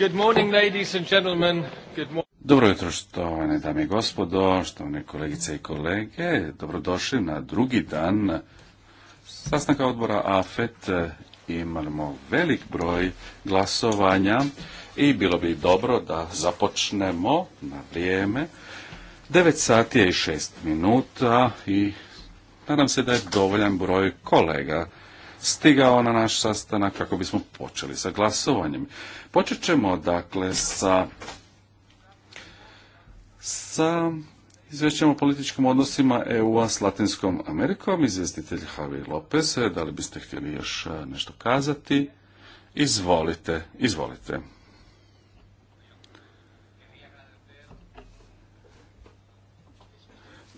Good morning, Dobro jutro, štovane dame i gospodo, štovane kolegice i kolege. Dobrodošli na drugi dan sastanka odbora AFET. Imamo velik broj glasovanja i bilo bi dobro da započnemo na vrijeme. 9 sati je i 6 minuta i nadam se da je dovoljan broj kolega stigao na naš sastanak kako bismo počeli sa glasovanjem. Počet ćemo dakle sa sa izvješćem o političkim odnosima EU-a s Latinskom Amerikom. Izvjestitelj Javi Lopez, da li biste htjeli još e, nešto kazati? Izvolite, izvolite.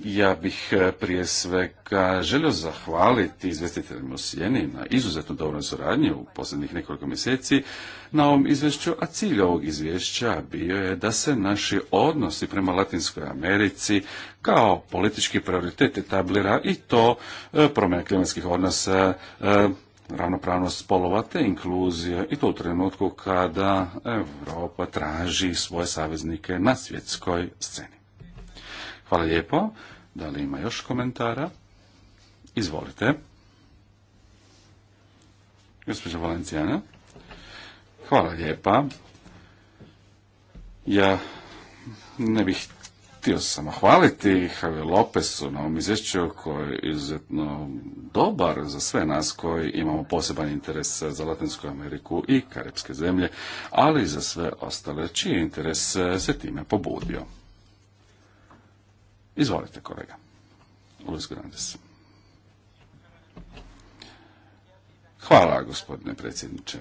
Ja bih e, prije svega želio zahvaliti izvestiteljima u na izuzetno dobroj suradnji u posljednjih nekoliko mjeseci na ovom izvješću, a cilj ovog izvješća bio je da se naši odnosi prema Latinskoj Americi kao politički prioritet etablira i to e, promjena klimatskih odnosa e, ravnopravnost spolova te inkluzija i to u trenutku kada Europa traži svoje saveznike na svjetskoj sceni. Hvala lijepo. Da li ima još komentara? Izvolite. Gospođa Valencijana. Hvala lijepa. Ja ne bih htio samo hvaliti Lopesu na ovom izvješću koji je izuzetno dobar za sve nas koji imamo poseban interes za Latinsku Ameriku i Karibske zemlje, ali i za sve ostale čiji interes se time pobudio. Izvolite, kolega. Luis Hvala, gospodine predsjedniče.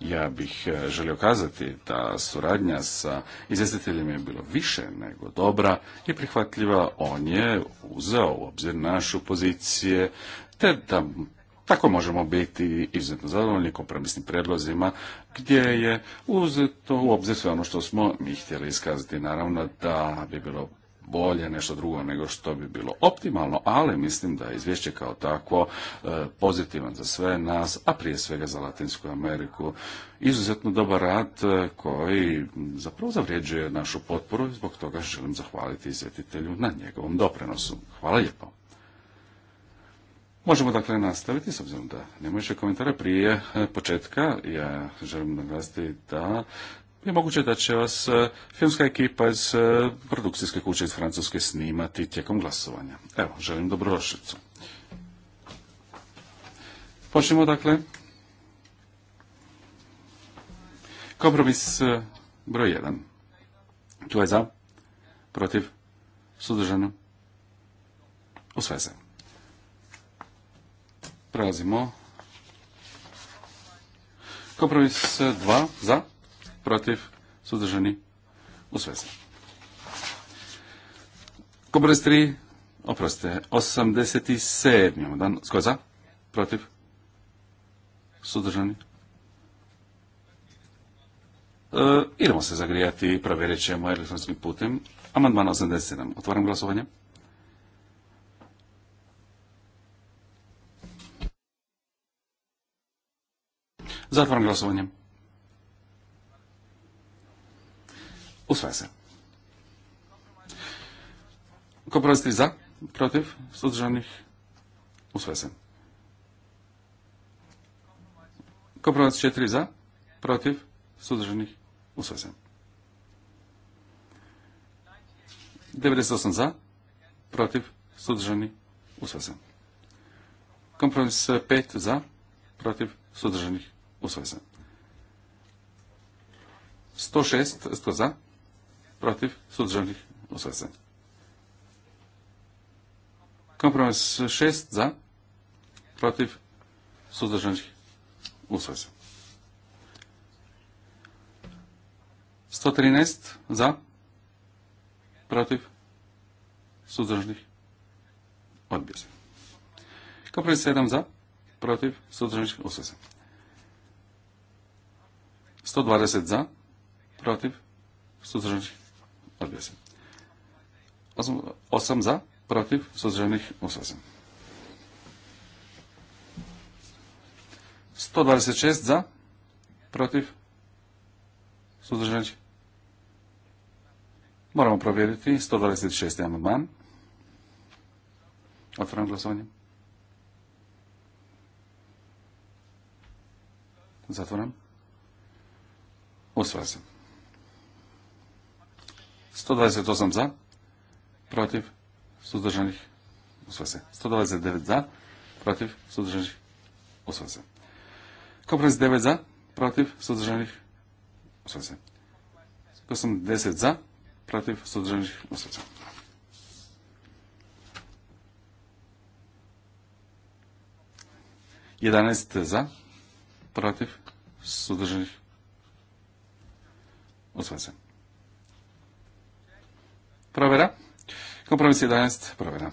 Ja bih e, želio kazati da suradnja sa izvjestiteljem je bilo više nego dobra i prihvatljiva. On je uzeo u obzir našu pozicije, te da tako možemo biti izuzetno zadovoljni kompromisnim predlozima gdje je uzeto u obzir sve ono što smo mi htjeli iskazati. Naravno da bi bilo bolje nešto drugo nego što bi bilo optimalno, ali mislim da je izvješće kao takvo e, pozitivan za sve nas, a prije svega za Latinsku Ameriku. Izuzetno dobar rad e, koji zapravo zavrijeđuje našu potporu i zbog toga želim zahvaliti izvjetitelju na njegovom doprinosu. Hvala lijepo. Možemo dakle nastaviti, s obzirom da nema više komentara prije eh, početka. Ja želim naglasiti da je moguće da će vas eh, filmska ekipa iz eh, produkcijske kuće iz Francuske snimati tijekom glasovanja. Evo, želim dobrodošlicu. Počnemo dakle. Kompromis broj 1. Tu je za, protiv, sudržano, sveze. Prelazimo. Kompromis 2 e, za, protiv, suzdržani, svezi Kompromis 3, oprostite, 87. Dan, tko za, protiv, suzdržani, e, idemo se zagrijati i provjerit ćemo elektronskim putem. Amandman 87. Otvaram glasovanje. Zatvaram glasovanje. Usvaja se. Kompromis 3 za, protiv, sudržanih usvaja se. Kompromis 4 za, protiv, sudržanih usvaja se. 98 za, protiv, sudržanih usvaja se. Kompromis 5 za, protiv, sudržanih Usvoje se. 106, 100 za, protiv, suzdržanih, usvoje se. Kompromis 6 za, protiv, suzdržanih, usvoje se. 113 za, protiv, suzdržanih, odbija se. Kompromis 7 za, protiv, suzdržanih, usvoje se. 120 za, protiv, suzdržanih, odbija 8 za, protiv, suzdržanih, usvaja 126 za, protiv, suzdržanih. Moramo provjeriti 126. amandman. Otvoram glasovanje. Zatvaram. Usvaja se. 128 za, protiv, suzdržanih, usvaja se. 129 za, protiv, suzdržanih, usvaja se. Kompromis 9 za, protiv, suzdržanih, usvaja se. 10 za, protiv, suzdržanih, usvaja se. Jedanaest za, protiv, suzdržanih, Usvaja Provera. Kompromis 11. Provera.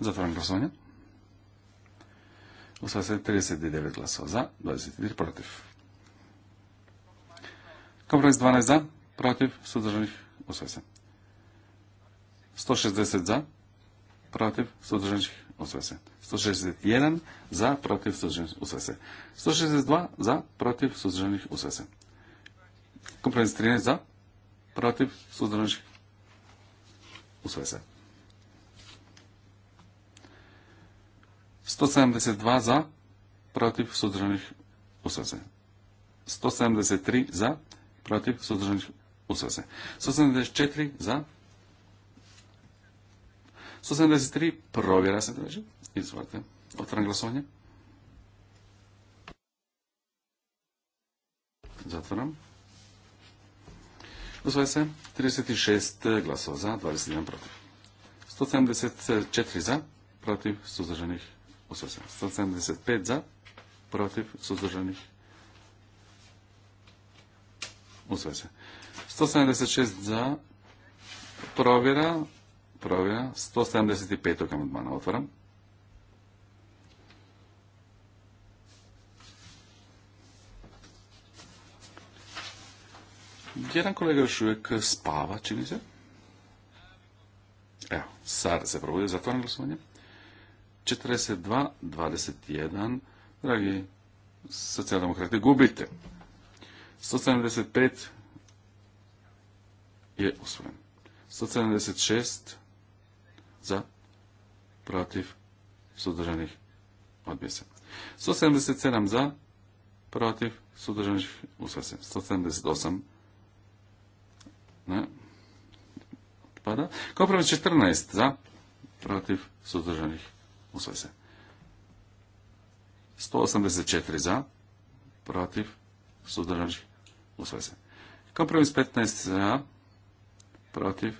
Zatvoram glasovanje. Usvaja se 39 glasova za, 23 protiv. Kompromis 12 za, protiv, sudržanih, usvaja se. 160 za, protiv, suzdržanih, usvaja 161 za, protiv, suzdržanih, usvese. 162 za, protiv, suzdržanih, usvese. se. Kompromis 13 za, protiv, suzdržanih, usvaja 172 za, protiv, suzdržanih, usvaja 173 za, protiv, suzdržanih, usvaja 174 za, 173 provjera se traži. Izvolite. Otvaram glasovanje. Zatvoram. Usvaja se 36 glasova za, 21 protiv. 174 za, protiv suzdržanih usvaja se. 175 za, protiv suzdržanih usvaja se. 176 za, provjera, Prvo 175. amandmana. Otvaram. Jedan kolega još uvijek spava, čini se. Evo, sad se probudio, zatvoreno glasovanje. 42, 21, dragi socijaldemokrati, gubite. 175 je usvojen. 176 za, protiv, sudržanih odbija 177 za, protiv, sudržanih usvaja 178 ne, pada. Kompromis 14 za, protiv, sudržanih usvese. 184 za, protiv, sudržanih usvaja se. Kompromis 15 za, protiv,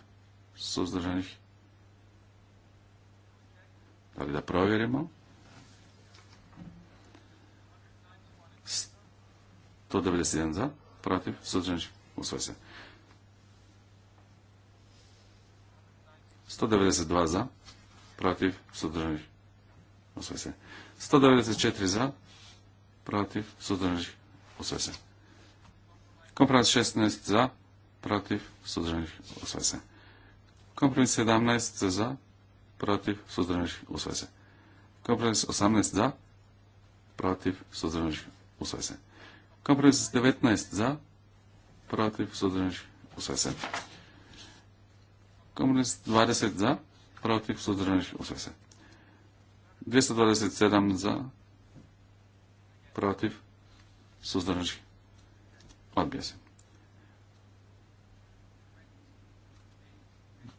suzdržanih, pa da provjerimo. 191 za, protiv, suzdržani, usvoj se. 192 za, protiv, suzdržani, usvoj se. 194 za, protiv, suzdržani, usvoj se. Kompromis 16 za, protiv, suzdržani, usvoj se. Kompromis 17 za, protiv, suzdržanih, u se. Kompromis 18 za, protiv, suzdržanih, u se. Kompromis 19 za, protiv, suzdržanih, u se. Kompromis 20 za, protiv, suzdržanih, u se. 227 za, protiv, suzdržanih, odbija se.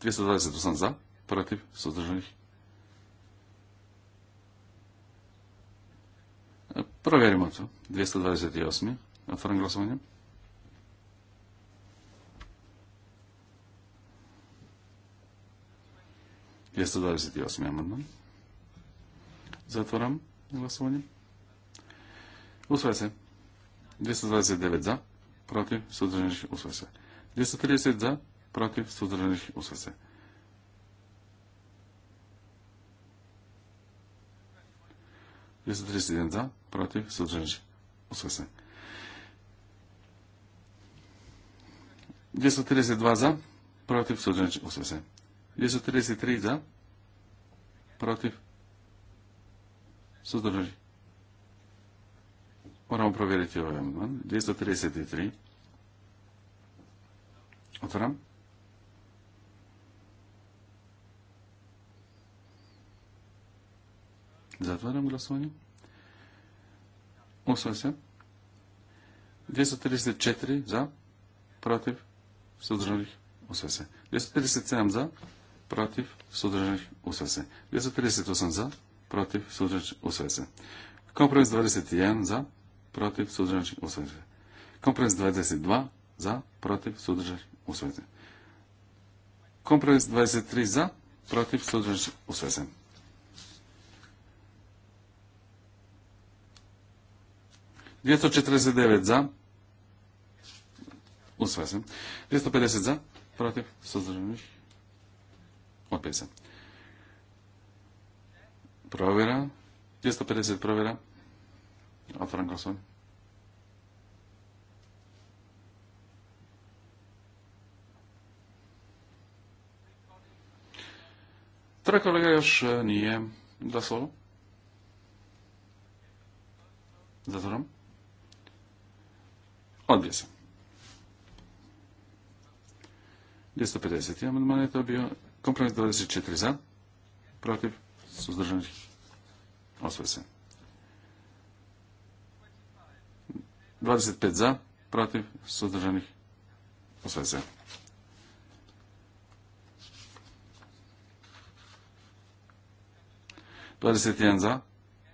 228 za, Protiv? Suzdržanih? Provjerimo to. 228. Otvoram glasovanje. Jeste 28. amandman. Zatvoram glasovanje. Usvaja se. 229 za, protiv, sudržanih, usvaj se. 230 za, protiv, sudržanih, usvaja se. 231 za, protiv, suzdržani se. 232 za, protiv, suzdržani se. 233 za, protiv, suzdržani Moramo provjeriti ovaj amandman. 233. Otvaram. Zatvaram glasovanje. Osvaj se. 234 za, protiv, Sudržanih. Osvaj se. 237 za, protiv, Sudržanih. Osvaj se. 238 za, protiv, Sudržanih. Osvaj se. Kompromis 21 za, protiv, Sudržanih. Osvaj se. Kompromis 22 za, protiv, Sudržanih. Osvaj se. Kompromis 23 za, protiv, Sudržanih. Osvaj se. 249 za. Usvaja se. 250 za. Protiv. Suzdržanih. Odbija se. Provjera. 250 provjera. Otvoram glasovanje. Tre kolega još e, nije glasovalo. Zatvoram. Odbio se. 250. amandman je to bio kompromis 24 za, protiv, suzdržanih, osvoje se. 25 za, protiv, suzdržanih, osvoje se. Dvadeset jedan za,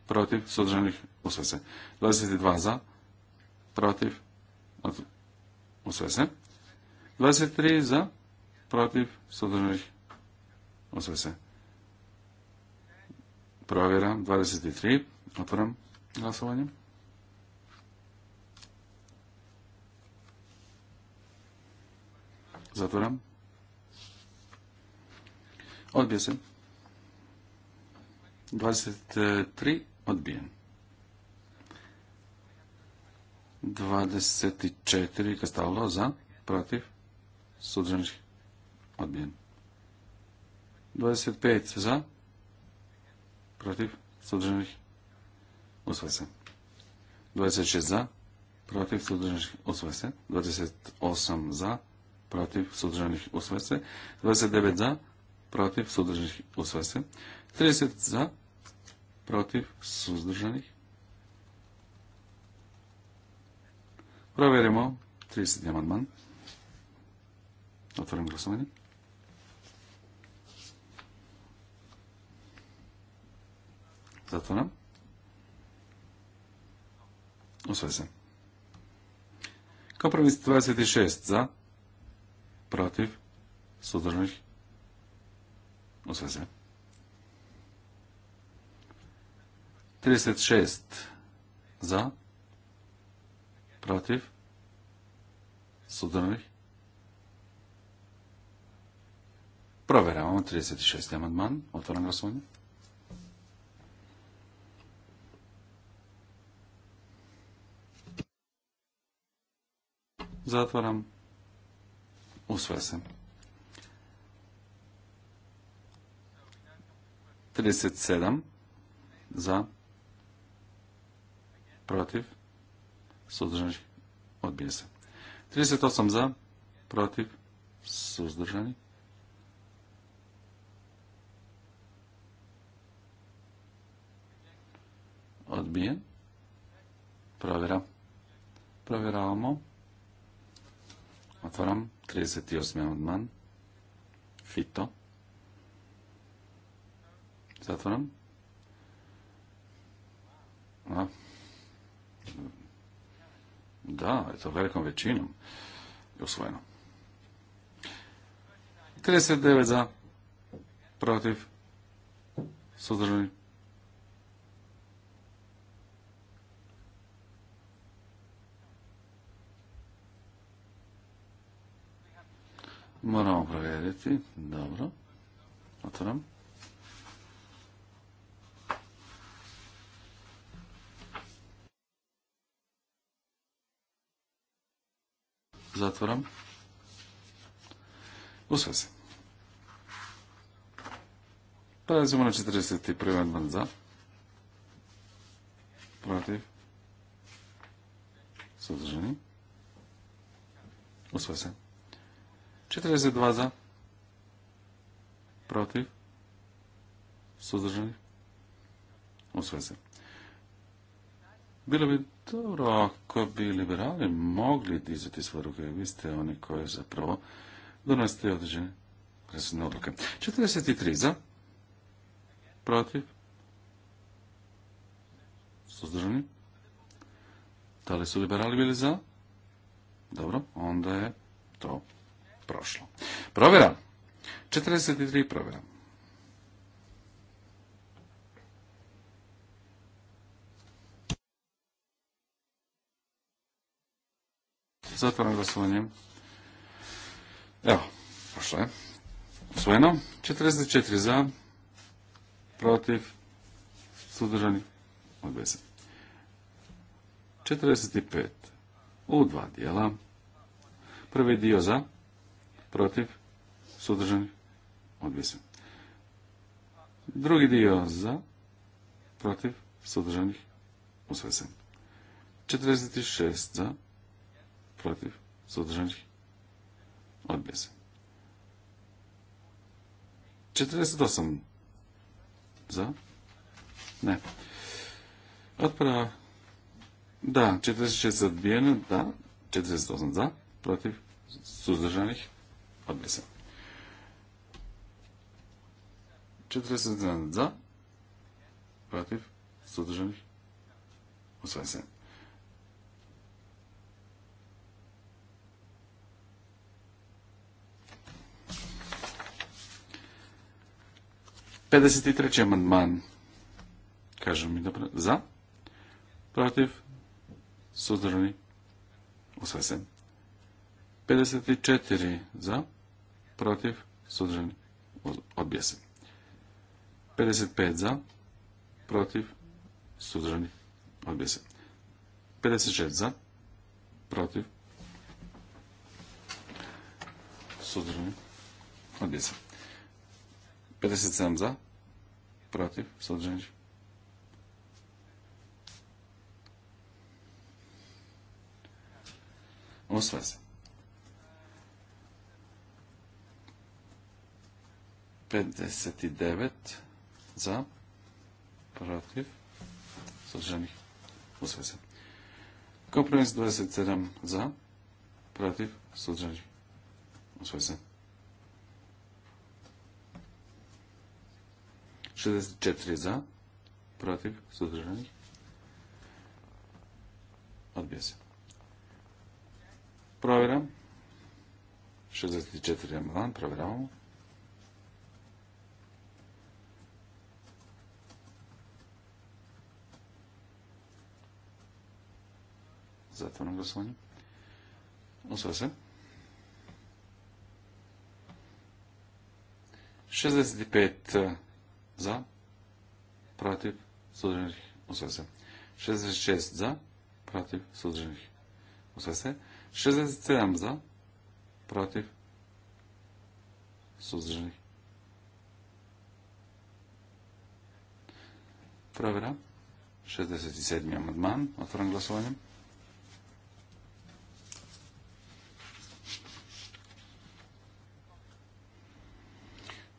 protiv, suzdržanih, osvese. se. Dvadeset dva za, protiv, osvese, se. 23 za, protiv, suzdržanih. osvese. se. Provjeram. 23. Otvoram glasovanje. Zatvoram. Odbije se. 23 odbijen. 24 Kastalo za, protiv, sudržanih. odbijen. 25 za, protiv, sudržanih usvoje se. 26 za, protiv, sudržanih usvoje 28 za, protiv, sudržanih usvoje se. 29 za, protiv, sudržanih usvoje 30 za, protiv, sudržanih Provjerimo 30. amandman. Otvorim glasovanje. Zatvaram. Usve se. Kao prvi 26 za, protiv, sudržnih, usve se. 36 za, Protiv? Sudrnih. Provjeravamo 36. amandman. Otvaram glasovanje. Zatvaram. Usvaja 37 za protiv Suzdržani. odbija se. 38 za, protiv, suzdržani. Odbijen. Provjera. Provjeravamo. Otvaram 38. odman. Fito. Zatvaram. A. Da, je to velikom većinom je usvojeno. 39 za, protiv, suzdržani. Moramo provjeriti. Dobro. Otvaram. Zatvaram. Usve se. Prelazimo na 41. amandman za. Protiv. Sudrženi. Usve se. 42 za. Protiv. sudrženi Usve se. Bilo bi dobro ako bi liberali mogli dizati svoje ruke. Vi ste oni koji zapravo donosite određene razine odluke. 43 za, protiv, suzdržani. Da li su liberali bili za? Dobro, onda je to prošlo. Provjera. 43 provjera. Zatvaram glasovanje. Evo, prošlo je. Usvojeno. 44 za, protiv, sudržani, odbija 45 u dva dijela. Prvi dio za, protiv, sudržani, odbija Drugi dio za, protiv, sudržanih, usvesen. 46 za, protiv, sudržanih odbija 48 za? Ne. Otprava, da, 46 odbijene, da, 48 za, protiv, suzdržanih, odbija se. za, protiv, suzdržanih, usvaja 53. amandman. kažem mi dobro. Za? Protiv? Suzdržani? osvesen. 54. Za? Protiv? Suzdržani? Odbija se. 55. Za? Protiv? Suzdržani? Odbija se. 56. Za? Protiv? Suzdržani? Odbija se. 57 za, protiv, suzdržani. Usvaja se. 59 za, protiv, suzdržanih, usvaja se. Kompromis 27 za, protiv, suzdržanih, usvaja se. 64 za, protiv, suzdržanih, odbija se. Provjeram. 64 ambulan, provjeravamo. Zatvorno glasovanje. Usva se. 65 za, protiv, suzdržanih, usvaja se. 66 za, protiv, suzdržanih, u se. 67 za, protiv, suzdržanih. Provjera. 67. amandman. Otvoram glasovanjem.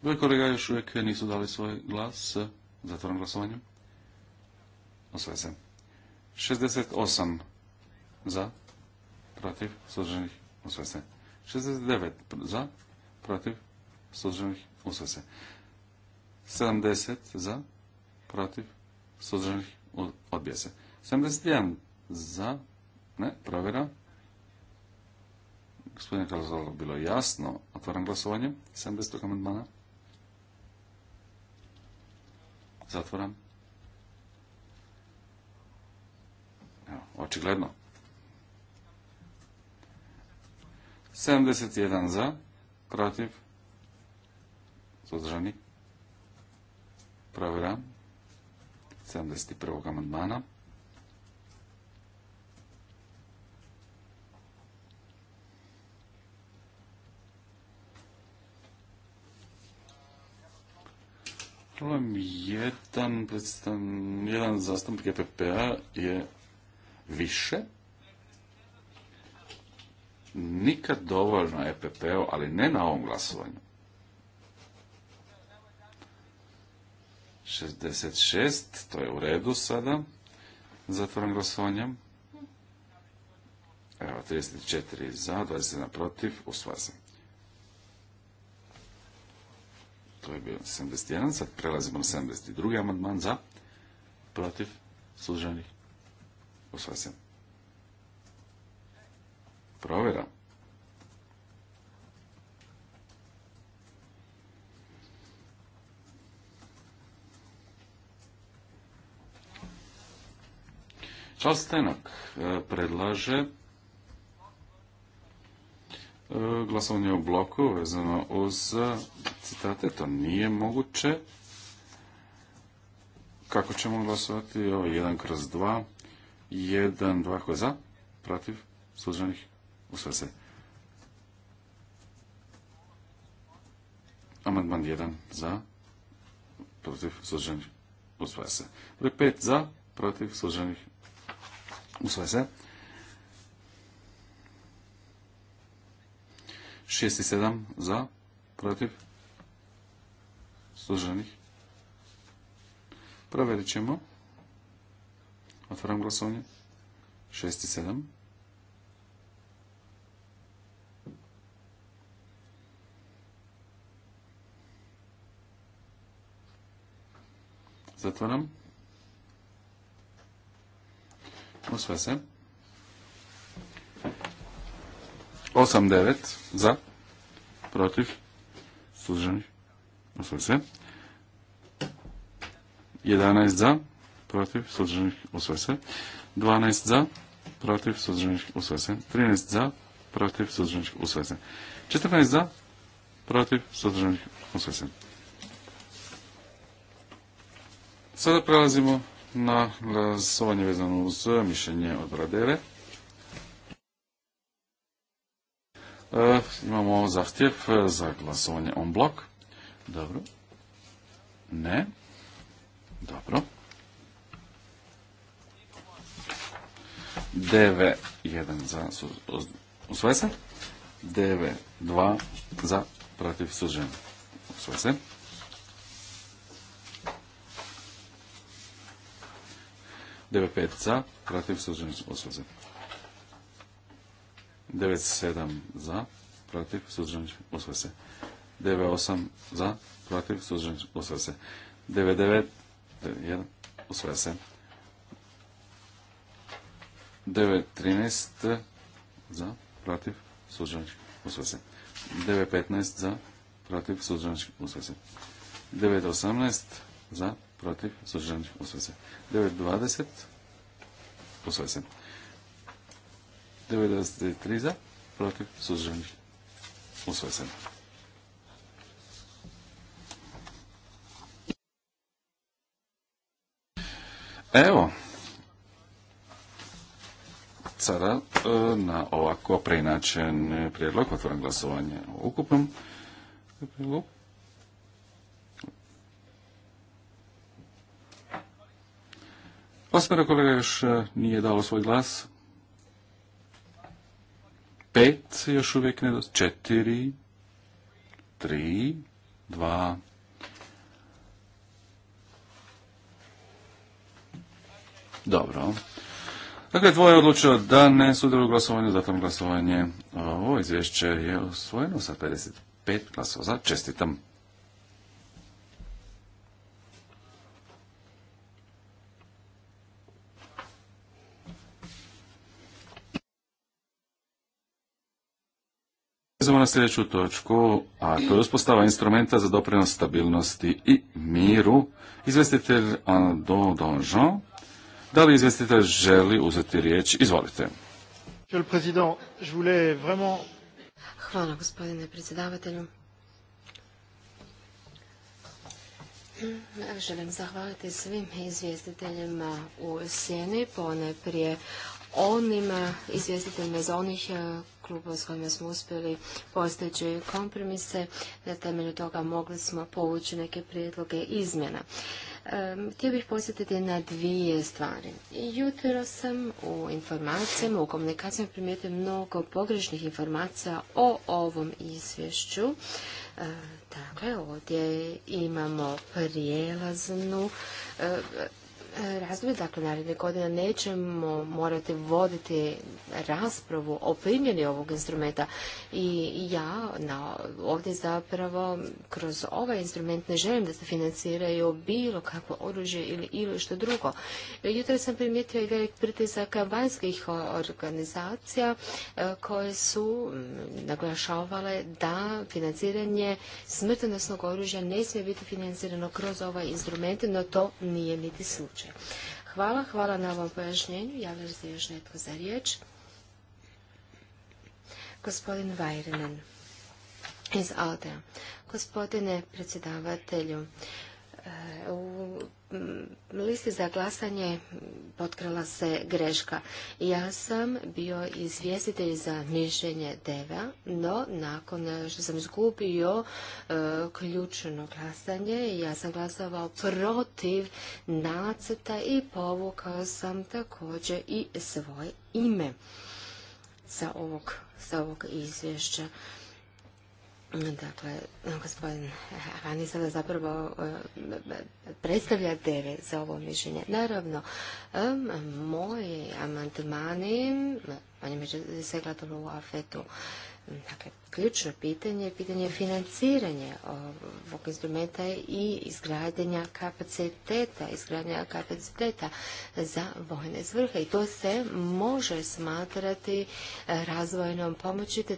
Dvoje kolega još uvijek nisu dali svoj glas. E, Zatvoram glasovanje. Osvoje se. 68 za, protiv, suzdržanih, osvoje se. 69 za, protiv, suzdržanih, osvoje se. 70 za, protiv, suzdržanih, odbije se. 71 za, ne, provjera. Gospodine Kalazalo, bilo jasno, otvaram glasovanje, 70. amandmana. Zatvoram. Evo, očigledno. 71 za, protiv, suzdržani. Provjeram. 71. amandmana. Problem jedan, predstav, jedan zastupnik EPP-a je više. Nikad dovoljno epp o ali ne na ovom glasovanju. 66, to je u redu sada. Zatvoram glasovanjem. Evo, 34 za, 27 protiv, usvaja to je bio 71, sad prelazimo na 72. amandman za, protiv, služenih, usvaja se. Provjera. Charles e, predlaže e, glasovanje u bloku vezano uz citate, to nije moguće. Kako ćemo glasovati? Ovo je 1 kroz 2. 1, 2 ko je za, protiv, služenih, usve se. Amandman 1 za, protiv, služenih, usvaja se. Broj 5 za, protiv, služenih, sve se. 6 i 7 za, protiv, Suzdržanih? Provjerit ćemo. Otvaram glasovanje. 6 i 7. Zatvaram. Usve se. 8-9 za, protiv, suzdržanih. Osvrli se. 11 za, protiv, suzdržanih, usvese. se. 12 za, protiv, suzdržanih, osvrli se. 13 za, protiv, suzdržanih, osvrli se. 14 za, protiv, suzdržanih, osvrli se. Sada prelazimo na glasovanje vezano uz mišljenje od DEVE. E, imamo zahtjev za glasovanje on blok. Dobro. Ne. Dobro. DV1 za usvoje se. DV2 za protiv sužen. Usvoje se. DV5 za protiv sužen. Usvoje se. 97 za protiv sužen. Usvoje se. 98 za, protiv, suzdržani, usvaja se. 99, 1 se. 913 za, protiv, suzdržani, usvaja se. 915 za, protiv, suzdržani, usvaja se. 918 za, protiv, suzdržani, usvaja se. 920 usvaja se. 93 za, protiv, suzdržani, usvaja se. Evo, sada e, na ovako preinačen prijedlog otvoram glasovanje o ukupnom prijedlogu. kolega još e, nije dalo svoj glas. Pet još uvijek ne Četiri, tri, dva, Dobro. Dakle, dvoje odlučio da ne sudjeluju u glasovanju, zatim glasovanje ovo izvješće je usvojeno sa 55 glasova za. Čestitam. Prelazimo na sljedeću točku, a to je uspostava instrumenta za doprinos stabilnosti i miru. Izvestitelj Ando Donjon da li izvjestitelj želi uzeti riječ? Izvolite. Hvala gospodine predsjedavatelju. Želim zahvaliti svim izvjestiteljima u Sjeni, pone prije onima izvjestiteljima za onih eh, klubova s kojima smo uspjeli postići kompromise. Na temelju toga mogli smo povući neke prijedloge izmjena. Htio bih posjetiti na dvije stvari. Jutro sam u informacijama, u komunikacijama primijetio mnogo pogrešnih informacija o ovom izvješću. Dakle, ovdje imamo prijelaznu razdoblje, dakle naredne godine nećemo morati voditi raspravu o primjeni ovog instrumenta i ja na, ovdje zapravo kroz ovaj instrument ne želim da se financiraju bilo kakvo oružje ili, ili što drugo. Jutro sam primijetio i velik pritisak vanjskih organizacija e, koje su mm, naglašavale da financiranje smrtonosnog oružja ne smije biti financirano kroz ovaj instrument, no to nije niti slučaj. Hvala, hvala na ovom pojašnjenju. Javlja li se još netko za riječ? Gospodin Vajrenen iz Aldea. Gospodine predsjedavatelju, e, u Mm, listi za glasanje potkrala se greška. Ja sam bio izvjestitelj za mišljenje deva, no nakon što sam izgubio e, ključno glasanje, ja sam glasovao protiv nacrta i povukao sam također i svoje ime ovog, sa ovog izvješća. Dakle, gospodin Rani sada zapravo eh, predstavlja deve za ovo mišljenje. Naravno, eh, moji amandmani, eh, oni među se gledali u afetu, dakle, ključno pitanje je pitanje financiranja ovog instrumenta i izgradnja kapaciteta, izgradnja kapaciteta za vojne svrhe. I to se može smatrati e, razvojnom pomoći, te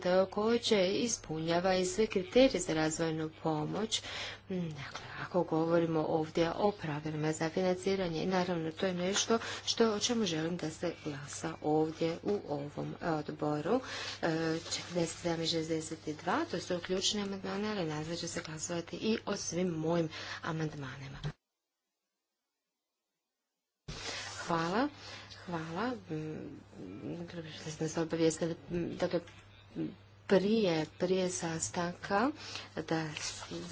će ispunjava i sve kriterije za razvojnu pomoć. Mm, dakle, ako govorimo ovdje o pravilima za financiranje, naravno to je nešto što o čemu želim da se glasa ovdje u ovom e, odboru. 47 e, i 32, to su ključni amandmane, ali nazve će se glasovati i o svim mojim amandmanima. Hvala, hvala. Mm, što ste nas obavijestili, mm, dakle, prije, prije sastanka da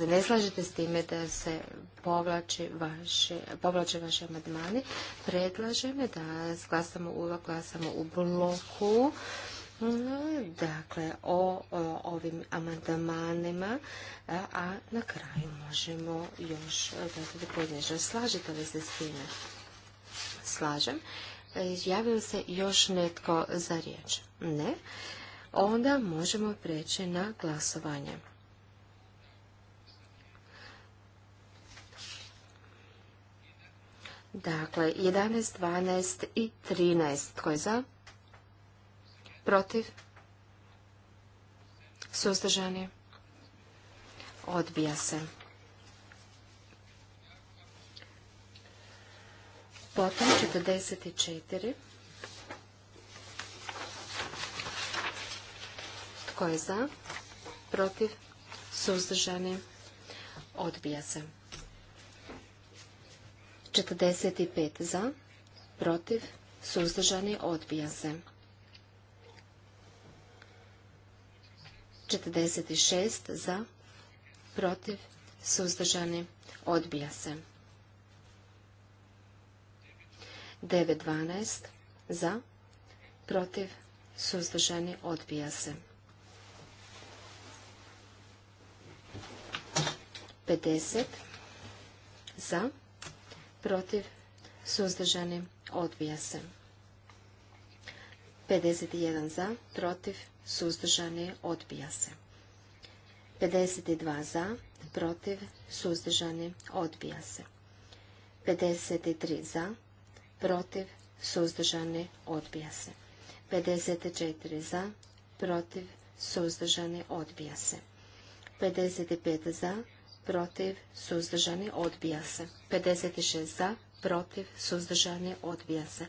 ne slažete s time da se vaše, povlače vaše amandmani, predlažem da glasamo, glasamo u bloku Mhm. dakle o, ovim amandamanima, a na kraju možemo još da podježa. Slažete li se s time? Slažem. E, javio se još netko za riječ? Ne. Onda možemo preći na glasovanje. Dakle, 11, 12 i 13. Tko je za? protiv, suzdržani, odbija se. Potom 44. Tko je za? Protiv? Suzdržani? Odbija se. 45 za, protiv, suzdržani, odbija se. 46 za, protiv, suzdržani, odbija se. 9.12 za, protiv, suzdržani, odbija se. 50 za, protiv, suzdržani, odbija se. 51 za, protiv, suzdržani, odbija se. 52 za, protiv, suzdržani, odbija se. 53 za, protiv, suzdržani, odbija se. 54 za, protiv, suzdržani, odbija se. 55 za, protiv, suzdržani, odbija se. 56 za, protiv, suzdržani, odbija se.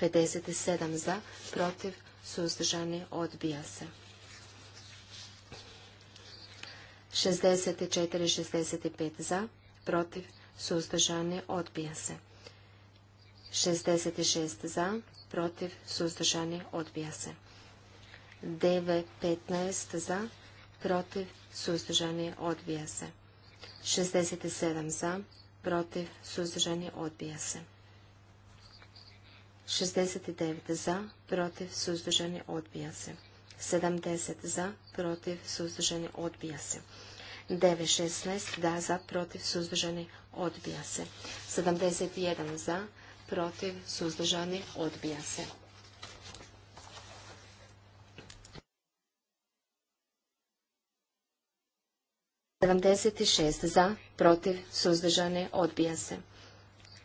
57 za, protiv, suzdržani, odbija se. 64 65 za, protiv, suzdržani, odbija se. 66 za, protiv, suzdržani, odbija se. 9 15 za, protiv, suzdržani, odbija se. 67 za, protiv, suzdržani, odbija se. 69 za, protiv, suzdržani, odbija se. 70 za, protiv, suzdržani, odbija se. 916 da, za, protiv, suzdržani, odbija se. 71 za, protiv, suzdržani, odbija se. Sedamdeset šest za, protiv, suzdržane, odbija se.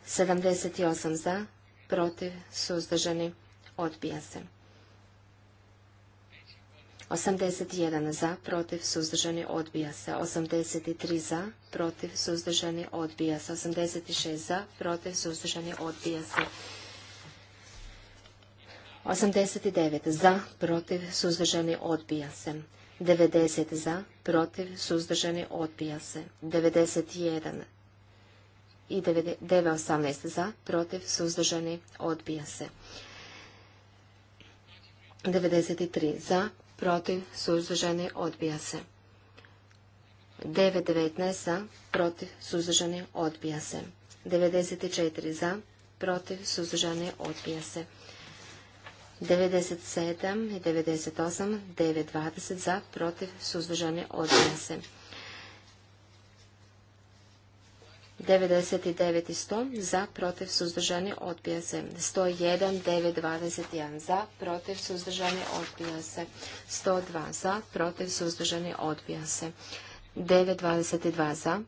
Sedamdeset osam za, protiv, suzdržani, odbija se. 81 za, protiv, suzdržani, odbija se. 83 za, protiv, suzdržani, odbija se. 86 za, protiv, suzdržani, odbija se. 89 za, protiv, suzdržani, odbija se. 90 za, protiv, suzdržani, odbija se. 91 i 918 za, protiv, suzdržani, odbija se. 93 za, protiv, suzdržani, odbija se. 919 za, protiv, suzdržani, odbija se. 94 za, protiv, suzdržani, odbija se. 97 i 98, 920 za, protiv, suzdržani, odbija se. 99 i 100 za, protiv, suzdržani, odbija se. 101, 9, 21 za, protiv, suzdržani, odbija se. 102 za, protiv, suzdržani, odbija se. 9, 22 za,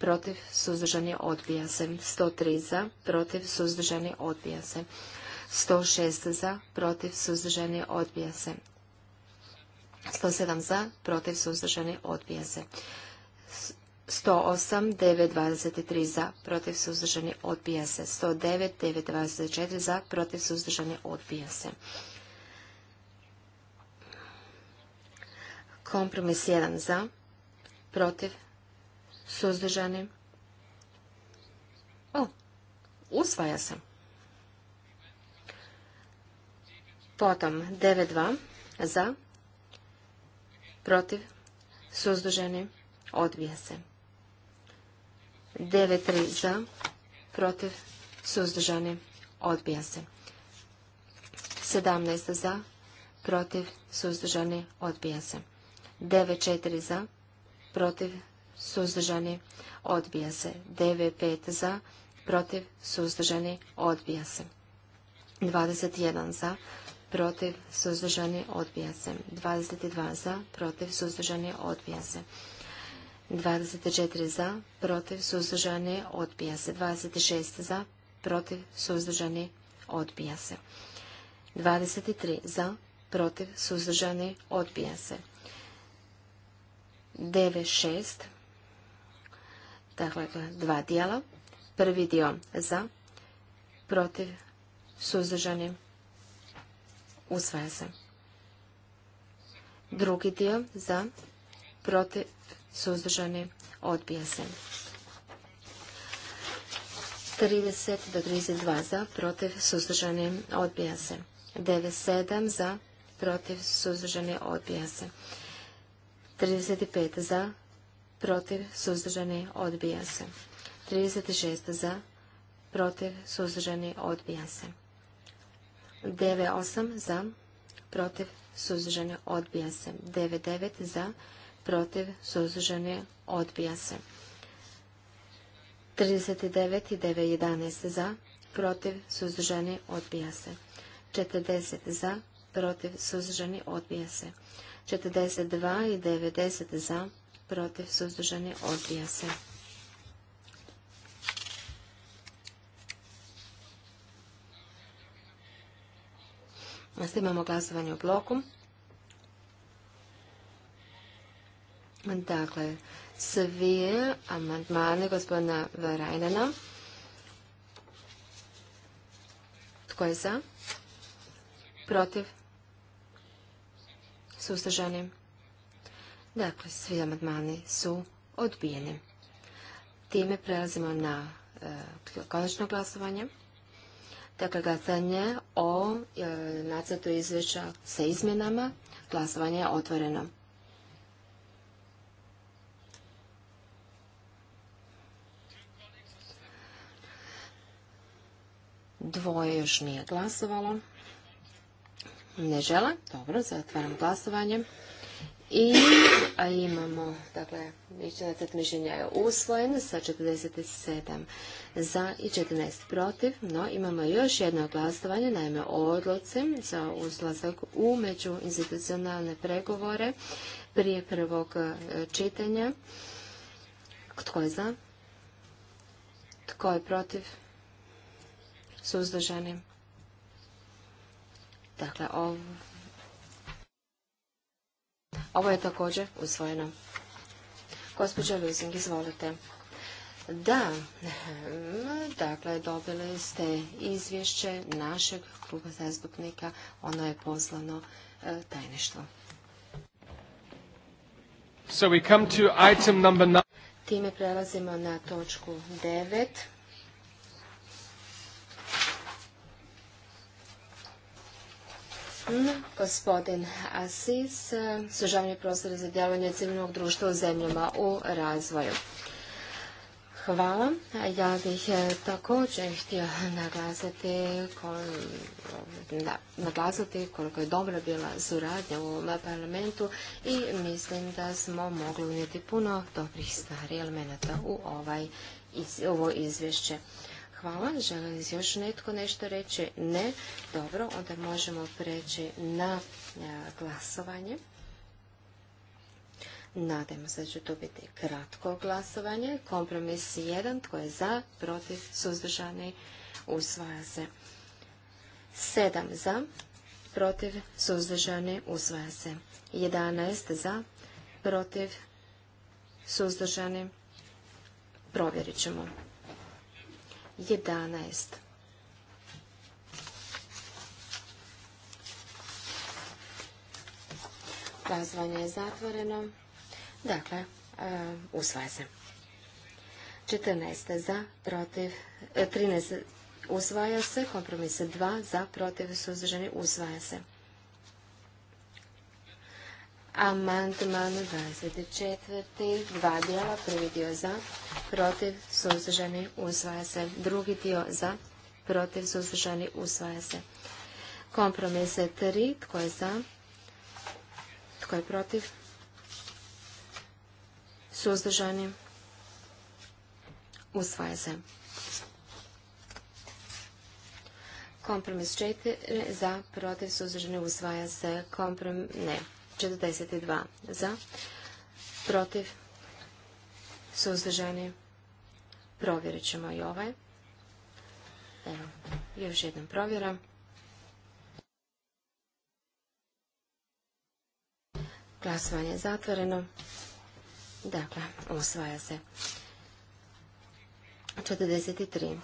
protiv, suzdržani, odbija se. 103 za, protiv, suzdržani, odbija se. 106 za, protiv, suzdržani, odbija se. 107 za, protiv, suzdržani, odbija se. 108, 923 za, protiv suzdržani odbija se. 109, 924 za, protiv suzdržani odbija se. Kompromis 1 za, protiv suzdržani. O, usvaja se. Potom 92 za, protiv suzdržani odbija se. 9.3 za, protiv, suzdržani, odbija se. 17 za, protiv, suzdržani, odbija se. 9.4 za, protiv, suzdržani, odbija se. 9.5 za, protiv, suzdržani, odbija se. 21 za, protiv, suzdržani, odbija se. 22 za, protiv, suzdržani, odbija se. 24 za, protiv, suzdržani, odbija se. 26 za, protiv, suzdržani, odbija se. 23 za, protiv, suzdržani, odbija se. 9.6, dakle dva dijela. Prvi dio za, protiv, suzdržani, usvaja se. Drugi dio za, protiv, suzdržani, odbija se. 30 do 32 za, protiv, suzdržani, odbija se. 97 za, protiv, suzdržani, odbija se. 35 za, protiv, suzdržani, odbija se. 36 za, protiv, suzdržani, odbija se. 98 za, protiv, suzdržani, odbija se. 99 za, protiv, protiv, suzdržani, odbija se. 39 i 911 za, protiv, suzdržani, odbija se. 40 za, protiv, suzdržani, odbija se. 42 i 90 za, protiv, suzdržani, odbija se. Sada imamo glasovanje u bloku. Dakle, svi amandmani gospodina Varajnana. Tko je za? Protiv? Suzdržani? Dakle, svi amandmani su odbijeni. Time prelazimo na e, konačno glasovanje. Dakle, glasanje o e, nacrtu izvješća sa izmjenama. Glasovanje je otvoreno. Dvoje još nije glasovalo. Ne žele. Dobro, zatvaram glasovanje. I imamo, dakle, mišljenja je usvojen sa 47 za i 14 protiv, no imamo još jedno glasovanje, naime odluci za uzlazak u međuinstitucionalne pregovore prije prvog e, čitanja. Tko je za? Tko je protiv? suzdržani. Dakle, ovo, ovo je također usvojeno. Gospođa Luzing, izvolite. Da, dakle, dobili ste izvješće našeg kluba zastupnika. Ono je poslano e, tajništvo. Time prelazimo na točku devet. gospodin Asis, sužavanje prostora za djelovanje civilnog društva u zemljama u razvoju. Hvala. Ja bih e, također htio naglasiti, koliko je dobra bila suradnja u ovom parlamentu i mislim da smo mogli unijeti puno dobrih stvari elemenata u ovaj, ovo izvješće. Hvala. Želi li još netko nešto reći? Ne. Dobro, onda možemo preći na e, glasovanje. Nadajmo se da će to biti kratko glasovanje. Kompromis 1. Tko je za, protiv, suzdržani, usvaja se. 7 za, protiv, suzdržani, usvaja se. 11 za, protiv, suzdržani, provjerit ćemo. 11. Razvanje je zatvoreno. Dakle, e, usvaja se. 14. za, protiv, 13. E, usvaja se, kompromise 2, za, protiv, suzdržani, usvaja se. Amandman 24. Dva dijela. Prvi dio za, protiv, suzdržani, usvaja se. Drugi dio za, protiv, suzdržani, usvaja se. Kompromis 3. Tko je za? Tko je protiv? Suzdržani, usvaja se. Kompromis 4. Za, protiv, suzdržani, usvaja se. Kompromis... Ne. 42 za, protiv, suzdržani. Provjerit ćemo i ovaj. Evo, još jednom provjera. Glasovanje je zatvoreno. Dakle, osvaja se. 43.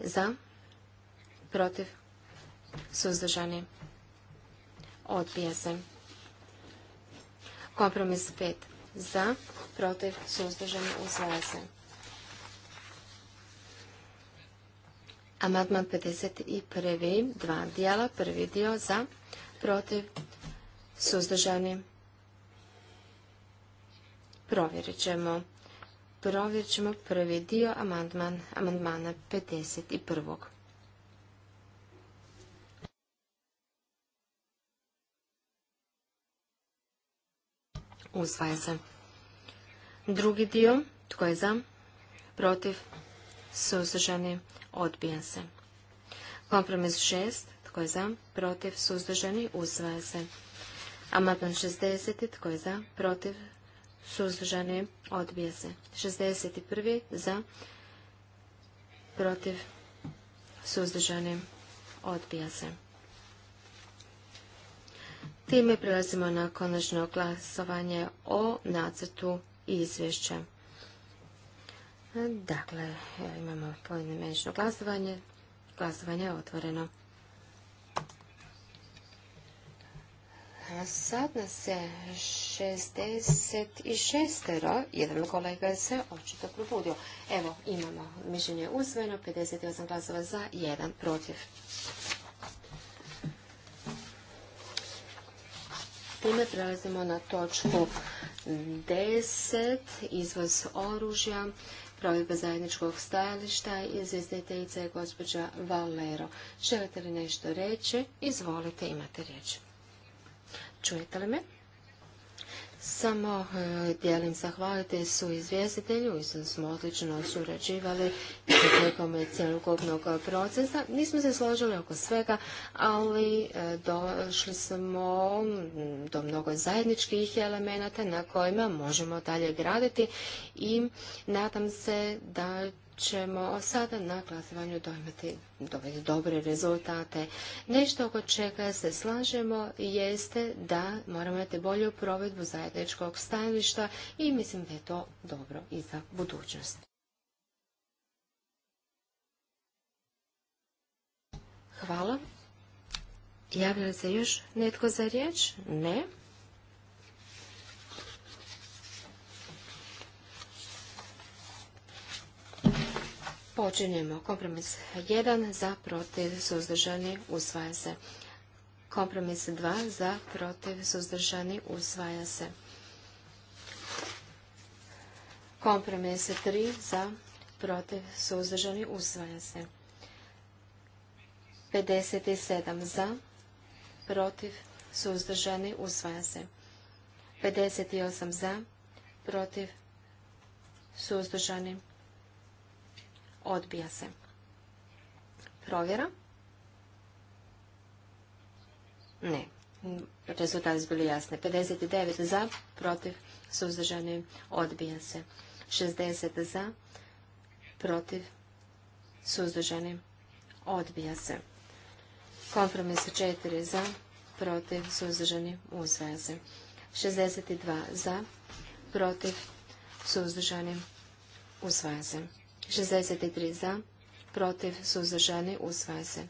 Za, protiv, suzdržani. Odbija se. Kompromis 5. Za, protiv, suzdržani, usvaja se. Amadman 51. Dva dijela. Prvi dio za, protiv, suzdržani. Provjerit ćemo. Provjerit ćemo prvi dio amandmana 51. Usvaja se. Drugi dio. Tko je za? Protiv? Suzdržani? Odbija se. Kompromis 6. Tko je za? Protiv? Suzdržani? Usvaja se. Amandman 60. Tko je za? Protiv? Suzdržani? Odbija se. 61. Za? Protiv? Suzdržani? Odbija se. Time prelazimo na konačno glasovanje o nacrtu izvješća. Dakle, imamo pojedinačno glasovanje. Glasovanje je otvoreno. Sad nas je 66. Jedan kolega se očito probudio. Evo, imamo mišljenje usvojeno, 58 glasova za, 1 protiv. Time prelazimo na točku 10. Izvoz oružja, provedba zajedničkog stajališta, izvjestiteljica je gospođa Valero. Želite li nešto reći? Izvolite, imate riječ. Čujete li me? Samo eh, dijelim zahvaliti su izvjestitelju i smo odlično surađivali tijekom cjelokupnog procesa. Nismo se složili oko svega, ali eh, došli smo mm, do mnogo zajedničkih elemenata na kojima možemo dalje graditi i nadam se da ćemo sada na glasovanju dojmati dobre rezultate. Nešto oko čega se slažemo jeste da moramo imati bolju provedbu zajedničkog stajališta i mislim da je to dobro i za budućnost. Hvala. Javlja se još netko za riječ? Ne. Počinjemo. Kompromis 1 za protiv suzdržani usvaja se. Kompromis 2 za protiv suzdržani usvaja se. Kompromis 3 za protiv suzdržani usvaja se. 57 za protiv suzdržani usvaja se. 58 za protiv suzdržani Odbija se. Provjera. Ne. Rezultati su bili jasni. 59 za, protiv, suzdržani, odbija se. 60 za, protiv, suzdržani, odbija se. Kompromis 4 za, protiv, suzdržani, uzvaja se. 62 za, protiv, suzdržani, usvaja se. 63 za, protiv, suzdržani, usvaja se.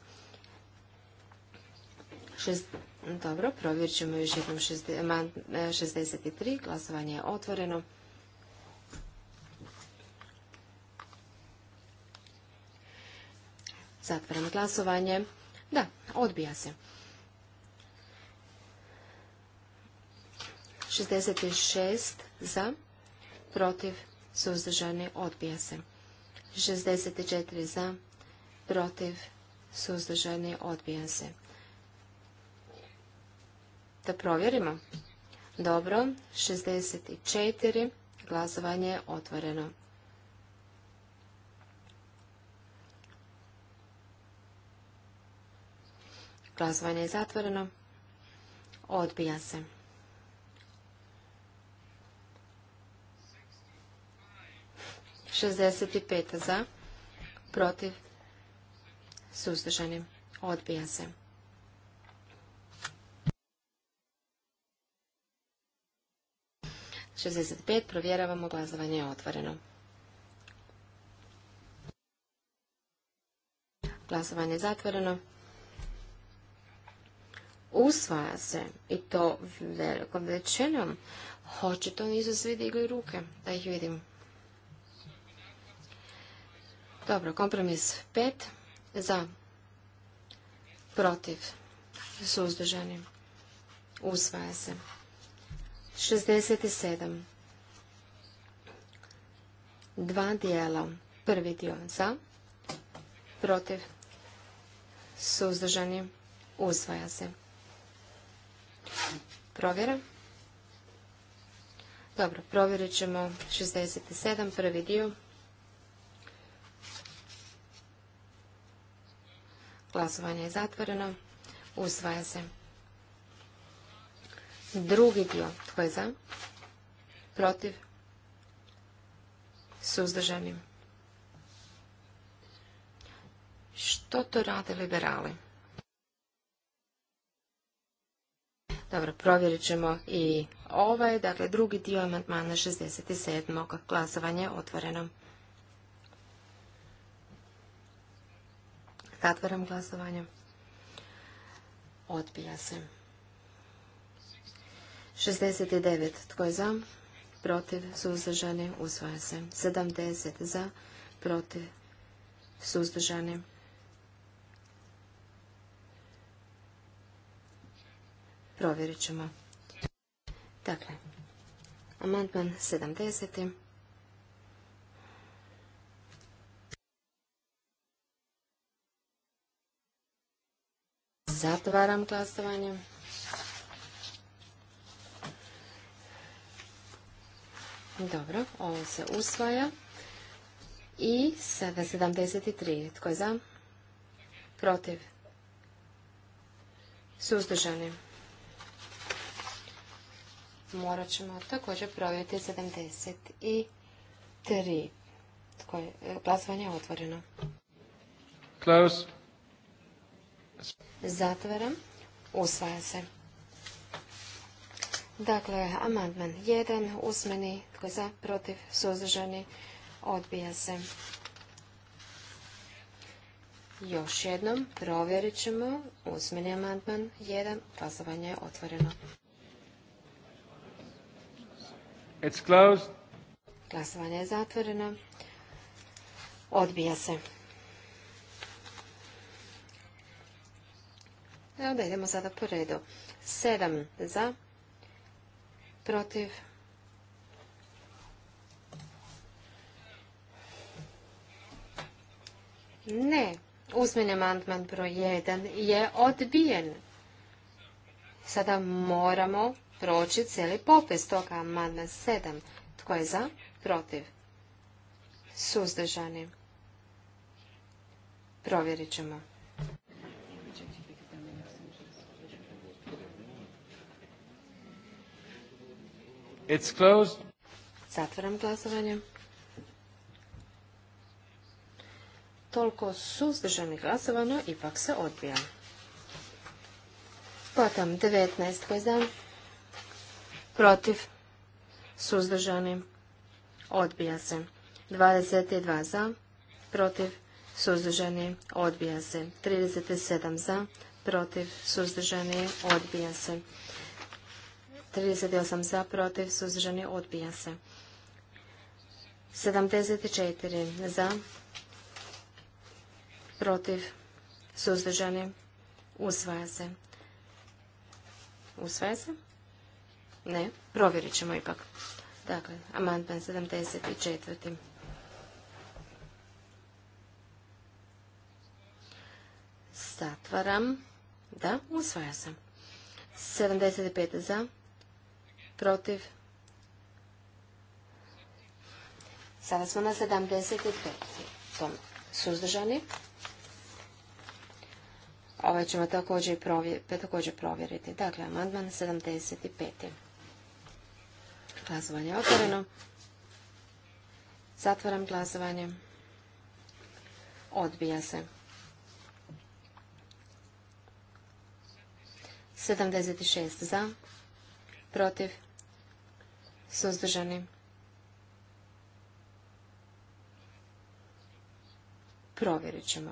dobro, provjerit ćemo još jednom 63. E, glasovanje je otvoreno. Zatvaram glasovanje. Da, odbija se. 66 za, protiv, suzdržani, odbija se. 64 za, protiv, suzdržani, odbija se. Da provjerimo. Dobro, 64, glasovanje je otvoreno. Glasovanje je zatvoreno. Odbija se. 65. za, protiv, suzdržani, odbija se. pet provjeravamo glasovanje je otvoreno. Glasovanje je zatvoreno. Usvaja se i to velikom većinom. Hoće to nisu svi digli ruke, da ih vidim. Dobro, kompromis 5 za protiv suzdržani usvaja se. 67 dva dijela. Prvi dio za protiv suzdržani usvaja se. Provjera. Dobro, provjerit ćemo 67, prvi dio. Glasovanje je zatvoreno. Usvaja se. Drugi dio. Tko je za? Protiv? Suzdržanim? Što to rade liberali? Dobro, provjerit ćemo i ovaj, dakle drugi dio amandmana 67. glasovanje otvoreno. Zatvaram glasovanje. Odbija se. 69. Tko je za? Protiv. Suzdržani. Usvaja se. 70. Za. Protiv. Suzdržani. Provjerit ćemo. Dakle, amandman 70. Zatvaram glasovanje. Dobro, ovo se usvaja. I sada 73. Tko je za? Protiv. Suzdržani. Morat ćemo također provjeti 73. Tko Glasovanje je otvoreno. Close. Zatvaram. Usvaja se. Dakle, amandman 1, usmeni, tko za, protiv, suzdržani, odbija se. Još jednom provjerit ćemo usmeni amandman 1, glasovanje je otvoreno. Glasovanje je zatvoreno. Odbija se. Evo da idemo sada po redu. 7 za, protiv, ne, Uzmen amandman broj 1 je odbijen. Sada moramo proći cijeli popis toga amandman 7. Tko je za? Protiv. Suzdržani. Provjerit ćemo. It's closed. Zatvaram glasovanje. Toliko suzdržanih glasovano, ipak se odbija. Potom 19 koji za, protiv, suzdržani, odbija se. 22 za, protiv, suzdržani, odbija se. 37 za, protiv, suzdržani, odbija se. 38 za, protiv, suzdržani, odbija se. 74 za, protiv, suzdržani, usvaja se. Usvaja se? Ne, provjerit ćemo ipak. Dakle, amandman 74. Zatvaram. Da, usvaja se. 75 za protiv. Sada smo na 75. suzdržani. Ovo ovaj ćemo također, provjer, također provjeriti. Dakle, amandman 75. Glasovanje je otvoreno. Zatvoram glasovanje. Odbija se. 76 za, protiv, Suzdržani. Provjerit ćemo.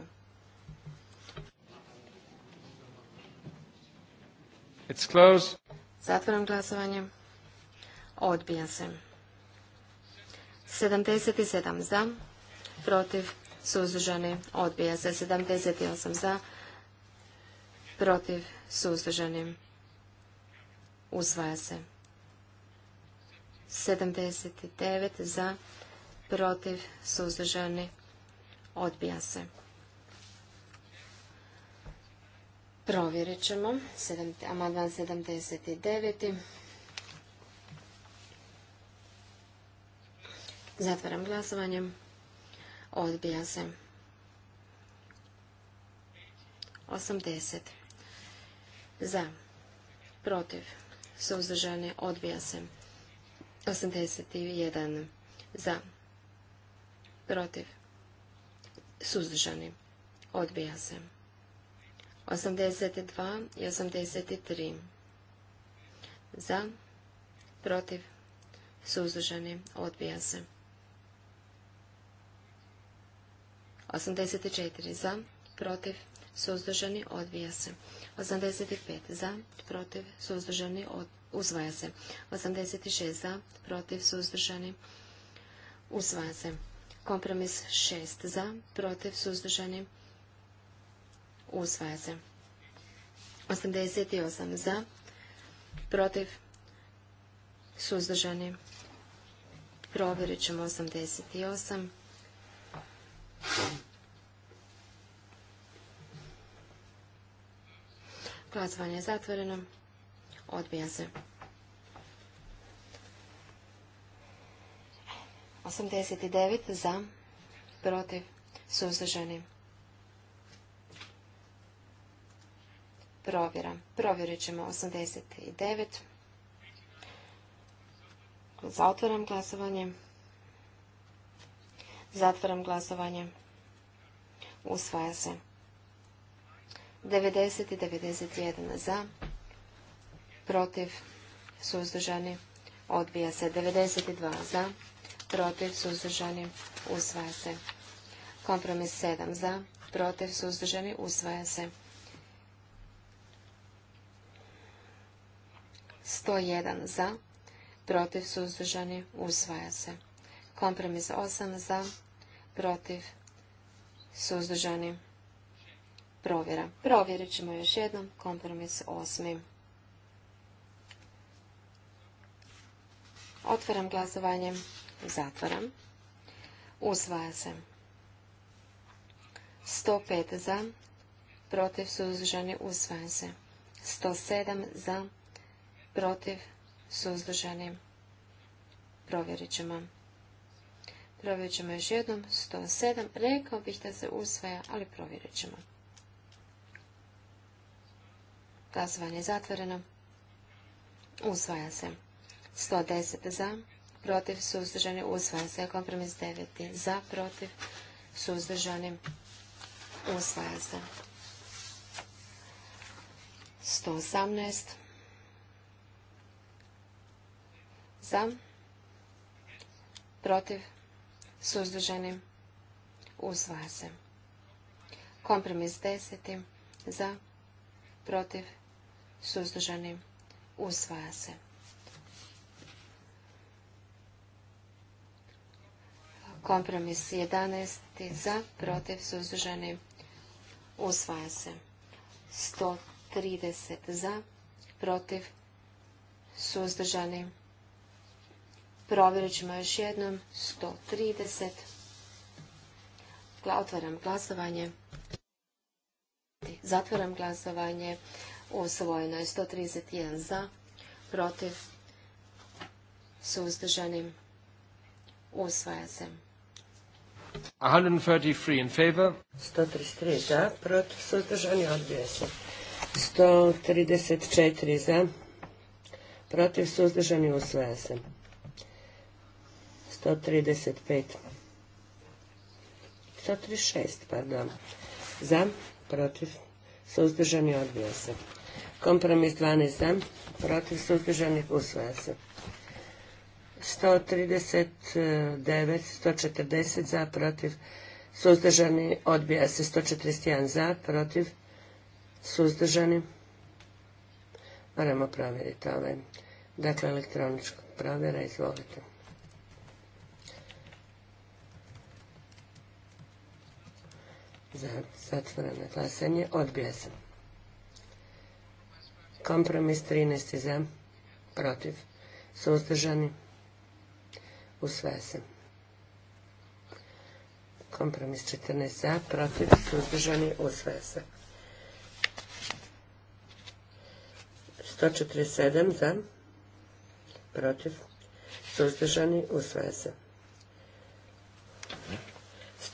It's closed. Zatvaram glasovanje. Odbija se. 77 za, protiv, suzdržani, odbija se. 78 za, protiv, suzdržani, usvaja se. 79 za, protiv, suzdržani, odbija se. Provjerit ćemo. Amandman 79. Zatvaram glasovanje. Odbija se. 80. Za. Protiv. Suzdržani. Odbija se. 81 za, protiv, suzdržani, odbija se. 82 i 83 za, protiv, suzdržani, odbija se. 84 za, protiv, suzdržani, odbija se. 85 za, protiv, suzdržani, odbija se usvaja se. 86 za, protiv, suzdržani, usvaja se. Kompromis 6 za, protiv, suzdržani, usvaja se. 88 za, protiv, suzdržani, provjerit ćemo 88. Glasovanje je zatvoreno. Odbija se. 89 za, protiv, suzdržani. Provjera. Provjerit ćemo 89. Zatvoram glasovanje. Zatvoram glasovanje. Usvaja se. 90 i 91 za, protiv, suzdržani, odbija se. 92 za, protiv, suzdržani, usvaja se. Kompromis 7 za, protiv, suzdržani, usvaja se. 101 za, protiv, suzdržani, usvaja se. Kompromis 8 za, protiv, suzdržani, provjera. Provjerit ćemo još jednom kompromis 8. Otvaram glasovanje. Zatvaram. Usvaja se. 105 za. Protiv suzdržani. Usvaja se. 107 za. Protiv suzdržani. Provjerit ćemo. Provjerit ćemo još jednom. 107. Rekao bih da se usvaja, ali provjerit ćemo. Glasovanje je zatvoreno. Usvaja se. 110 za, protiv, suzdržani, usvaja se. Kompromis 9 za, protiv, suzdržani, usvaja se. 118 za, protiv, suzdržani, usvaja se. Kompromis 10 za, protiv, suzdržani, usvaja se. Kompromis 11. za, protiv, suzdržani, usvaja se. 130 za, protiv, suzdržani. Provjerit ćemo još jednom. 130. Otvaram glasovanje. Zatvaram glasovanje. Usvojeno je 131 za, protiv, suzdržanim. Usvaja se. 133 za, protiv suzdržani odbija se. 134 za, protiv suzdržani usvaja se. 135. 136, pardon. Za, protiv, suzdržani odbija se. Kompromis 12 za, protiv, suzdržanih usvaja se. 139, 140 za, protiv, suzdržani, odbija se 141 za, protiv, suzdržani. Moramo provjeriti ovaj. Dakle, elektroničkog provjera, izvolite. Za zatvoreno glasanje odbija se. Kompromis 13 za, protiv, suzdržani u se. Kompromis 14 za, protiv, suzdržani, u se. 147 za, protiv, suzdržani, u se.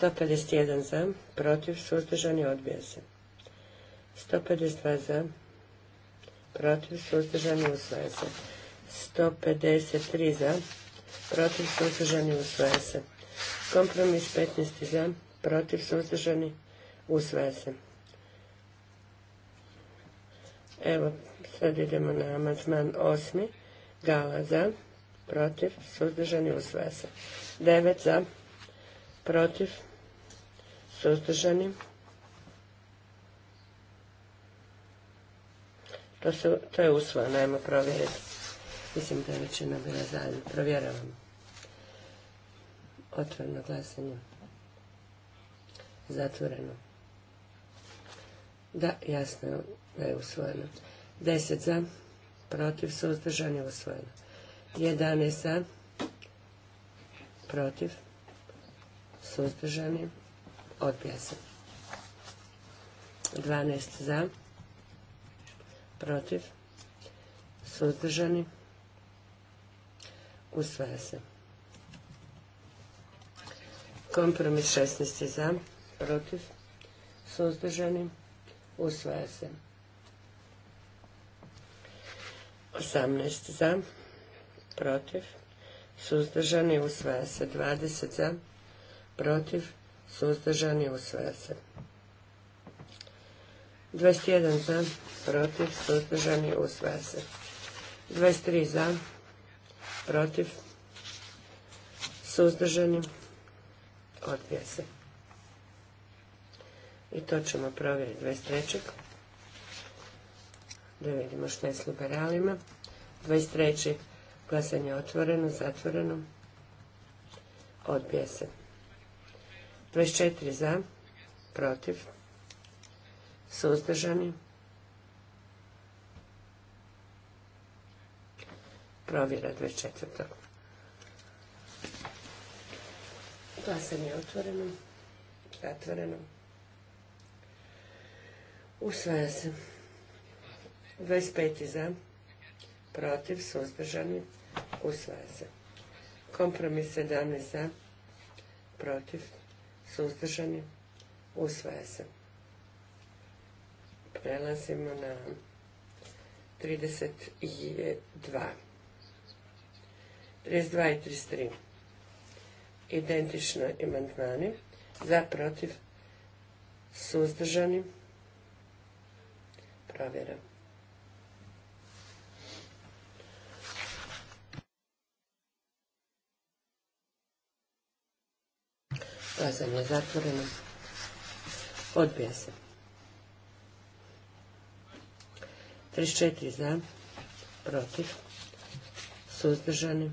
151 za, protiv, suzdržani, odbija se. 152 za, protiv, suzdržani, u se. 153 za, protiv, suzdržani, usvaja se. Kompromis 15. za, protiv, suzdržani, usvaja se. Evo, sad idemo na amandman 8. Gala za, protiv, suzdržani, usvaja se. 9 za, protiv, suzdržani, to, to je usvojeno, ajmo provjeriti. Mislim da je većina bila zadnja. Provjeravam. Otvoreno glasanje. Zatvoreno. Da, jasno je da je usvojeno. 10 za, protiv, je usvojeno. 11 za, protiv, suzdržani, odbija se. 12 za, protiv, suzdržani, Usvaja se. Kompromis 16 za, protiv, suzdržani, usvaja se. 18 za, protiv, suzdržani, usvaja se. 20 za, protiv, suzdržani, usvaja se. 21 za, protiv, suzdržani, usvaja se. 23 za, protiv, suzdržani, odbija se. I to ćemo provjeriti 23. Da vidimo što je s liberalima. 23. glasanje otvoreno, zatvoreno, odbija se. 24 za, protiv, suzdržani, provjera 24. Glasanje je otvoreno, zatvoreno. Usvaja se. 25. za, protiv, suzdržani, usvaja se. Kompromis 17 za, protiv, suzdržani, usvaja se. Prelazimo na 32. 32 i 33. Identično amandmani za protiv suzdržani provjera. Glasanje je zatvoreno. Odbija se. 34 za, protiv, suzdržani,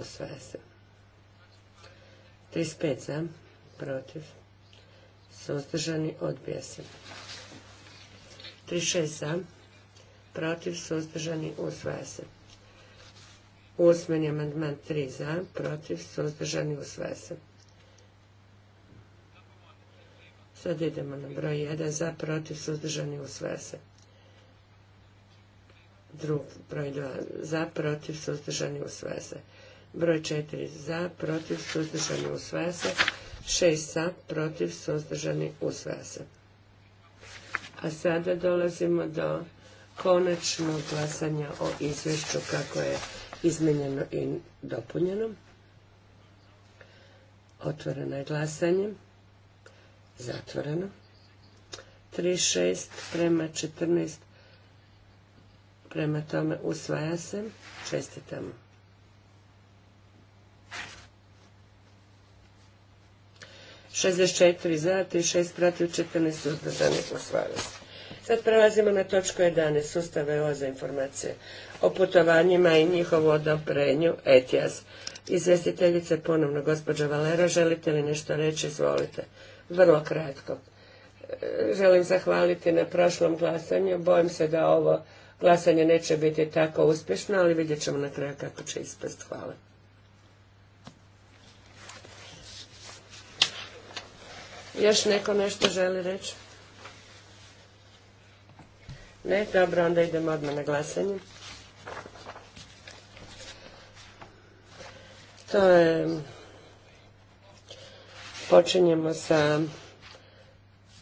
usvaja se. 35 za, protiv, suzdržani, odbija se. 36 za, protiv, suzdržani, usvaja se. osmeni amandman 3 za, protiv, suzdržani, usvaja se. Sad idemo na broj 1 za, protiv, suzdržani, usvaja se. Drug, broj 2 za, protiv, suzdržani, usvaja se. Broj 4 za, protiv, suzdržani, usvaja se. 6 za, protiv, suzdržani, usvaja se. A sada dolazimo do konačnog glasanja o izvješću kako je izmenjeno i dopunjeno. Otvoreno je glasanje. Zatvoreno. 3.6 prema 14. Prema tome usvaja se. Čestitamo. 64 za, 36 protiv, 14 suzdržanih glasovali se. Sad prelazimo na točku 11. Sustave oza za informacije o putovanjima i njihovu odobrenju ETIAS. Izvestiteljice ponovno, gospođa Valera, želite li nešto reći? Izvolite. Vrlo kratko. E, želim zahvaliti na prošlom glasanju. Bojim se da ovo glasanje neće biti tako uspješno, ali vidjet ćemo na kraju kako će ispast. Hvala. Još neko nešto želi reći? Ne, dobro, onda idemo odmah na glasanje. To je... Počinjemo sa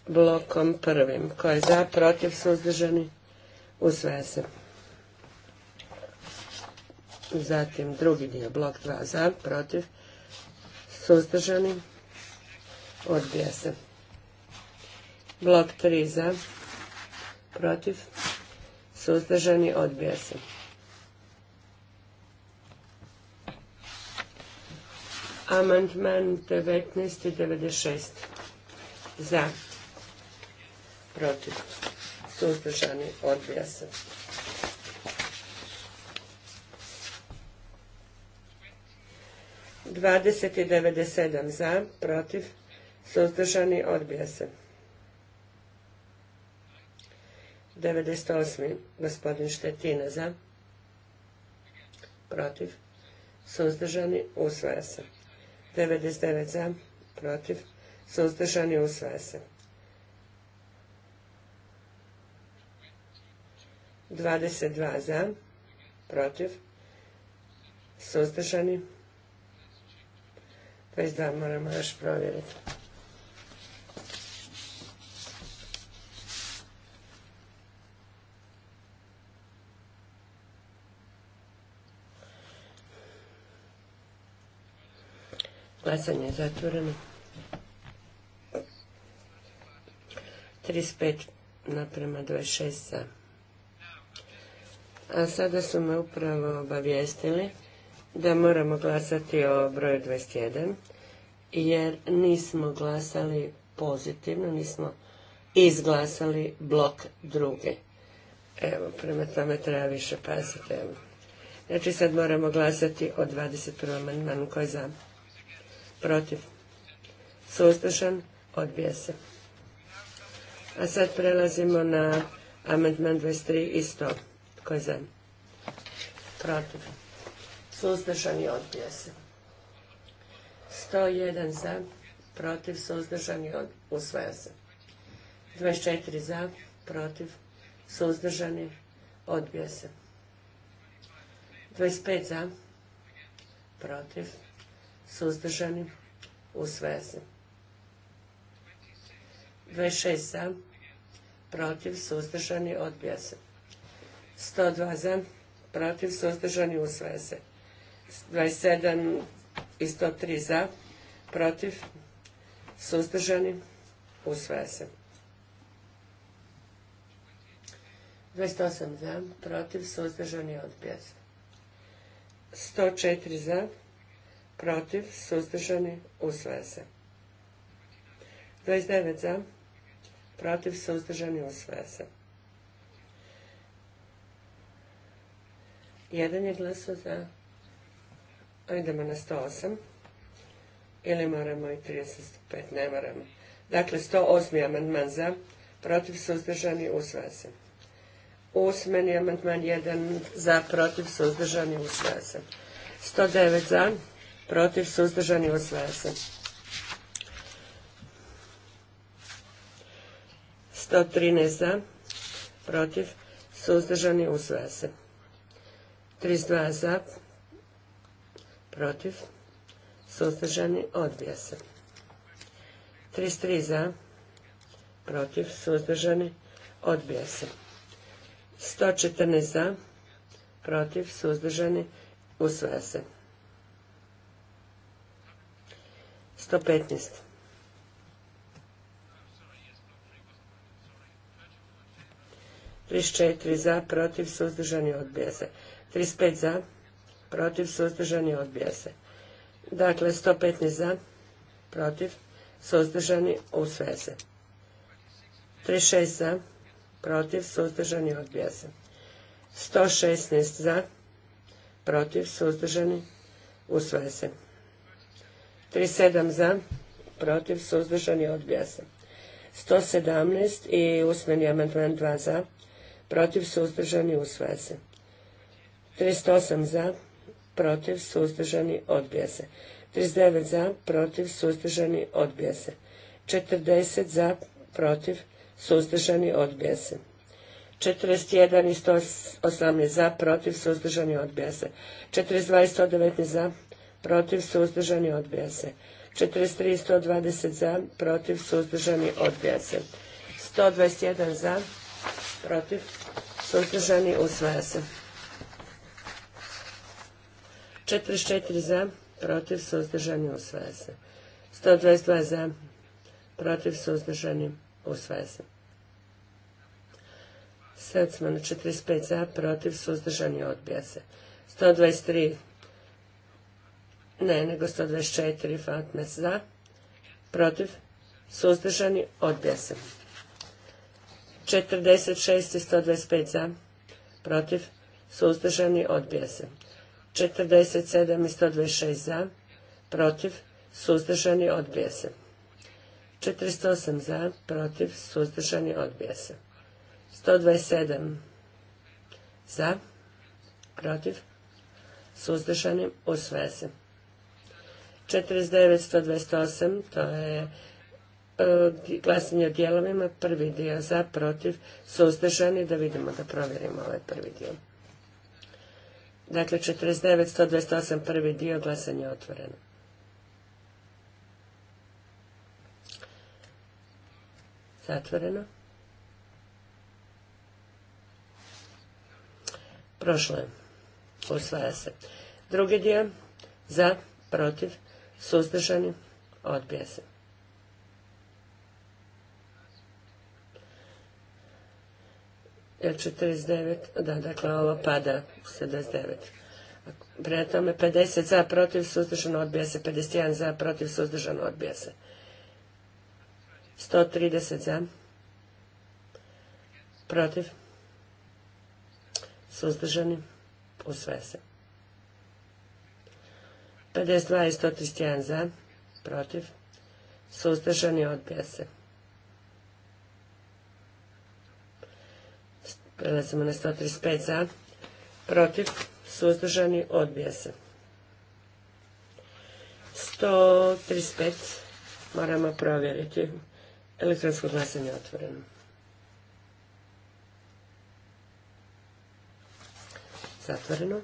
blokom prvim. koji je za, protiv, suzdržani, sve se. Zatim drugi dio, blok dva za, protiv, suzdržani, Odbija se. Blok 3 za. Protiv. Suzdržani. Odbija se. Amandman 19.96. Za. Protiv. Suzdržani. Odbija se. 20.97. Za. Protiv. Suzdržani odbija se. 98. Gospodin Štetina za. Protiv. Suzdržani usvaja se. 99 za. Protiv. Suzdržani usvaja se. 22 za. Protiv. Suzdržani. 22 moramo još provjeriti. Glasanje je zatvoreno. 35 naprema 26 A sada su me upravo obavijestili da moramo glasati o broju 21, jer nismo glasali pozitivno, nismo izglasali blok druge. Evo, prema tome treba više pasiti. Znači sad moramo glasati o 21. amandmanu koji je za protiv, suzdržan, odbija se. A sad prelazimo na amendment 23 i 100. Tko je za? Protiv. Suzdržan i odbija se. 101 za, protiv, suzdržan i usvaja se. 24 za, protiv, suzdržan i odbija se. 25 za, protiv, suzdržani, u svezi. 26 za, protiv, suzdržani, odbija se. 102 za, protiv, suzdržani, u se. 27 i 103 za, protiv, suzdržani, u se. 28 za, protiv, suzdržani, odbija se. 104 za, protiv, suzdržani, usvaja se. 29 za, protiv, suzdržani, usvaja se. Jedan je glaso za, idemo na 108, ili moramo i 35, ne moramo. Dakle, 108. amandman za, protiv, suzdržani, usvaja se. Usmeni amandman 1 za, protiv, suzdržani, usvaja se. 109 za, protiv, suzdržani, usvaja se. 113 za, protiv, suzdržani, usvaja se. 32 za, protiv, suzdržani, odbija se. 33 za, protiv, suzdržani, odbija se. 114 za, protiv, suzdržani, usvaja se. 115. 34 za, protiv, suzdržani, odbija se. 35 za, protiv, suzdržani, odbija se. Dakle, 115 za, protiv, suzdržani, usvaja se. 36 za, protiv, suzdržani, odbija se. 116 za, protiv, suzdržani, usvaja se. 37 za, protiv, suzdržani, odbija se. 117 i usmeni amandman 2 za, protiv, suzdržani, usvaja se. 38 za, protiv, suzdržani, odbija se. 39 za, protiv, suzdržani, odbija se. 40 za, protiv, suzdržani, odbija se. 41 i 118 za, protiv, suzdržani, odbija se. 42 i 119 za, protiv, suzdržani, odbija se. 43 120 za, protiv, suzdržani, odbija se. 121 za, protiv, suzdržani, usvaja se. 44 za, protiv, suzdržani, usvaja se. 122 za, protiv, suzdržani, usvaja se. Sad smo na 45 za, protiv, suzdržani, odbija se. 123 ne, nego 124 Fatme za, protiv, suzdržani, odbija se. 46 i 125 za, protiv, suzdržani, odbija se. 47 i 126 za, protiv, suzdržani, odbija se. 408 za, protiv, suzdržani, odbija se. 127 za, protiv, suzdržani, usvaja se. 49.128, to je e, glasanje o dijelovima, prvi dio za, protiv, suzdržani, da vidimo, da provjerimo ovaj prvi dio. Dakle, 49.128, prvi dio, glasanje otvoreno. Zatvoreno. Prošlo je. Usvaja se. Drugi dio, za, protiv, Suzdržani? Odbija se. l 49, da, dakle, ovo pada 79. Prema tome, 50 za, protiv, suzdržano, odbija se. 51 za, protiv, suzdržano, odbija se. 130 za, protiv, suzdržani, usve se. 52 i 131 za, protiv, suzdržani odbija se. Prelazimo na 135 za, protiv, suzdržani odbija se. 135 moramo provjeriti. Elektronsko glasanje je otvoreno. Zatvoreno.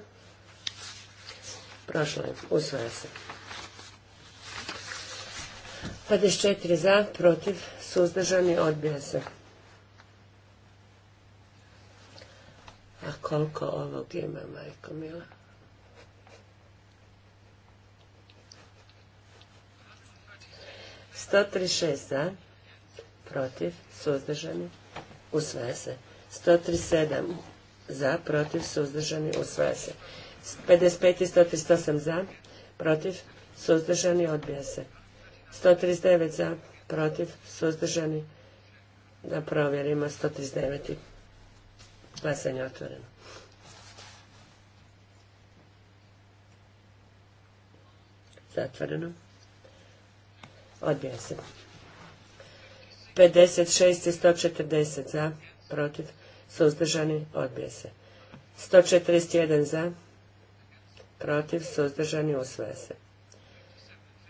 Prošlo je. Usvaja se. 54 za, protiv, suzdržani, odbija se. A koliko ovog ima, majko mila? Sto tri šest za, protiv, suzdržani, usvaja se. Sto tri sedam za, protiv, suzdržani, usvaja se. 55 i 138 za, protiv, suzdržani, odbija se. 139 za, protiv, suzdržani, da provjerimo 139. Glasanje otvoreno. Zatvoreno. Odbija se. 56 i 140 za, protiv, suzdržani, odbija se. 141 za, protiv, suzdržani, usvoje se.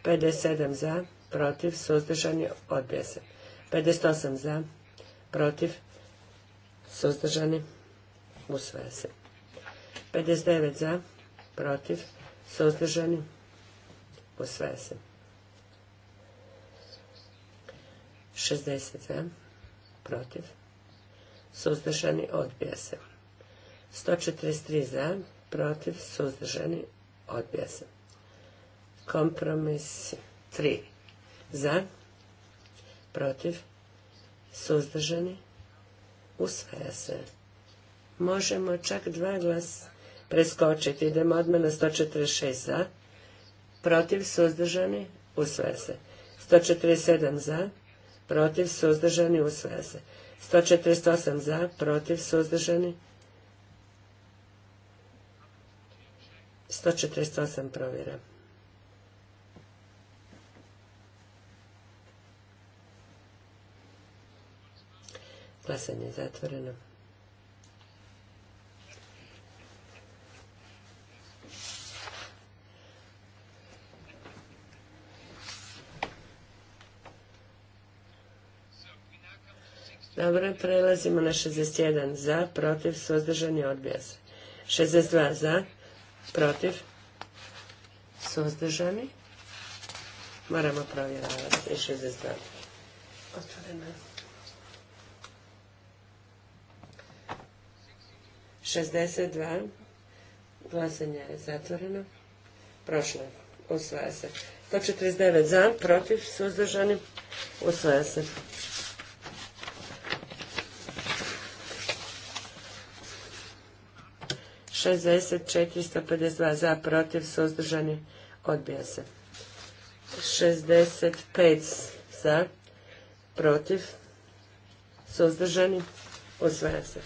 57 za, protiv, suzdržani, odbija se. 58 za, protiv, suzdržani, usvoje se. 59 za, protiv, suzdržani, usvoje se. 60 za, protiv, suzdržani, odbija se. 143 za, protiv, suzdržani, odbija se. Kompromis 3 za, protiv, suzdržani, usvaja se. Možemo čak dva glas preskočiti. Idemo odmah na 146 za, protiv, suzdržani, usvaja se. 147 za, protiv, suzdržani, usvaja se. 148 za, protiv, suzdržani, usvaja se. 148 provjera. Glasanje je zatvoreno. Dobro, prelazimo na 61 za, protiv, suzdržani, odbija se. 62 za, protiv, suzdržani, moramo provjeravati i 62. Otvoreno. 62. Glasanje je zatvoreno. Prošlo je. Usvaja se. 149 za, protiv, suzdržani. Usvaja se. 60, 452 za, protiv, suzdržani, odbija se. 65 za, protiv, suzdržani, usvaja se.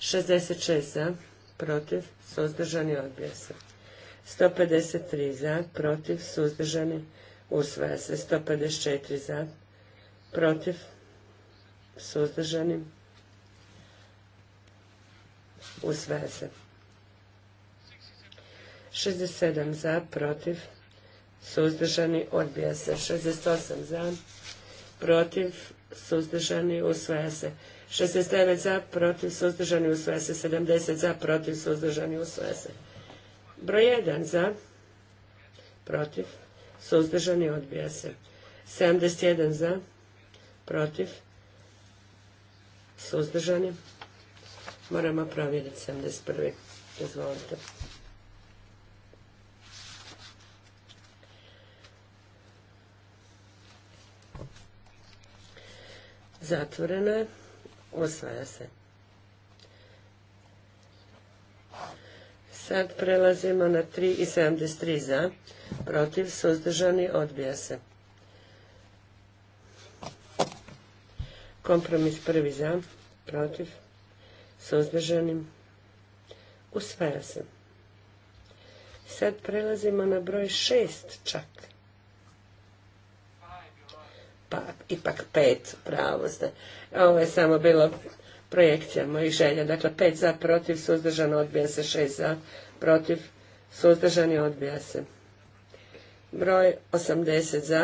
66 za, protiv, suzdržani, odbija se. 153 za, protiv, suzdržani, usvaja se. 154 za, protiv, suzdržani, u se. 67 za, protiv, suzdržani, odbija se. 68 za, protiv, suzdržani, usvaja se. 69 za, protiv, suzdržani, usvaja se. 70 za, protiv, suzdržani, usvaja se. Broj 1 za, protiv, suzdržani, odbija se. 71 za, protiv, suzdržani, Moramo provjeriti 71. Izvolite. Zatvoreno je. Osvaja se. Sad prelazimo na 3 i 73 za. Protiv, suzdržani, odbija se. Kompromis prvi za. Protiv suzdržanim, usvaja se. Sad prelazimo na broj šest čak. Pa, ipak pet, pravo ste. Ovo je samo bilo projekcija mojih želja. Dakle, pet za, protiv, suzdržano, odbija se, šest za, protiv, suzdržani, odbija se. Broj 80 za,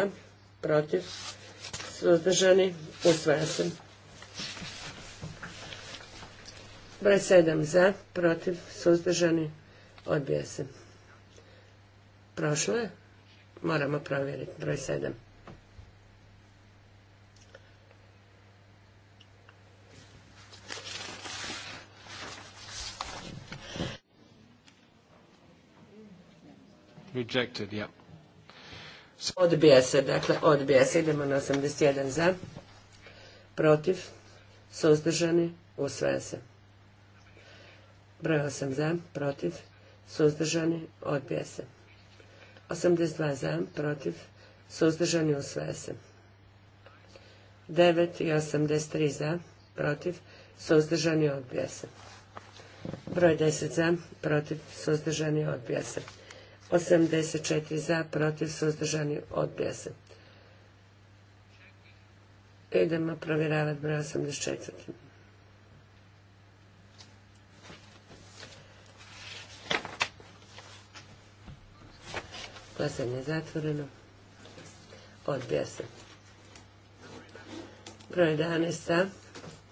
protiv, suzdržani, usvaja se. Broj 7 za, protiv, suzdržani, odbija se. Prošlo je? Moramo provjeriti. Broj 7. Rejected, ja. Odbija se, dakle, odbija se. Idemo na 81 za, protiv, suzdržani, usvaja se. Broj 8 za, protiv, suzdržani, odbija se. 82 za, protiv, suzdržani, usvaja se. 9 i 83 za, protiv, suzdržani, odbija se. Broj 10 za, protiv, suzdržani, odbija se. 84 za, protiv, suzdržani, odbija se. Idemo provjeravati broj 84. Glasanje je zatvoreno. Odbija se. Broj 11 za,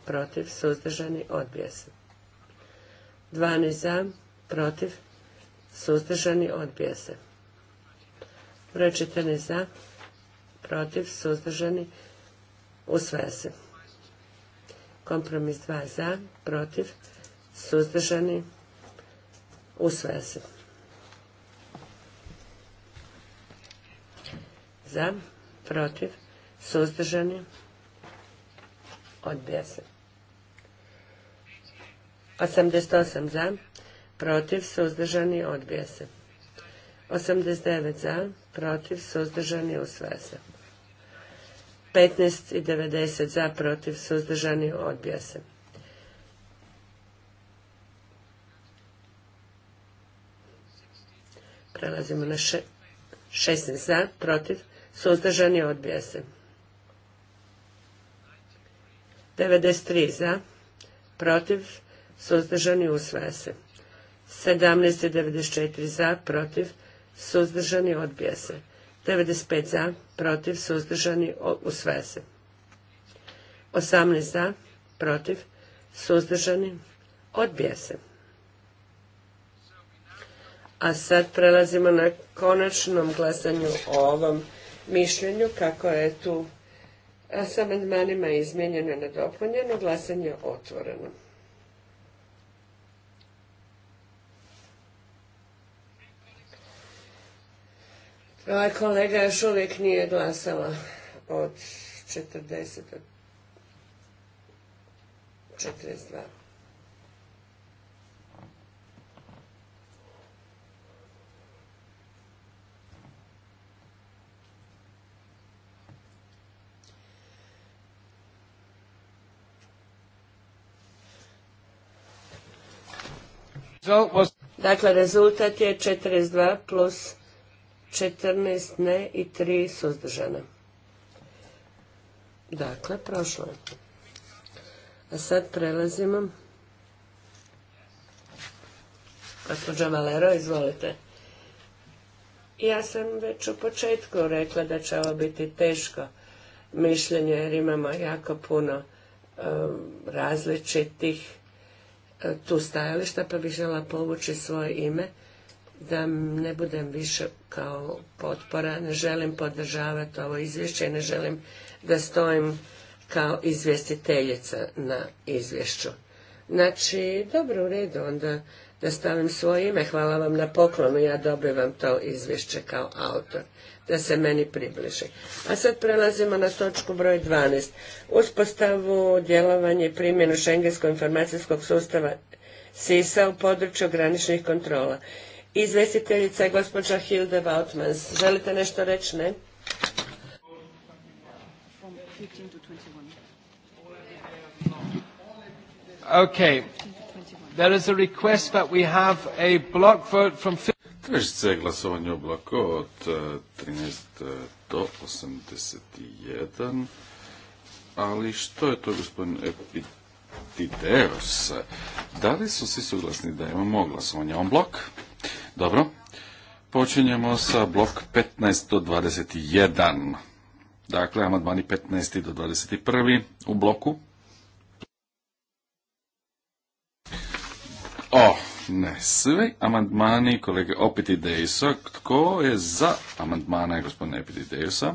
protiv, suzdržani, odbija se. 12 za, protiv, suzdržani, odbija se. Broj 14 za, protiv, suzdržani, usvaja se. Kompromis 2 za, protiv, suzdržani, usvaja se. Za, protiv, suzdržani, odbija se. 88 za, protiv, suzdržani, odbija se. 89 za, protiv, suzdržani, usvaja se. 15 i 90 za, protiv, suzdržani, odbija se. Prelazimo na 16 za, protiv, suzdržani, odbija se. 93 za, protiv, suzdržani, usvaja se. 17.94 za, protiv, suzdržani, odbija se. 95 za, protiv, suzdržani, usvaja se. 18 za, protiv, suzdržani, odbije se. A sad prelazimo na konačnom glasanju o ovom mišljenju kako je tu s amandmanima izmijenjeno i nadopunjeno. Glasanje otvoreno. Ovaj kolega još uvijek nije glasala od 40 42. Dakle, rezultat je 42 plus 14 ne i 3 suzdržana. Dakle, prošlo je. A sad prelazimo. Gospođa Valero, izvolite. Ja sam već u početku rekla da će ovo biti teško mišljenje jer imamo jako puno um, različitih E, tu stajališta, pa bih žela povući svoje ime da ne budem više kao potpora, ne želim podržavati ovo izvješće i ne želim da stojim kao izvjestiteljica na izvješću. Znači, dobro, u redu, onda da stavim svoje ime. Hvala vam na poklonu, ja dobivam to izvješće kao autor da se meni približi. A sad prelazimo na točku broj 12. Uspostavu, djelovanje i primjenu šengenskog informacijskog sustava SISA u području graničnih kontrola. Izvestiteljica je gospođa Hilde Vautmans. Želite nešto reći? Ne? Okay. There is a request that we have a block vote from Traži se glasovanje oblako od 13 e, e, do 81. Ali što je to gospodin Epitideos? Da li su svi suglasni da imamo glasovanje on blok? Dobro. Počinjemo sa blok 15 do 21. Dakle, amadmani 15. do 21. u bloku. Oh, ne, svi amandmani kolege Dejsa. Tko je za amandmane gospodina Dejsa?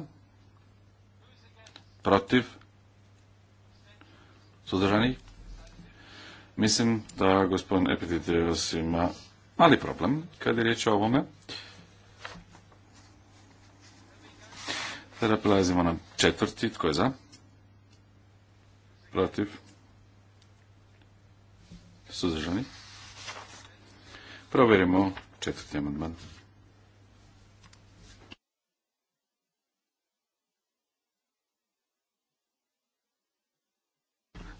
Protiv? Sudržani? Mislim da gospodin Epitideus ima mali problem kada je riječ o ovome. Sada prelazimo na četvrti. Tko je za? Protiv? Suzdržani? Provjerimo četvrti amandman.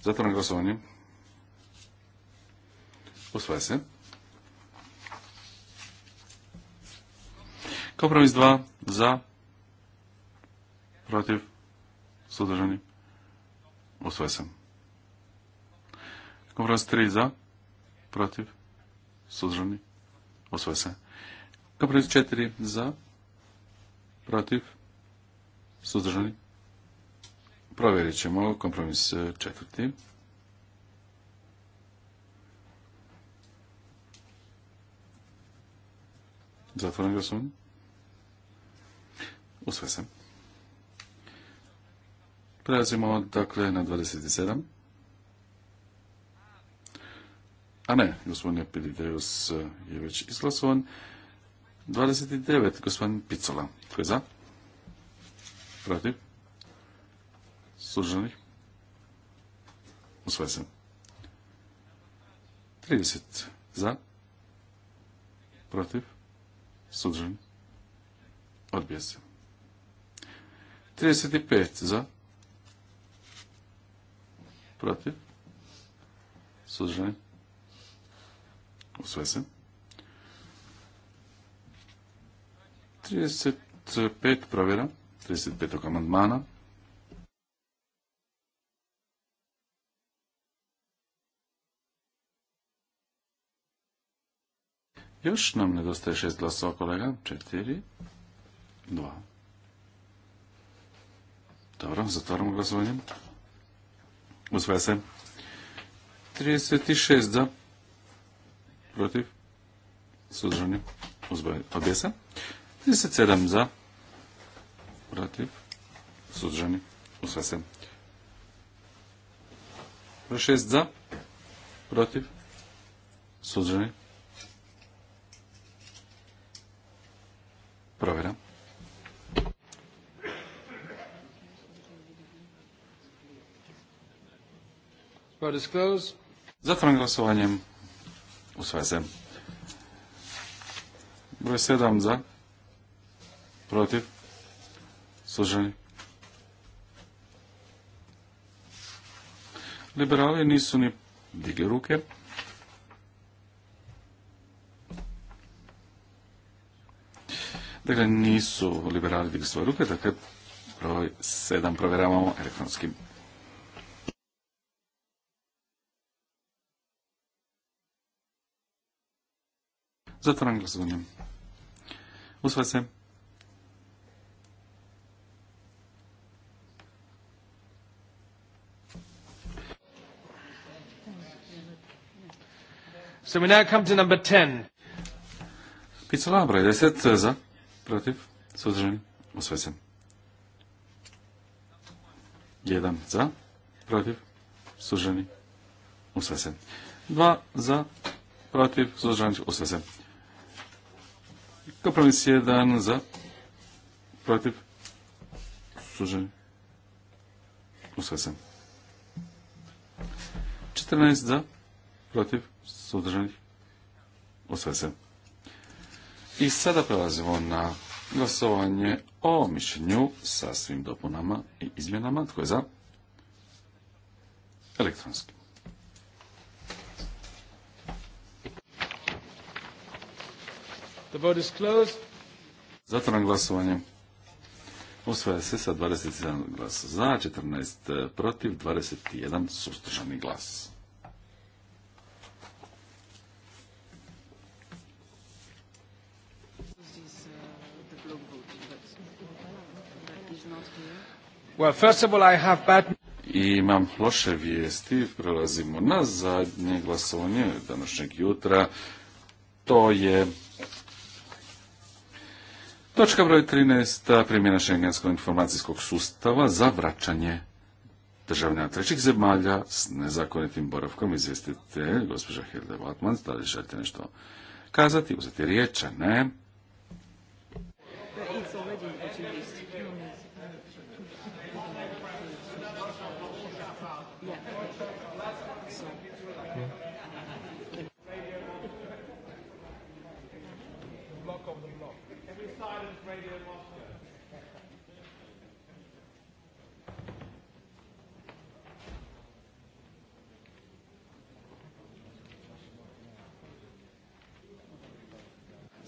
Zatvorno glasovanje. Usvaja se. Kompromis 2 za, protiv, sudržani. Usvaja se. Kompromis 3 za, protiv, suzdržani, osvoje se. Kompromis četiri. za, protiv, suzdržani. Provjerit ćemo kompromis e, četvrti. Zatvoren glasovanje. Usve se. Prelazimo dakle na 27. A ne, gospodin Epidideus eh, je već izglasovan. 29, gospodin Picola. Tko je za? Protiv? Služenih? Usvoje se. 30 za? Protiv? Suzdržani? Odbija se. 35 za? Protiv? Suđen? U svese. 35 provjera. 35. amandmana. Još nam nedostaje šest glasova, kolega. Četiri, dva. Dobro, zatvaramo glasovanje. Usvaja se. 36 za, protiv, suzdržani, odbija se. 37 za, protiv, suzdržani, Usve se. 6 za, protiv, suzdržani, provjera. Zatvorim glasovanjem u se. Broj sedam za. Protiv. Služeni. Liberali nisu ni digli ruke. Dakle, nisu liberali digli svoje ruke, dakle, broj sedam provjeravamo elektronskim Zatvaram glasovanje. Usvaja se. So we now come to number 10. Picela broj 10 za, protiv, suzdržani, usvaja se. 1 za, protiv, suzdržani, usvaja se. 2 za, protiv, suzdržani, usvaja se. Kompromis 1 za, protiv, suženi, usve 14 za, protiv, suzdržanih, I sada prelazimo na glasovanje o mišljenju sa svim dopunama i izmjenama. Tko je za? Elektronski. The vote is closed. Zatvoram glasovanje. Usvaja se sa 27 glasa za, 14 e, protiv, 21 sustržani glas. Well, first of all, I have imam loše vijesti, prelazimo na zadnje glasovanje današnjeg jutra. To je Točka broj 13. Primjena šengenskog informacijskog sustava za vraćanje državljana trećih zemalja s nezakonitim boravkom izvjestitelj, gospođa Hilde Vatman, da li želite nešto kazati, uzeti riječ, ne?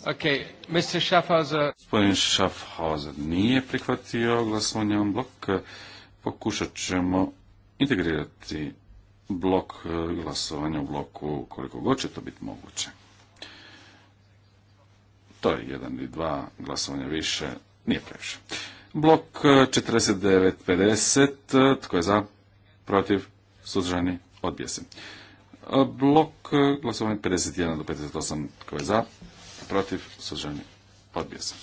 Okay, Mr. Schaffhauser. Gospodin Schaffhauser nije prihvatio glasovanje on blok. Pokušat ćemo integrirati blok eh, glasovanja u bloku koliko god će to biti moguće. To je jedan i dva glasovanja više, nije previše. Blok 49.50, eh, eh, tko je za, protiv, suzdržani, odbije se. Blok glasovanja 51 do 58, tko je za, protiv, suzdržani, odbija se.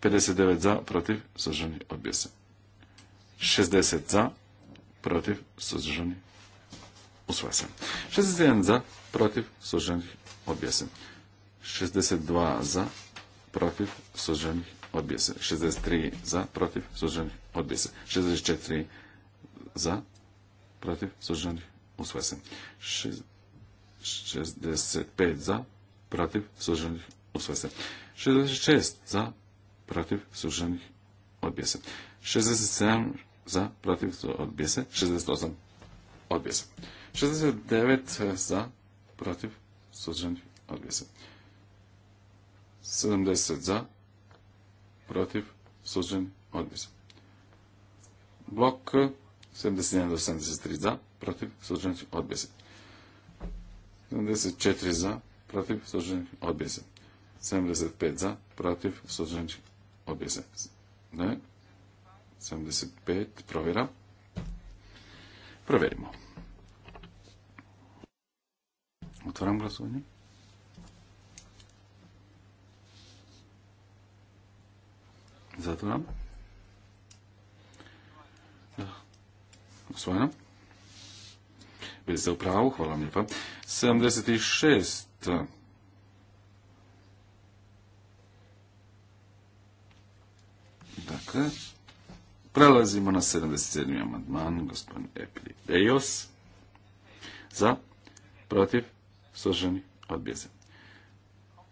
59 za, protiv, suzdržani, odbija se. 60 za, protiv, suzdržani, usvaja se. 61 za, protiv, suzdržani, odbija se. 62 za, protiv, suzdržani, odbija se. 63 za, protiv, suzdržani, odbija se. 64 za, protiv, suzdržani, usvaja 65 za, protiv, suženih, usvaja 66 za, protiv, suženih, odbija 67 za, protiv, suženih, se. 68 odbjese 69 za, protiv, suženih, odbija 70 za, protiv, suženih, odbjese se. Blok 71 do 73 za, protiv, suzdržani, odbija se. 74 za, protiv, suzdržani, odbija se. 75 za, protiv, suzdržani, odbija se. Ne. 75, provjera. Provjerimo. Otvaram glasovanje. Zatvaram. Usvojeno. Bili ste u pravu, hvala vam lijepa. 76. Dakle, prelazimo na 77. amandman, gospodin Dejos. Za, protiv, složeni, odbije se.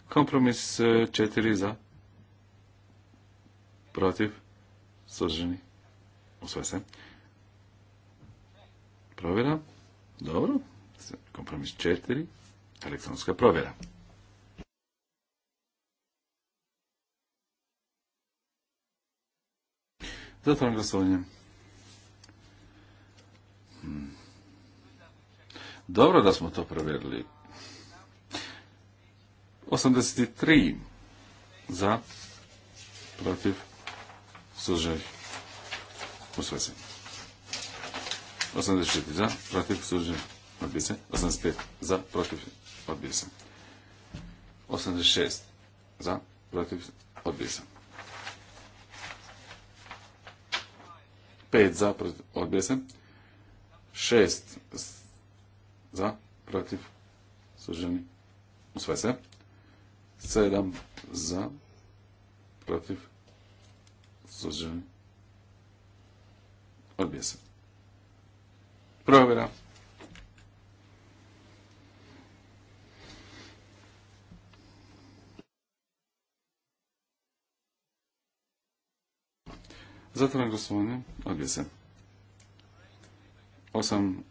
Kompromis 4 e, za, protiv, složeni, usvoje se. Provjera. Dobro. Kompromis četiri. Elektronska provjera. zatvaram glasovanje. Hmm. Dobro da smo to provjerili. 83 za, protiv, u svesenju. 84 za, protiv, suzdržani, odbija 85 za, protiv, odbija 86 za, protiv, odbija 5 za, protiv, odbija 6 za, protiv, suzdržani, usvaja se. 7 za, protiv, suzdržani, odbija Provjera. Zatvoram glasovanje. Odbije se. Osam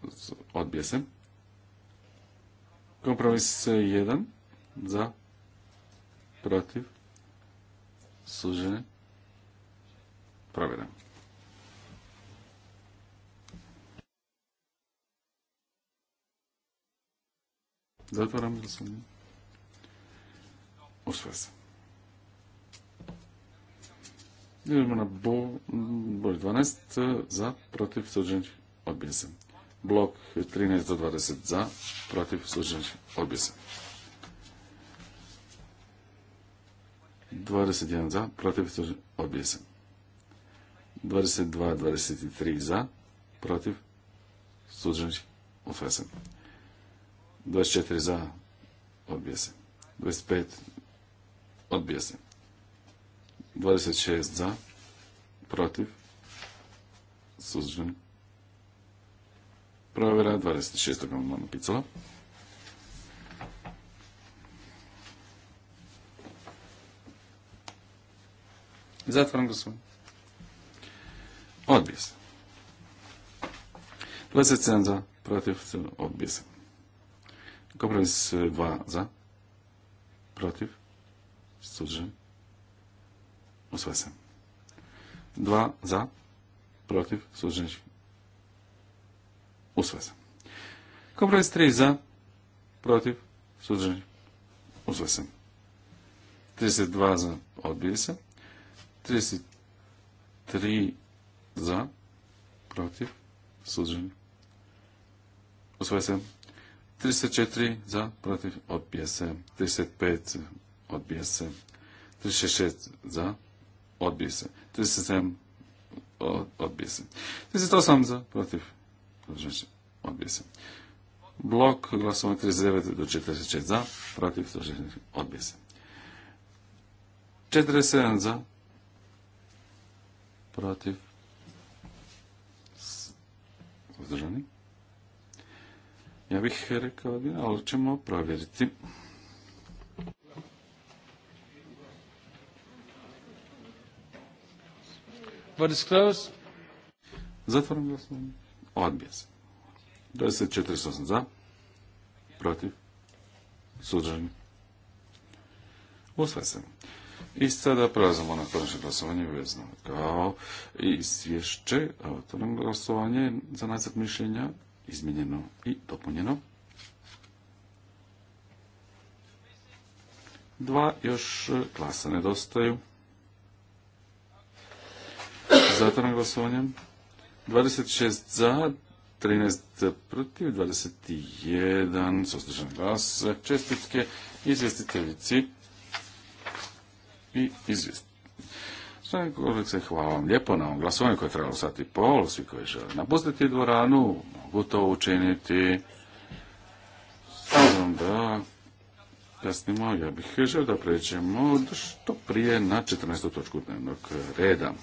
odbije se. Kompromis 1 za protiv sužene provjeram. Zatvaram glasanje. Usvaja se. Idemo na boj 12 za, protiv suđenih odbjeza. Blok 13 do 20 za, protiv suđenih odbjeza. 21 za, protiv suđenih odbjeza. 22, 23 za, protiv suđenih odbjeza. 24 za, odbija se. 25, odbija se. 26 za, protiv, suzđen. Provjera 26. amandmana Zatvoram ga glasovanje. Odbija se. 27 za, protiv, odbija se. Kompromis 2 e, za, protiv, Suđen. usvaja se. 2 za, protiv, Suđen. usvaja se. Kompromis 3 za, protiv, Suđen. Usvesen. se. 32 za, odbili se. 33 za, protiv, Suđen. usvaja se. 34 za, protiv, odbija se. 35 odbija se. 36 za, odbija se. 37 odbija se. 38 za, protiv, odbija se. Blok glasovanja 39 do 44 za, protiv, odbija se. 47 za, protiv, ja bih rekao, ali ćemo provjeriti. Zatvaram glasovanje. Odbija se. 24.8. za. Protiv. Suđani. Usvaj se. I sada prelazimo na konačno glasovanje vezno kao izvješće, otvoreno glasovanje za nacrt mišljenja izmijenjeno i dopunjeno. Dva još e, glasa nedostaju. Zatvorno glasovanje. 26 za, 13 protiv, 21 suzdržan glas. Čestitke izvjestiteljici i izvjestiteljici hvala vam lijepo na ovom glasovanju koje je trebalo sat i pol. Svi koji žele napustiti dvoranu mogu to učiniti. da kasnimo, ja bih želio da pređemo što prije na 14. točku dnevnog reda.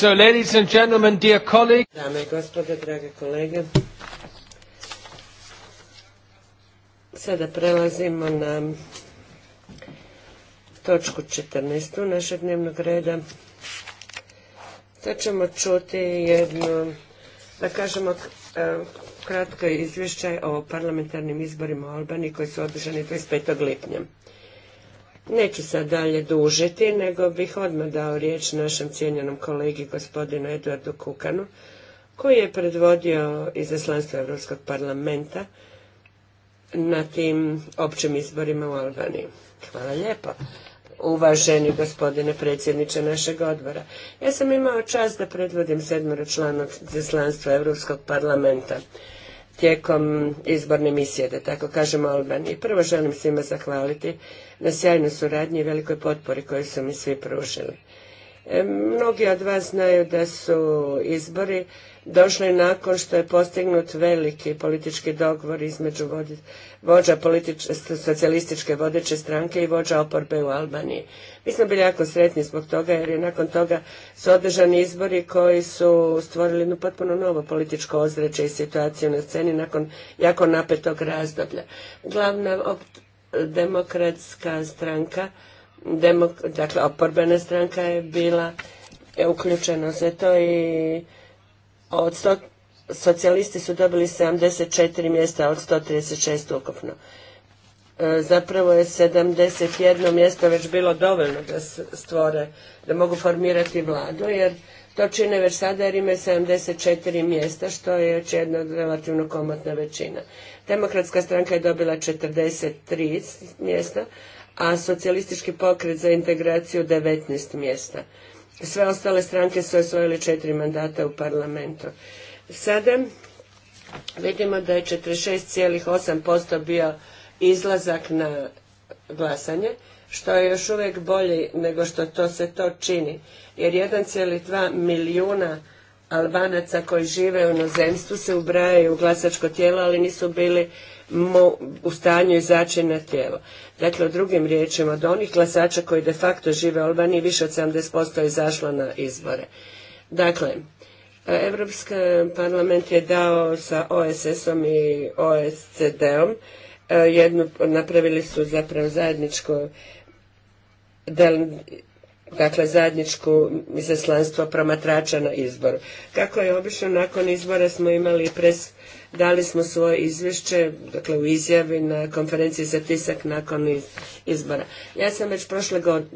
So, ladies and gentlemen, dear colleagues. Dame i gospode, drage kolege. Sada prelazimo na točku 14. našeg dnevnog reda. Sad ćemo čuti jedno, da kažemo, e, kratko izvješće o parlamentarnim izborima u Albaniji koji su održani 25. lipnja. Neću sad dalje dužiti, nego bih odmah dao riječ našem cijenjenom kolegi gospodinu Eduardu Kukanu, koji je predvodio izaslanstvo Europskog parlamenta na tim općim izborima u Albaniji. Hvala lijepo. Uvaženi gospodine predsjedniče našeg odbora, ja sam imao čast da predvodim članog izaslanstva Europskog parlamenta tijekom izborne misije, da tako kažemo i Prvo želim svima zahvaliti na sjajnoj suradnji i velikoj potpori koju su mi svi pružili. E, mnogi od vas znaju da su izbori došli nakon što je postignut veliki politički dogovor između vođa socijalističke vodeće stranke i vođa oporbe u Albaniji. Mi smo bili jako sretni zbog toga jer je nakon toga su održani izbori koji su stvorili jednu potpuno novo političko ozreće i situaciju na sceni nakon jako napetog razdoblja. Glavna demokratska stranka, dakle oporbena stranka je bila uključena uključeno to i od socijalisti su dobili 74 mjesta od 136 ukupno. E, zapravo je 71 mjesto već bilo dovoljno da stvore, da mogu formirati vladu, jer to čine već sada jer imaju 74 mjesta, što je još jedna relativno komotna većina. Demokratska stranka je dobila 43 mjesta, a socijalistički pokret za integraciju 19 mjesta. Sve ostale stranke su osvojile četiri mandata u parlamentu. Sada vidimo da je 46,8% bio izlazak na glasanje, što je još uvijek bolje nego što to se to čini, jer 1,2 milijuna Albanaca koji žive u inozemstvu se ubrajaju u glasačko tijelo, ali nisu bili u stanju izaći na tijelo. Dakle, drugim riječima, od onih glasača koji de facto žive u Albaniji, više od 70% je izašlo na izbore. Dakle, Evropski parlament je dao sa OSS-om i OSCD-om e, jednu, napravili su zapravo zajedničko dakle zajedničku izaslanstvo promatrača na izboru. Kako je obično, nakon izbora smo imali pres dali smo svoje izvješće, dakle u izjavi na konferenciji za tisak nakon izbora. Ja sam već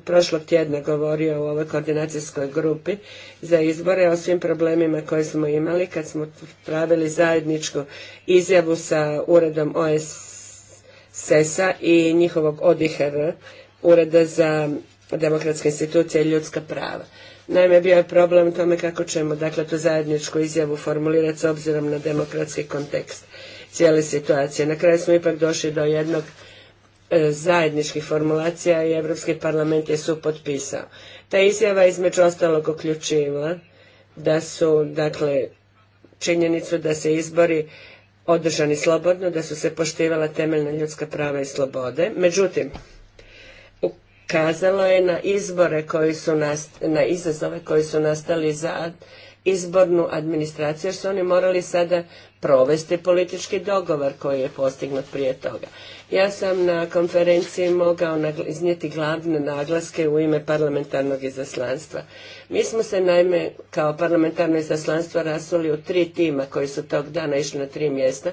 prošlog tjedna govorio u ovoj koordinacijskoj grupi za izbore o svim problemima koje smo imali kad smo pravili zajedničku izjavu sa uredom OSS-a i njihovog ODIHR, Ureda za demokratske institucije i ljudska prava. Naime, bio je problem tome kako ćemo dakle, tu zajedničku izjavu formulirati s obzirom na demokratski kontekst cijele situacije. Na kraju smo ipak došli do jednog e, zajedničkih formulacija i Europski parlament je potpisao. Ta izjava između ostalog uključivala da su, dakle, činjenicu da se izbori održani slobodno, da su se poštivala temeljna ljudska prava i slobode. Međutim, kazalo je na izbore koji su na izazove koji su nastali za izbornu administraciju jer su oni morali sada provesti politički dogovor koji je postignut prije toga. Ja sam na konferenciji mogao iznijeti glavne naglaske u ime parlamentarnog izaslanstva. Mi smo se naime kao parlamentarno izaslanstvo rasuli u tri tima koji su tog dana išli na tri mjesta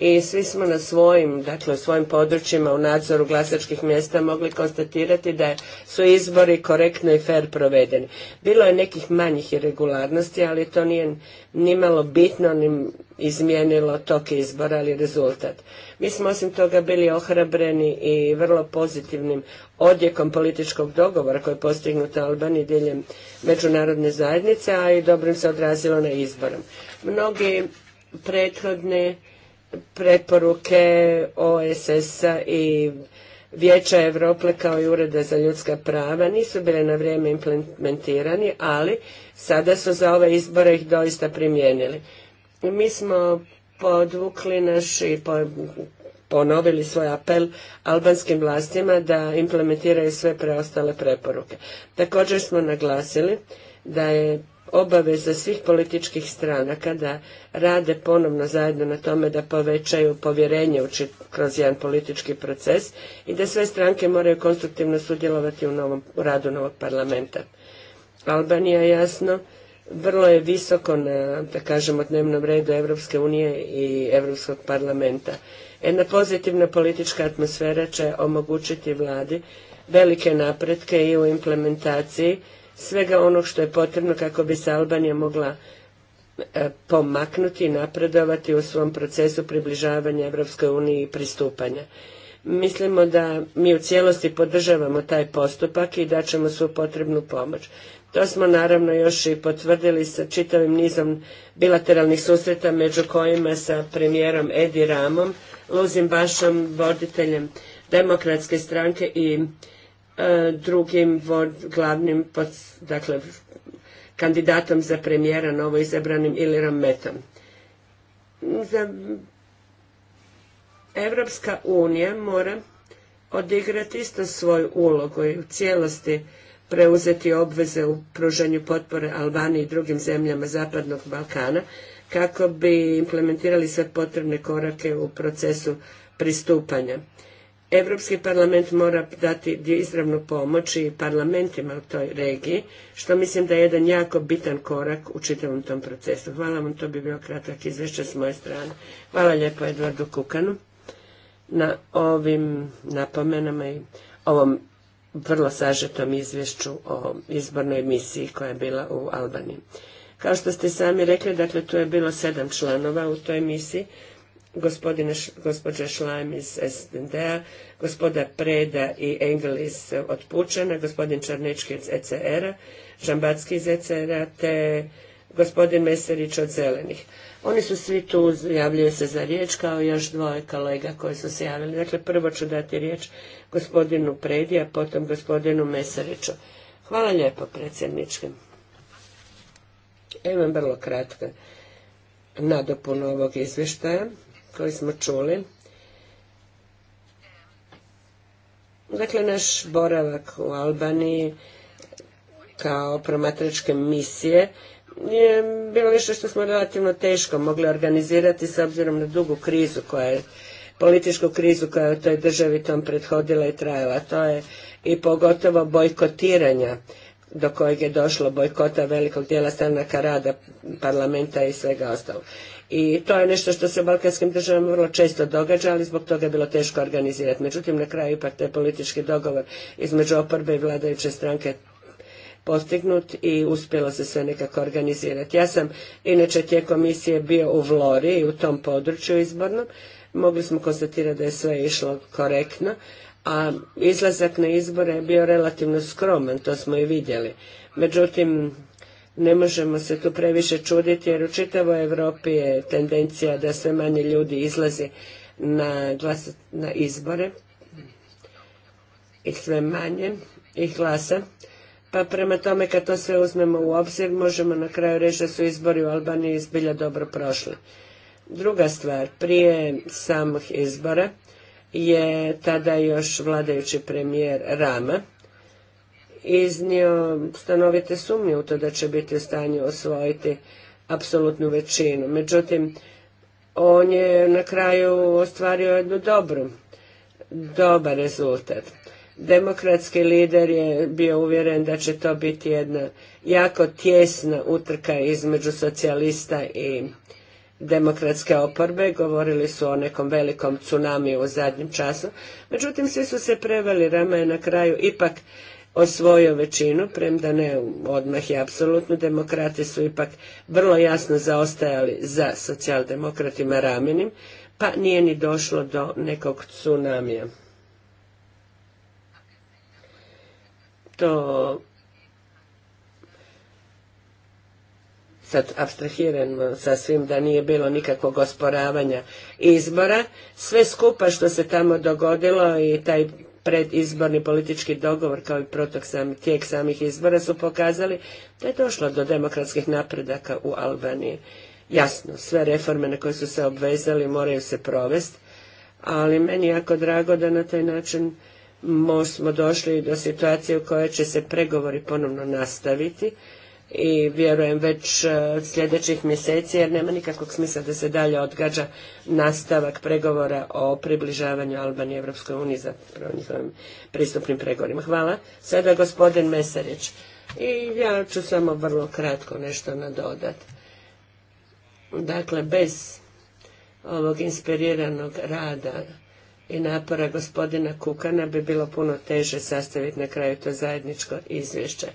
i svi smo na svojim, dakle, svojim područjima u nadzoru glasačkih mjesta mogli konstatirati da su izbori korektno i fair provedeni. Bilo je nekih manjih irregularnosti, ali to nije nimalo bitno ni izmijenilo tok izbora, ali rezultat. Mi smo osim toga bili ohrabreni i vrlo pozitivnim odjekom političkog dogovora koji je postignut Albani diljem međunarodne zajednice, a i dobrim se odrazilo na izborom. Mnogi prethodne preporuke OSS-a i Vijeća Europe kao i Ureda za ljudska prava nisu bile na vrijeme implementirani, ali sada su za ove izbore ih doista primijenili. Mi smo podvukli naš i ponovili svoj apel albanskim vlastima da implementiraju sve preostale preporuke. Također smo naglasili da je obaveza svih političkih stranaka da rade ponovno zajedno na tome da povećaju povjerenje kroz jedan politički proces i da sve stranke moraju konstruktivno sudjelovati u, radu novog parlamenta. Albanija jasno vrlo je visoko na, da kažemo, dnevnom redu Europske unije i Europskog parlamenta. Jedna pozitivna politička atmosfera će omogućiti vladi velike napretke i u implementaciji svega onog što je potrebno kako bi se Albanija mogla e, pomaknuti i napredovati u svom procesu približavanja Europskoj uniji i pristupanja. Mislimo da mi u cijelosti podržavamo taj postupak i da ćemo svu potrebnu pomoć. To smo naravno još i potvrdili sa čitavim nizom bilateralnih susreta među kojima sa premijerom Edi Ramom, Luzim Bašom, voditeljem demokratske stranke i E, drugim glavnim dakle, kandidatom za premijera novo izabranim Ilirom Metom. Za Evropska unija mora odigrati isto svoju ulogu i u cijelosti preuzeti obveze u pružanju potpore Albaniji i drugim zemljama Zapadnog Balkana kako bi implementirali sve potrebne korake u procesu pristupanja. Europski parlament mora dati izravnu pomoć i parlamentima u toj regiji, što mislim da je jedan jako bitan korak u čitavom tom procesu. Hvala vam, to bi bio kratak izvješća s moje strane. Hvala lijepo Eduardu Kukanu na ovim napomenama i ovom vrlo sažetom izvješću o izbornoj misiji koja je bila u Albaniji. Kao što ste sami rekli, dakle, tu je bilo sedam članova u toj misiji, Gospodine gospođa iz SND-a, gospoda Preda i Engel eh, od Pučana, gospodin Čarnečki iz ECR-a, Žambatski iz ECR-a, te gospodin Meserić od Zelenih. Oni su svi tu, javljaju se za riječ, kao još dvoje kolega koji su se javili. Dakle, prvo ću dati riječ gospodinu Predi, a potom gospodinu Meseriću. Hvala lijepo, predsjedničke. Imam vrlo kratko nadopunu ovog izvještaja koji smo čuli. Dakle, naš boravak u Albaniji kao promatračke misije je bilo više što smo relativno teško mogli organizirati s obzirom na dugu krizu koja je političku krizu koja je u toj državi tom prethodila i trajala. To je i pogotovo bojkotiranja do kojeg je došlo bojkota velikog dijela stranaka rada parlamenta i svega ostalog. I to je nešto što se u balkanskim državama vrlo često događa, ali zbog toga je bilo teško organizirati. Međutim, na kraju ipak taj politički dogovor između oporbe i vladajuće stranke postignut i uspjelo se sve nekako organizirati. Ja sam inače tijekom misije bio u Vlori i u tom području izbornom. Mogli smo konstatirati da je sve išlo korektno, a izlazak na izbore je bio relativno skroman, to smo i vidjeli. Međutim, ne možemo se tu previše čuditi jer u čitavoj Europi je tendencija da sve manje ljudi izlazi na, na izbore i sve manje ih glasa. Pa prema tome kad to sve uzmemo u obzir možemo na kraju reći da su izbori u Albaniji izbilja dobro prošli. Druga stvar, prije samih izbora je tada još vladajući premijer Rama iznio stanovite sumnje u to da će biti u stanju osvojiti apsolutnu većinu. Međutim, on je na kraju ostvario jednu dobru, dobar rezultat. Demokratski lider je bio uvjeren da će to biti jedna jako tjesna utrka između socijalista i demokratske oporbe, govorili su o nekom velikom tsunamiju u zadnjem času, međutim svi su se preveli, Rama je na kraju ipak osvojio većinu, premda ne odmah je apsolutno, demokrati su ipak vrlo jasno zaostajali za socijaldemokratima ramenim, pa nije ni došlo do nekog tsunamija. To sad abstrahiramo svim da nije bilo nikakvog osporavanja izbora, sve skupa što se tamo dogodilo i taj predizborni politički dogovor kao i protok sam, tijek samih izbora su pokazali da je došlo do demokratskih napredaka u Albaniji. Jasno, sve reforme na koje su se obvezali moraju se provesti, ali meni je jako drago da na taj način smo došli do situacije u kojoj će se pregovori ponovno nastaviti i vjerujem već e, sljedećih mjeseci jer nema nikakvog smisla da se dalje odgađa nastavak pregovora o približavanju Albanije Evropskoj uniji za njihovim pristupnim pregovorima. Hvala. Sada gospodin Mesarić. I ja ću samo vrlo kratko nešto nadodati. Dakle, bez ovog inspiriranog rada i napora gospodina Kukana bi bilo puno teže sastaviti na kraju to zajedničko izvješće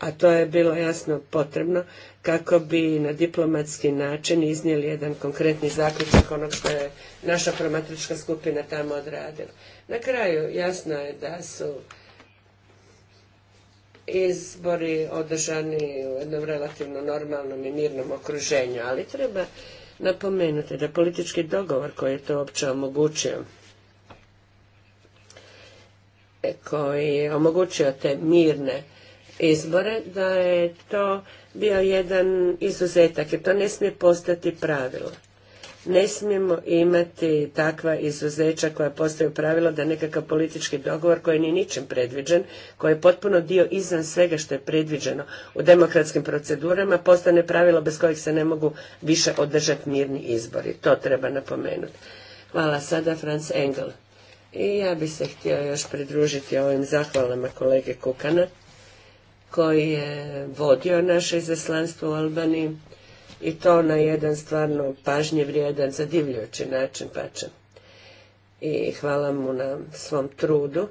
a to je bilo jasno potrebno kako bi na diplomatski način iznijeli jedan konkretni zaključak onog što je naša promatrička skupina tamo odradila. Na kraju jasno je da su izbori održani u jednom relativno normalnom i mirnom okruženju, ali treba napomenuti da politički dogovor koji je to uopće omogućio, e, koji je omogućio te mirne izbore, da je to bio jedan izuzetak jer to ne smije postati pravilo. Ne smijemo imati takva izuzeća koja postaju pravilo da nekakav politički dogovor koji ni ničim predviđen, koji je potpuno dio izvan svega što je predviđeno u demokratskim procedurama, postane pravilo bez kojih se ne mogu više održati mirni izbori. To treba napomenuti. Hvala sada Franz Engel. I ja bih se htio još pridružiti ovim zahvalama kolege Kukana koji je vodio naše izaslanstvo u Albaniji i to na jedan stvarno pažnje vrijedan, zadivljujući način pače. I hvala mu na svom trudu,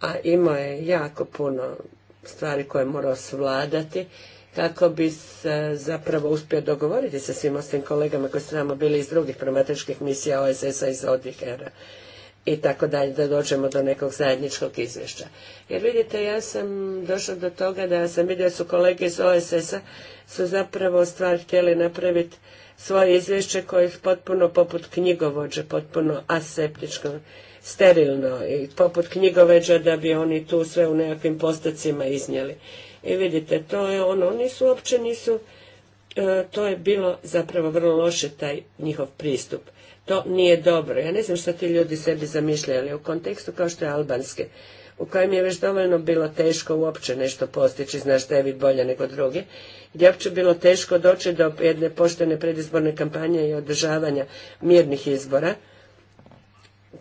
a imao je jako puno stvari koje je morao svladati kako bi se zapravo uspio dogovoriti sa svim ostim kolegama koji su tamo bili iz drugih promatračkih misija OSS-a iz era i tako dalje, da dođemo do nekog zajedničkog izvješća. Jer vidite, ja sam došla do toga da sam vidio su kolege iz OSS-a su zapravo stvar htjeli napraviti svoje izvješće koje je potpuno poput knjigovođe, potpuno aseptičko, sterilno i poput knjigoveđa da bi oni tu sve u nekakvim postacima iznijeli. I vidite, to je ono, oni su uopće nisu, e, to je bilo zapravo vrlo loše taj njihov pristup to nije dobro. Ja ne znam što ti ljudi sebi ali u kontekstu kao što je albanske, u kojem je već dovoljno bilo teško uopće nešto postići, znaš da je vi bolje nego druge, gdje je uopće bilo teško doći do jedne poštene predizborne kampanje i održavanja mirnih izbora.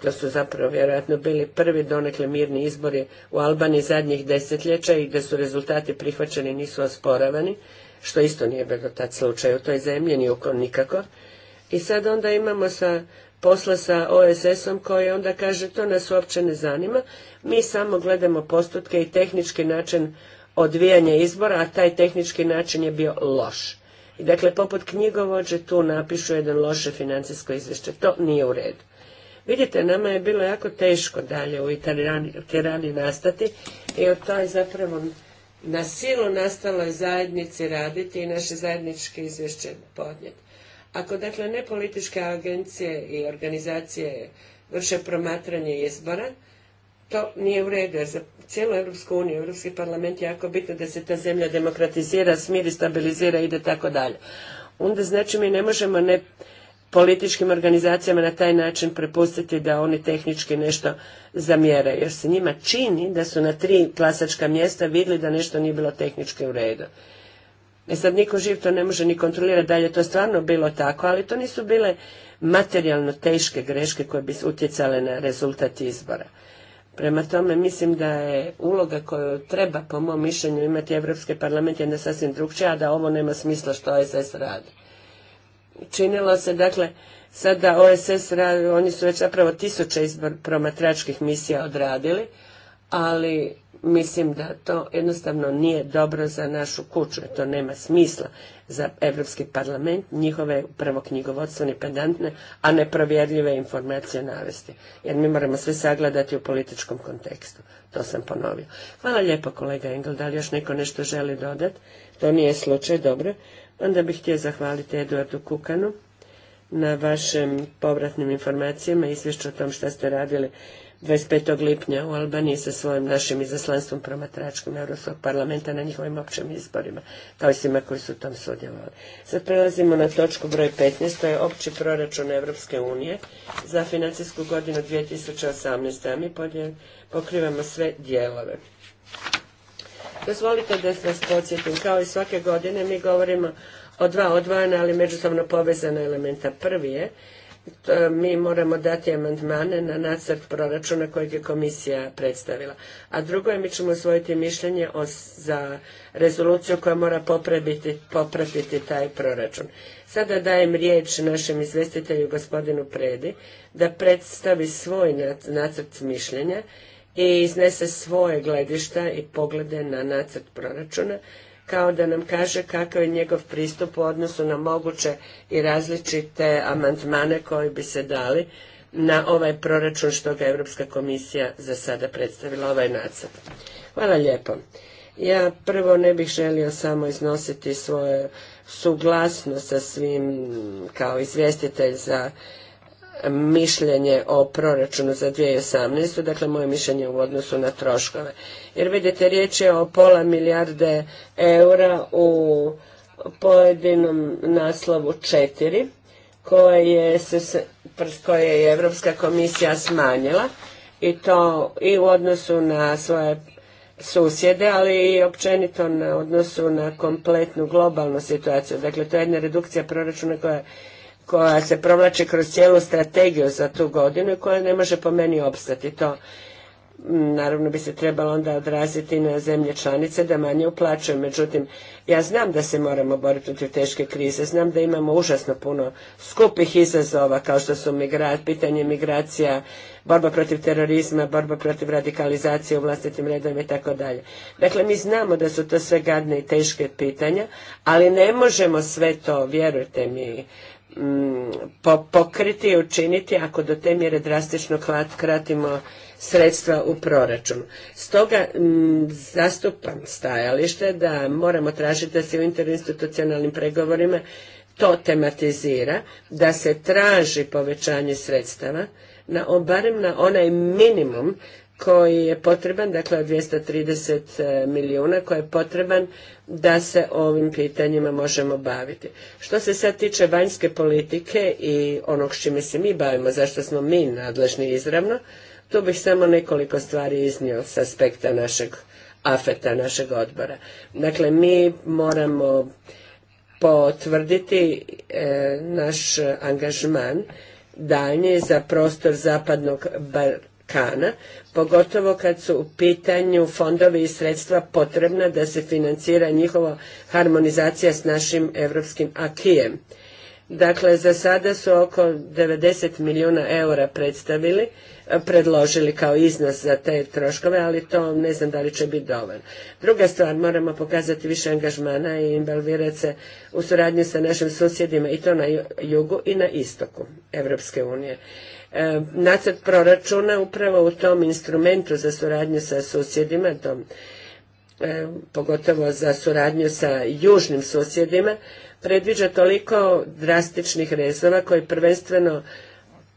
To su zapravo vjerojatno bili prvi donekle mirni izbori u Albaniji zadnjih desetljeća i gdje su rezultati prihvaćeni nisu osporavani, što isto nije bilo tad slučaj u toj zemlji, nikako i sad onda imamo sa posla sa OSS-om koji onda kaže to nas uopće ne zanima, mi samo gledamo postupke i tehnički način odvijanja izbora, a taj tehnički način je bio loš. I dakle, poput knjigovođe tu napišu jedan loše financijsko izvješće. To nije u redu. Vidite, nama je bilo jako teško dalje u Italijani, nastati i od to je zapravo na silu nastalo zajednici raditi i naše zajedničke izvješće podnijeti. Ako dakle ne političke agencije i organizacije vrše promatranje izbora, to nije u redu, jer za cijelu Europsku uniju, Europski parlament je jako bitno da se ta zemlja demokratizira, smiri, stabilizira, ide tako dalje. Onda znači mi ne možemo ne političkim organizacijama na taj način prepustiti da oni tehnički nešto zamjere, jer se njima čini da su na tri klasačka mjesta vidjeli da nešto nije bilo tehnički u redu. E sad niko živ to ne može ni kontrolirati da li je to stvarno bilo tako, ali to nisu bile materijalno teške greške koje bi utjecale na rezultat izbora. Prema tome mislim da je uloga koju treba po mom mišljenju imati Europski parlament jedna sasvim drugčija, a da ovo nema smisla što OSS radi. Činilo se dakle sada OSS radi, oni su već zapravo tisuće izbor promatračkih misija odradili, ali Mislim da to jednostavno nije dobro za našu kuću, jer to nema smisla za Europski parlament, njihove prvo knjigovodstvene pedantne, a neprovjerljive informacije navesti. Jer mi moramo sve sagledati u političkom kontekstu. To sam ponovio. Hvala lijepo kolega Engel. Da li još neko nešto želi dodati? To nije slučaj, dobro. Onda bih htio zahvaliti Eduardu Kukanu na vašim povratnim informacijama, i izvješću o tom što ste radili 25. lipnja u Albaniji sa svojim našim izaslanstvom promatračkom Europskog parlamenta na njihovim općim izborima, kao i svima koji su tam sudjelovali. Sad prelazimo na točku broj 15, to je opći proračun Europske unije za financijsku godinu 2018. A mi pokrivamo sve dijelove. Dozvolite da vas podsjetim, kao i svake godine mi govorimo o dva odvojena, ali međusobno povezana elementa. Prvi je E, mi moramo dati amandmane na nacrt proračuna kojeg je komisija predstavila. A drugo je, mi ćemo usvojiti mišljenje za rezoluciju koja mora popraviti popratiti taj proračun. Sada dajem riječ našem izvestitelju gospodinu Predi da predstavi svoj nacrt mišljenja i iznese svoje gledišta i poglede na nacrt proračuna kao da nam kaže kakav je njegov pristup u odnosu na moguće i različite amandmane koji bi se dali na ovaj proračun što ga Europska komisija za sada predstavila ovaj nacrt. Hvala lijepo. Ja prvo ne bih želio samo iznositi svoje suglasnost sa svim kao izvjestitelj za mišljenje o proračunu za 2018. Dakle, moje mišljenje u odnosu na troškove. Jer vidite, riječ je o pola milijarde eura u pojedinom naslovu četiri, koje, se, koje je Europska komisija smanjila i to i u odnosu na svoje susjede, ali i općenito na odnosu na kompletnu globalnu situaciju. Dakle, to je jedna redukcija proračuna koja koja se provlači kroz cijelu strategiju za tu godinu i koja ne može po meni opstati. To mm, naravno bi se trebalo onda odraziti na zemlje članice da manje uplaćuju. Međutim, ja znam da se moramo boriti protiv teške krize, znam da imamo užasno puno skupih izazova kao što su pitanje migracija, borba protiv terorizma, borba protiv radikalizacije u vlastitim redovima i tako dalje. Dakle, mi znamo da su to sve gadne i teške pitanja, ali ne možemo sve to, vjerujte mi, pokriti i učiniti ako do te mjere drastično kratimo sredstva u proračunu. Stoga zastupam stajalište da moramo tražiti da se u interinstitucionalnim pregovorima to tematizira, da se traži povećanje sredstava, barem na onaj minimum koji je potreban, dakle od 230 e, milijuna koji je potreban da se ovim pitanjima možemo baviti. Što se sad tiče vanjske politike i onog s čime se mi bavimo, zašto smo mi nadležni izravno, tu bih samo nekoliko stvari iznio s aspekta našeg afeta, našeg odbora. Dakle, mi moramo potvrditi e, naš angažman daljnji za prostor zapadnog Kana, pogotovo kad su u pitanju fondovi i sredstva potrebna da se financira njihova harmonizacija s našim evropskim akijem. Dakle, za sada su oko 90 milijuna eura predstavili, predložili kao iznos za te troškove, ali to ne znam da li će biti dovoljno. Druga stvar, moramo pokazati više angažmana i involvirati se u suradnju sa našim susjedima i to na jugu i na istoku Evropske unije. E, nacrt proračuna upravo u tom instrumentu za suradnju sa susjedima, e, pogotovo za suradnju sa južnim susjedima, predviđa toliko drastičnih rezova koji prvenstveno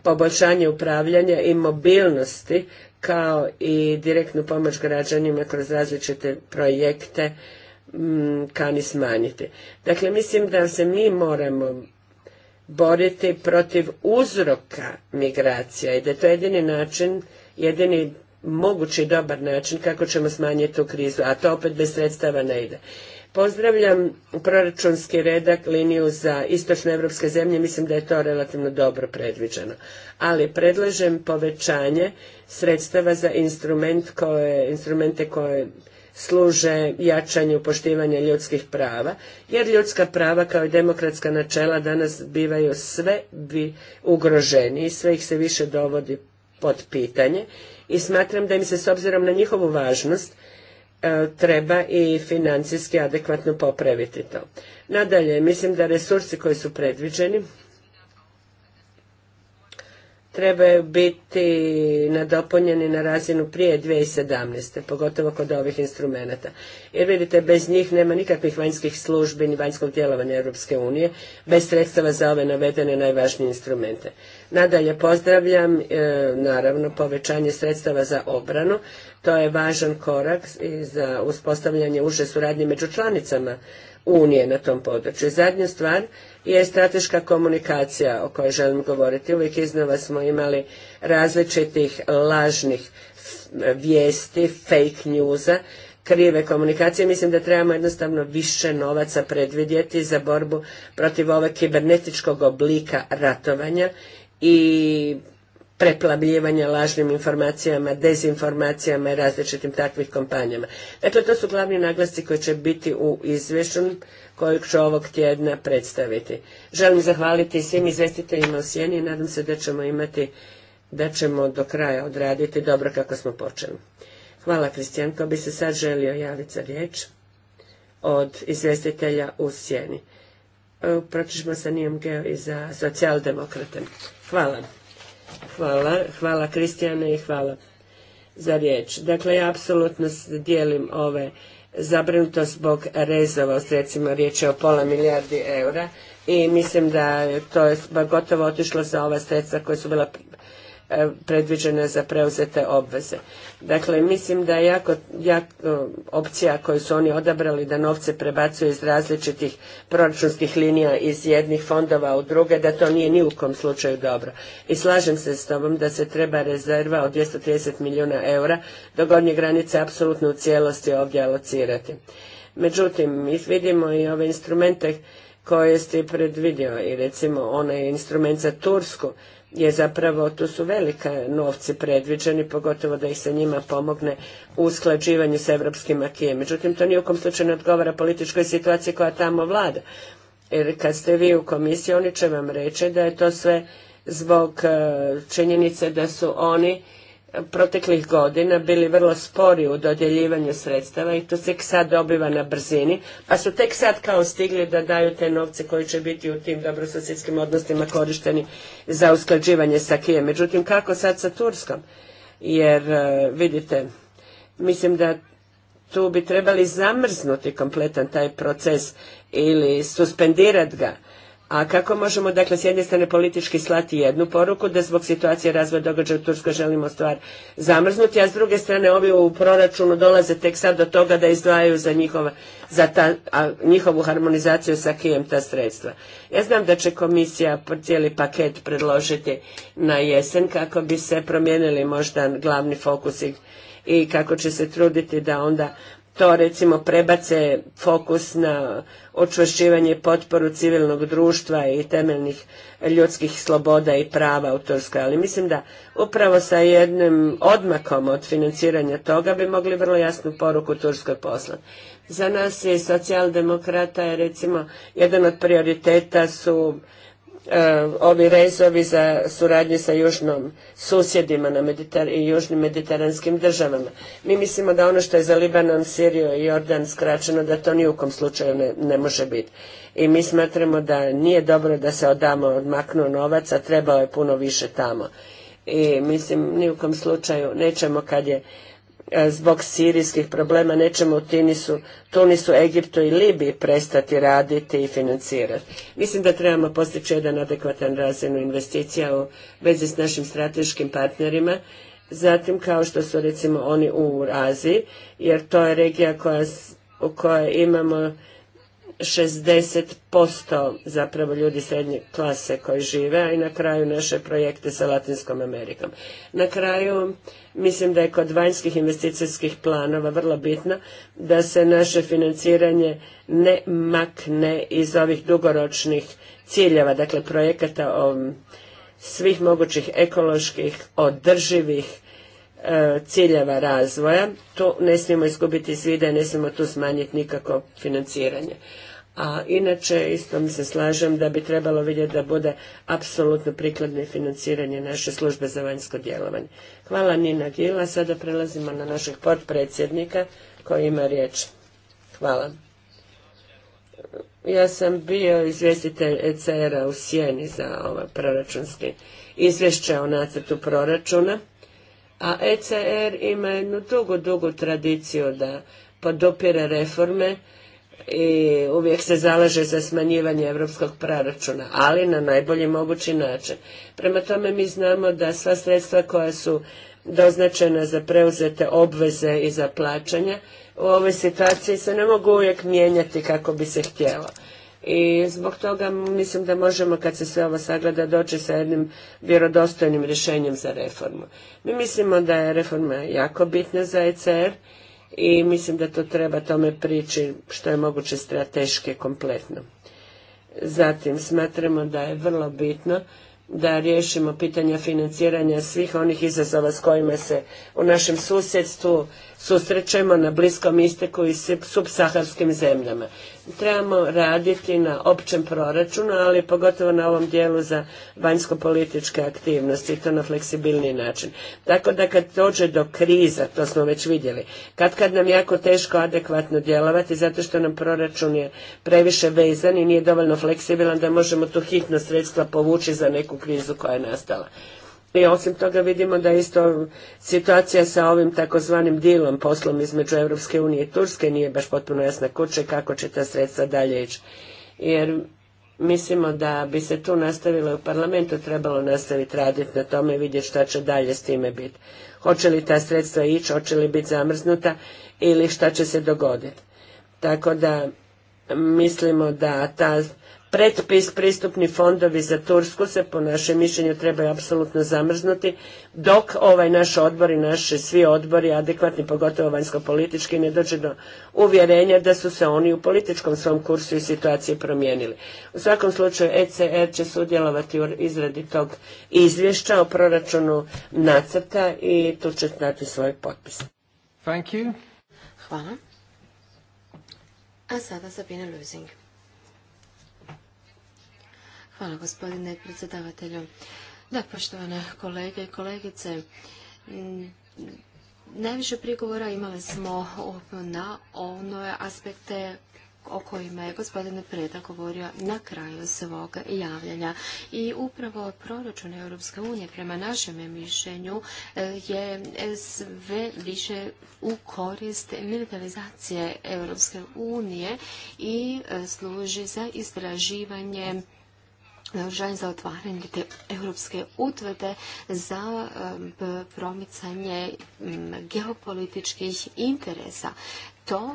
poboljšanje upravljanja i mobilnosti kao i direktnu pomoć građanima kroz različite projekte kani smanjiti. Dakle, mislim da se mi moramo boriti protiv uzroka migracija i da je to jedini način, jedini mogući dobar način kako ćemo smanjiti tu krizu, a to opet bez sredstava ne ide. Pozdravljam proračunski redak liniju za istočne evropske zemlje, mislim da je to relativno dobro predviđeno. Ali predlažem povećanje sredstava za instrument instrumente koje služe jačanju poštivanja ljudskih prava, jer ljudska prava kao i demokratska načela danas bivaju sve bi ugroženi i sve ih se više dovodi pod pitanje i smatram da im se s obzirom na njihovu važnost e, treba i financijski adekvatno popraviti to. Nadalje, mislim da resursi koji su predviđeni trebaju biti nadopunjeni na razinu prije 2017. pogotovo kod ovih instrumenata. Jer vidite, bez njih nema nikakvih vanjskih službi ni vanjskog djelovanja Europske unije, bez sredstava za ove navedene najvažnije instrumente. Nadalje pozdravljam, e, naravno, povećanje sredstava za obranu. To je važan korak i za uspostavljanje uže suradnje među članicama Unije na tom području. Zadnja stvar, je strateška komunikacija o kojoj želim govoriti. Uvijek iznova smo imali različitih lažnih vijesti, fake newsa, krive komunikacije. Mislim da trebamo jednostavno više novaca predvidjeti za borbu protiv ove kibernetičkog oblika ratovanja i preplavljivanja lažnim informacijama, dezinformacijama i različitim takvih kampanjama Dakle, to su glavni naglasci koji će biti u izvješću kojeg ću ovog tjedna predstaviti. Želim zahvaliti svim izvjestiteljima u Sjeni i nadam se da ćemo imati, da ćemo do kraja odraditi dobro kako smo počeli. Hvala Kristijan, bi se sad želio javiti za riječ od izvjestitelja u Sjeni. ćemo sa Nijom Geo i za socijaldemokrate. Hvala. Hvala, hvala Kristijane i hvala za riječ. Dakle, ja apsolutno dijelim ove zabrinutost zbog rezova, recimo riječ je o pola milijardi eura i mislim da to je gotovo otišlo za ova sredstva koja su bila predviđena za preuzete obveze. Dakle, mislim da je jako, jako opcija koju su oni odabrali da novce prebacuju iz različitih proračunskih linija iz jednih fondova u druge, da to nije ni u kom slučaju dobro. I slažem se s tobom da se treba rezerva od 230 milijuna eura do gornje granice apsolutno u cijelosti ovdje alocirati. Međutim, mi vidimo i ove instrumente koje ste predvidio i recimo onaj instrument za Tursku je zapravo, tu su velika novci predviđeni, pogotovo da ih se njima pomogne u usklađivanju s evropskim akijem. Međutim, to nijukom slučaju ne odgovara političkoj situaciji koja tamo vlada. Jer kad ste vi u komisiji, oni će vam reći da je to sve zbog e, činjenice da su oni proteklih godina bili vrlo spori u dodjeljivanju sredstava i to se sad dobiva na brzini, pa su tek sad kao stigli da daju te novce koji će biti u tim dobrosusjedskim odnosima korišteni za usklađivanje sa Kijem. Međutim, kako sad sa Turskom? Jer, e, vidite, mislim da tu bi trebali zamrznuti kompletan taj proces ili suspendirati ga a kako možemo, dakle, s jedne strane politički slati jednu poruku da zbog situacije razvoja događaja u Turskoj želimo stvar zamrznuti, a s druge strane ovi u proračunu dolaze tek sad do toga da izdvajaju za, njihova, njihovu harmonizaciju sa Kijem ta sredstva. Ja znam da će komisija cijeli paket predložiti na jesen kako bi se promijenili možda glavni fokus i kako će se truditi da onda to recimo prebace fokus na očvršćivanje potporu civilnog društva i temeljnih ljudskih sloboda i prava u Turskoj. Ali mislim da upravo sa jednim odmakom od financiranja toga bi mogli vrlo jasnu poruku Turskoj poslati. Za nas je socijaldemokrata je recimo jedan od prioriteta su E, ovi rezovi za suradnje sa južnom susjedima na i južnim mediteranskim državama. Mi mislimo da ono što je za Libanon, Siriju i Jordan skraćeno da to ni u slučaju ne, može biti. I mi smatramo da nije dobro da se odamo odmaknu novac, a trebao je puno više tamo. I mislim ni u slučaju nećemo kad je E, zbog sirijskih problema nećemo u Tunisu, Tunisu, Egiptu i Libiji prestati raditi i financirati. Mislim da trebamo postići jedan adekvatan razinu investicija u vezi s našim strateškim partnerima, zatim kao što su recimo oni u Aziji, jer to je regija koja, u kojoj imamo 60% zapravo ljudi srednje klase koji žive, a i na kraju naše projekte sa Latinskom Amerikom. Na kraju mislim da je kod vanjskih investicijskih planova vrlo bitno da se naše financiranje ne makne iz ovih dugoročnih ciljeva, dakle projekata o svih mogućih ekoloških, održivih e, ciljeva razvoja. Tu ne smijemo izgubiti iz ne smijemo tu smanjiti nikako financiranje a inače isto mi se slažem da bi trebalo vidjeti da bude apsolutno prikladno financiranje naše službe za vanjsko djelovanje. Hvala Nina Gila, sada prelazimo na našeg potpredsjednika koji ima riječ. Hvala. Ja sam bio izvjestitelj ECR-a u Sjeni za ova proračunski izvješće o nacrtu proračuna, a ECR ima jednu dugu, dugu tradiciju da podupire reforme i uvijek se zalaže za smanjivanje Evropskog proračuna, ali na najbolji mogući način. Prema tome mi znamo da sva sredstva koja su doznačena za preuzete obveze i za plaćanja u ovoj situaciji se ne mogu uvijek mijenjati kako bi se htjelo. I zbog toga mislim da možemo kad se sve ovo sagleda doći sa jednim vjerodostojnim rješenjem za reformu. Mi mislimo da je reforma jako bitna za ECR i mislim da to treba tome prići što je moguće strateške kompletno. Zatim smatramo da je vrlo bitno da riješimo pitanja financiranja svih onih izazova s kojima se u našem susjedstvu susrećemo na Bliskom isteku i subsaharskim zemljama. Trebamo raditi na općem proračunu, ali pogotovo na ovom dijelu za vanjsko-političke aktivnosti to na fleksibilni način. Tako da kad dođe do kriza, to smo već vidjeli, kad kad nam jako teško adekvatno djelovati zato što nam proračun je previše vezan i nije dovoljno fleksibilan da možemo tu hitno sredstva povući za neku krizu koja je nastala. I osim toga vidimo da isto situacija sa ovim takozvanim dilom poslom između EU unije i Turske nije baš potpuno jasna kuće kako će ta sredstva dalje ići. Jer mislimo da bi se tu nastavilo u parlamentu trebalo nastaviti raditi na tome i vidjeti šta će dalje s time biti. Hoće li ta sredstva ići, hoće li biti zamrznuta ili šta će se dogoditi. Tako da mislimo da ta pristupni fondovi za Tursku se po našem mišljenju trebaju apsolutno zamrznuti dok ovaj naš odbor i naši svi odbori adekvatni pogotovo vanjsko-politički, ne dođe do uvjerenja da su se oni u političkom svom kursu i situaciji promijenili. U svakom slučaju ECR će sudjelovati u izradi tog izvješća o proračunu nacrta i tu će dati svoj potpis. Hvala. A sada Sabine Lusing. Hvala gospodine predsjedavatelju. Da, poštovane kolege i kolegice, najviše prigovora imali smo na one aspekte o kojima je gospodin Preda govorio na kraju svog javljanja. I upravo proračun Europske unije prema našem mišljenju e, je sve više u korist militarizacije Europske unije i e, služi za istraživanje želj za otvaranje te europske utvrde za promicanje geopolitičkih interesa to,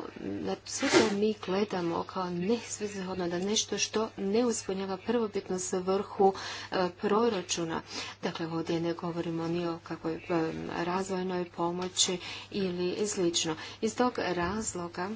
sve to mi gledamo kao nesvizhodno, da nešto što ne uspunjava prvobitno svrhu vrhu e, proračuna. Dakle, ovdje ne govorimo ni o kakvoj razvojnoj pomoći ili slično. Iz tog razloga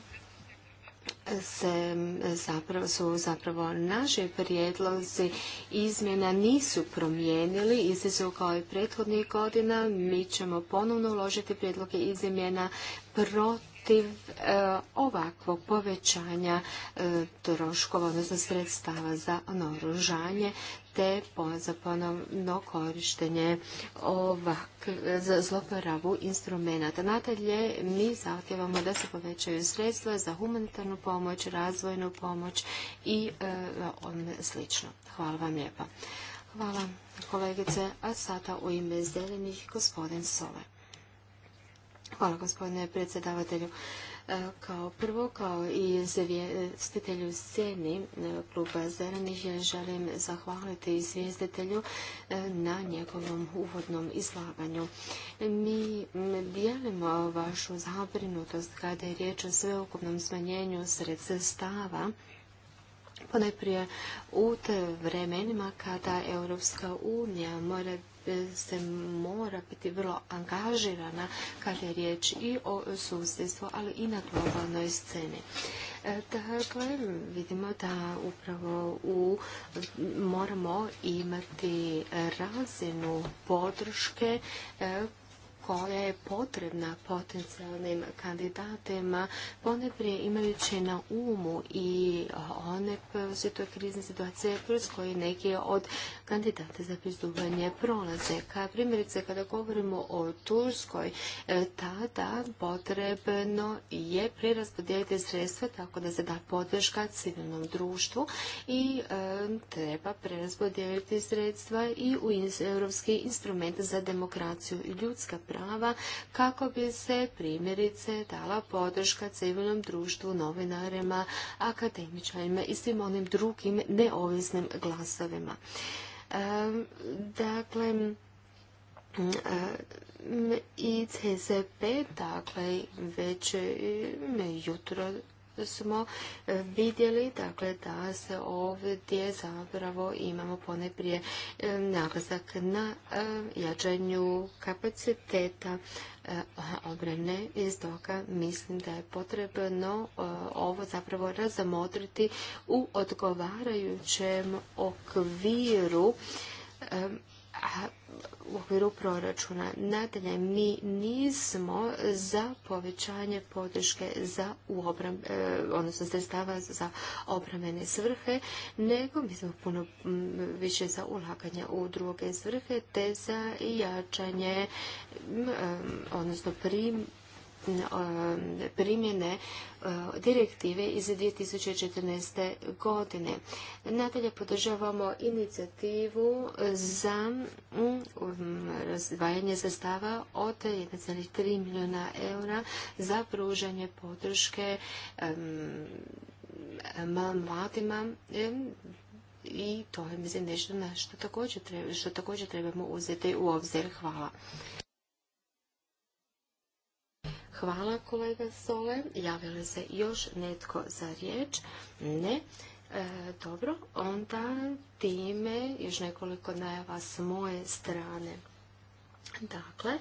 se zapravo, su zapravo naši prijedlozi izmjena nisu promijenili, isti su kao i prethodnih godina, mi ćemo ponovno uložiti prijedloge izmjena protiv protiv e, ovakvog povećanja e, troškova, odnosno sredstava za naoružanje, te za ponovno korištenje ovak, za zloporabu instrumenta. Nadalje, mi zahtjevamo da se povećaju sredstva za humanitarnu pomoć, razvojnu pomoć i e, slično. Hvala vam lijepa. Hvala kolegice, a sada u ime zelenih gospodin Sole. Hvala gospodine predsjedavatelju. E, kao prvo, kao i zvijestitelju sceni e, kluba Zelenih, želim zahvaliti izvjestitelju e, na njegovom uvodnom izlaganju. Mi dijelimo vašu zabrinutost kada je riječ o sveukupnom smanjenju sredstava ponajprije u vremenima kada Europska unija mora se mora biti vrlo angažirana kada je riječ i o susjedstvu, ali i na globalnoj sceni. E, dakle, vidimo da upravo u, moramo imati razinu podrške e, koja je potrebna potencijalnim kandidatima, poneprije imajući na umu i one to krizne situacije kroz koje neki od kandidata za pristupanje prolaze. Ka, primjerice, kada govorimo o Turskoj, e, tada potrebno je preraspodijeliti sredstva tako da se da podrška civilnom društvu i e, treba preraspodijeliti sredstva i u europski instrument za demokraciju i ljudska prava prava kako bi se primjerice dala podrška civilnom društvu, novinarima, akademičarima i svim onim drugim neovisnim glasovima. Dakle, i CZP, dakle, već jutro smo vidjeli dakle, da se ovdje zapravo imamo poneprije e, naglasak na e, jačanju kapaciteta e, obrane i stoga mislim da je potrebno ovo zapravo razamotriti u odgovarajućem okviru u okviru proračuna. Nadalje, mi nismo za povećanje podrške za e, odnosno sredstava za obramene svrhe, nego mi smo puno više za ulaganje u druge svrhe, te za jačanje, e, odnosno prim, E, primjene e, direktive iz 2014. godine. Nadalje podržavamo inicijativu za mm, razdvajanje sredstava od 1,3 milijuna eura za pružanje podrške e, mladima i to je mislim nešto na što također trebamo uzeti u obzir. Hvala. Hvala kolega Sole. Javili se još netko za riječ? Ne. E, dobro, onda time još nekoliko najava s moje strane. Dakle, e,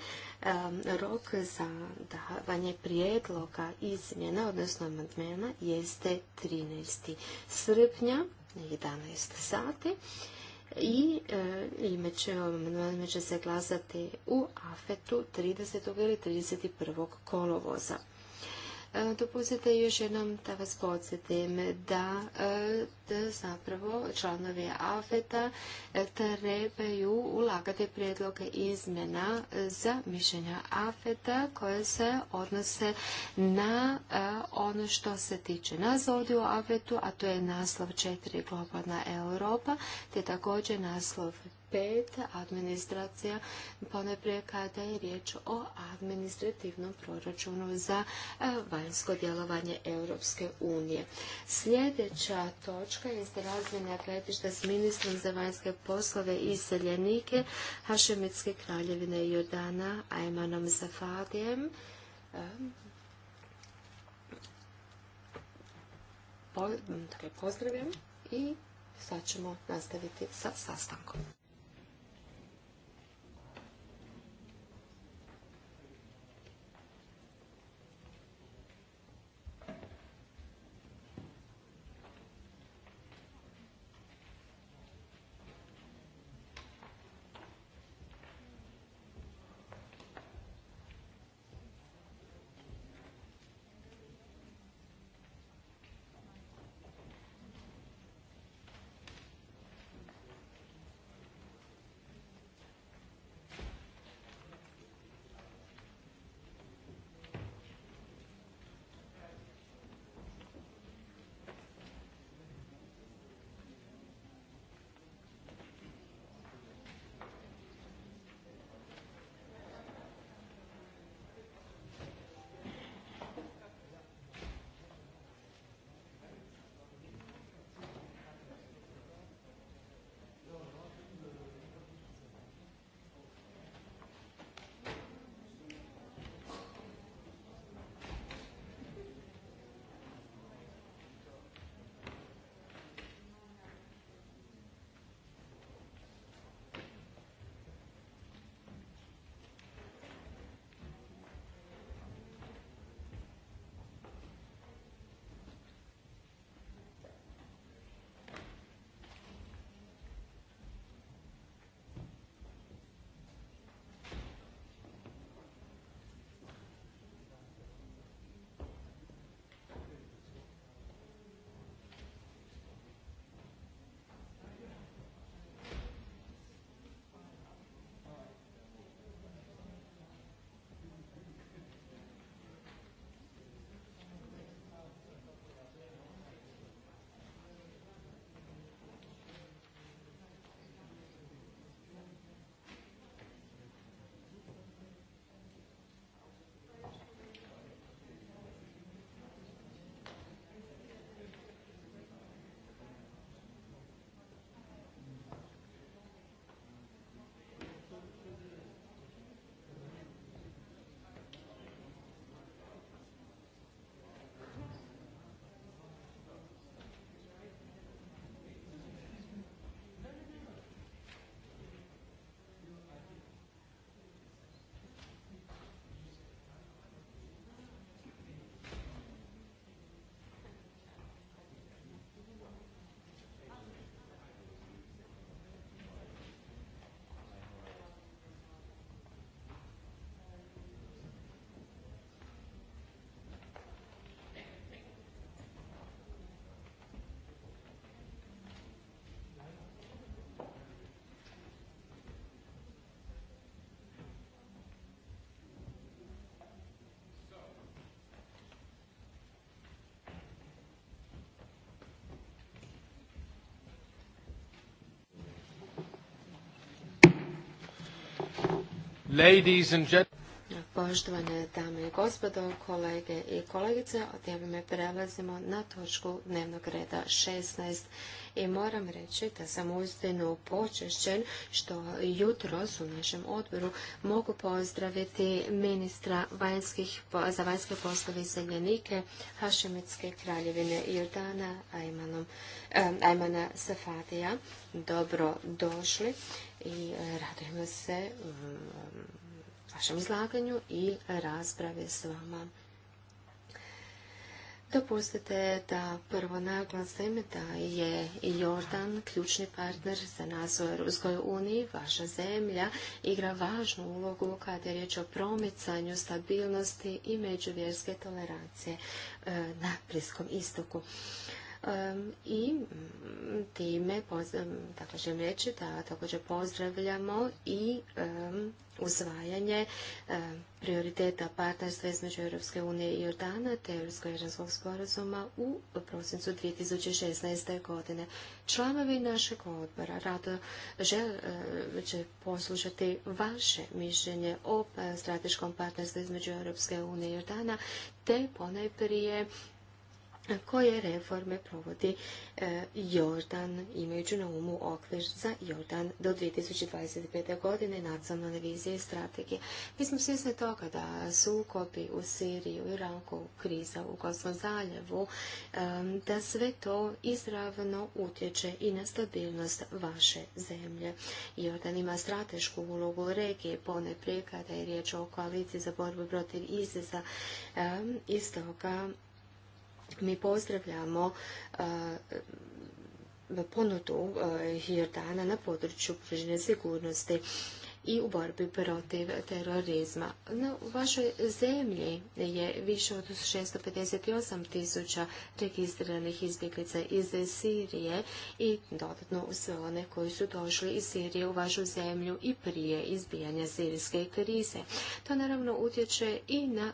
rok za davanje prijedloga izmjena, odnosno amandmena, jeste 13. srpnja, 11 sati i e, ime će, ime će se glasati u afetu 30. ili 31. kolovoza. E, dopustite još jednom da vas podsjetim da, e, zapravo članovi AFETA e, trebaju ulagati prijedloge izmjena za mišljenja AFETA koje se odnose na ono što se tiče nas ovdje u AFETu, a to je naslov 4 Globalna Europa, te također naslov pet administracija, ponajprije kada je riječ o administrativnom proračunu za e, vanjsko djelovanje Europske unije. Sljedeća točka je razmjena gledišta s ministrom za vanjske poslove i seljenike Hašemitske kraljevine Jordana Ajmanom Zafadijem e, dakle, pozdravljam i sad ćemo nastaviti sa sastankom. Ladies and Poštovane dame i gospodo, kolege i kolegice, od me prelazimo na točku dnevnog reda 16 i moram reći da sam uistinu počešćen što jutros u našem odboru mogu pozdraviti ministra vanjskih, za vanjske poslove i zeljenike Hašemitske kraljevine Jordana Ajmana Safadija. Dobro došli i e, radujemo se vašem izlaganju i razprave s vama. Dopustite da prvo naglasim da je Jordan ključni partner za nas u Ruskoj uniji, vaša zemlja, igra važnu ulogu kada je riječ o promicanju stabilnosti i međuvjerske tolerancije e, na Bliskom istoku. I mm, time dakle, želim reći da također pozdravljamo i uzvajanje prioriteta partnerstva između Europske unije i Jordana te Europsko-Jordanskog sporazuma u prosincu 2016. godine. Članovi našeg odbora rado će poslušati vaše mišljenje o strateškom partnerstvu između Europske unije i Jordana te ponajprije koje reforme provodi e, Jordan, imajući na umu okvir za Jordan do 2025. godine nacionalne vizije i strategije. Mi smo svjesni toga da su ukopi u Siriji, u Iraku, kriza u Kosovo zaljevu, e, da sve to izravno utječe i na stabilnost vaše zemlje. Jordan ima stratešku ulogu u regiji, pone prije kada je riječ o koaliciji za borbu protiv ISIS-a. E, iz mi pozdravljamo eh, ponudu eh, Jordana na području pružne sigurnosti i u borbi protiv terorizma. u vašoj zemlji je više od 658 tisuća registriranih izbjeglica iz Sirije i dodatno sve one koji su došli iz Sirije u vašu zemlju i prije izbijanja sirijske krize. To naravno utječe i na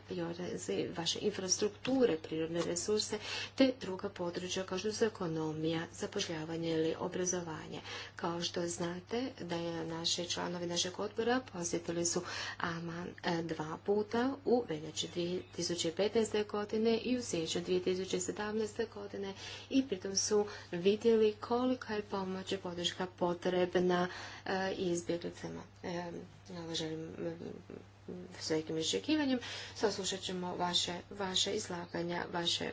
vaše infrastrukture, prirodne resurse, te druga područja kao što su ekonomija, zapošljavanje ili obrazovanje. Kao što znate da je naši članovi našeg odbora posjetili su Aman e, dva puta u veljači 2015. godine i u sjeću 2017. godine i pritom su vidjeli koliko je pomoć i podrška potrebna e, izbjeglicama. E, želim s velikim iščekivanjem. Saslušat ćemo vaše, vaše izlaganja, vaše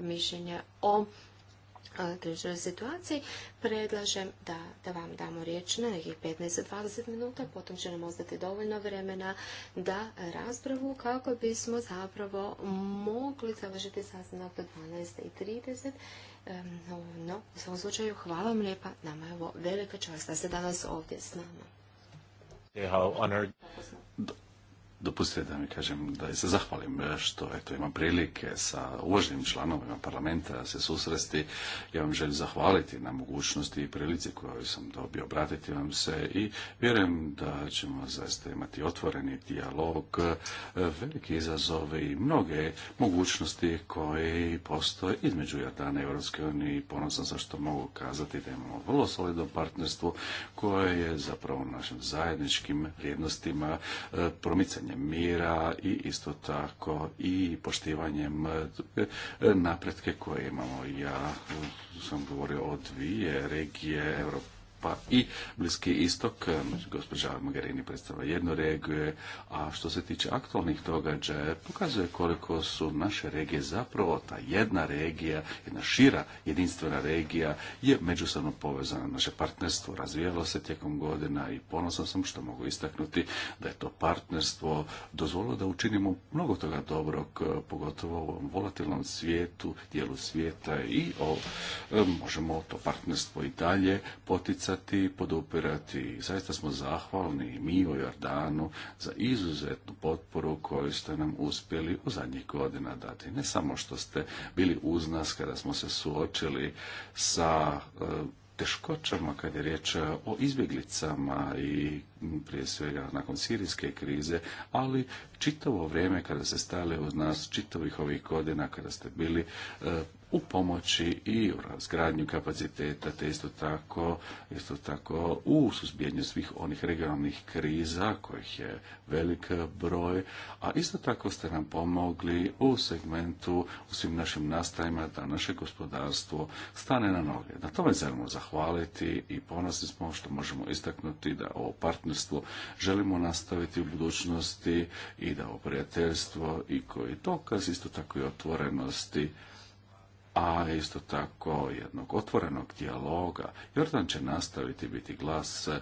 mišljenja o tržišnoj situaciji, predlažem da, da vam damo riječ na nekih 15-20 minuta, potom će nam ostati dovoljno vremena da raspravu kako bismo zapravo mogli završiti sastanak do 12.30. No, u svom slučaju hvala vam lijepa, nama je ovo velika čast da ste danas ovdje s nama. Dopustite da mi kažem da se zahvalim e, što eto, imam prilike sa uvaženim članovima parlamenta se susresti. Ja vam želim zahvaliti na mogućnosti i prilici koju sam dobio obratiti vam se i vjerujem da ćemo zaista imati otvoreni dijalog, e, velike izazove i mnoge mogućnosti koje postoje između Jordana i Europske unije i ponosan sam što mogu kazati da imamo vrlo solidno partnerstvo koje je zapravo našim zajedničkim vrijednostima e, promicanje mira i isto tako i poštivanjem e, napretke koje imamo. Ja sam govorio o dvije regije Europe pa i Bliski istok. E, gospođa Magarini predstavlja jednu regiju, a što se tiče aktualnih događaja, pokazuje koliko su naše regije zapravo ta jedna regija, jedna šira jedinstvena regija je međusobno povezana. Naše partnerstvo razvijalo se tijekom godina i ponosan sam što mogu istaknuti da je to partnerstvo dozvolilo da učinimo mnogo toga dobrog, e, pogotovo u ovom volatilnom svijetu, dijelu svijeta i e, možemo to partnerstvo i dalje poticati poticati, podupirati. Zaista smo zahvalni mi u Jordanu za izuzetnu potporu koju ste nam uspjeli u zadnjih godina dati. Ne samo što ste bili uz nas kada smo se suočili sa e, teškoćama kada je riječ o izbjeglicama i prije svega nakon sirijske krize, ali čitavo vrijeme kada ste stali uz nas, čitavih ovih godina kada ste bili e, u pomoći i u razgradnju kapaciteta, te isto tako, isto tako u suzbijanju svih onih regionalnih kriza kojih je velik broj, a isto tako ste nam pomogli u segmentu u svim našim nastajima da naše gospodarstvo stane na noge. Na tome želimo zahvaliti i ponosni smo što možemo istaknuti da ovo partnerstvo želimo nastaviti u budućnosti i da ovo prijateljstvo i koji dokaz isto tako i otvorenosti a isto tako jednog otvorenog dijaloga. Jordan će nastaviti biti glas e,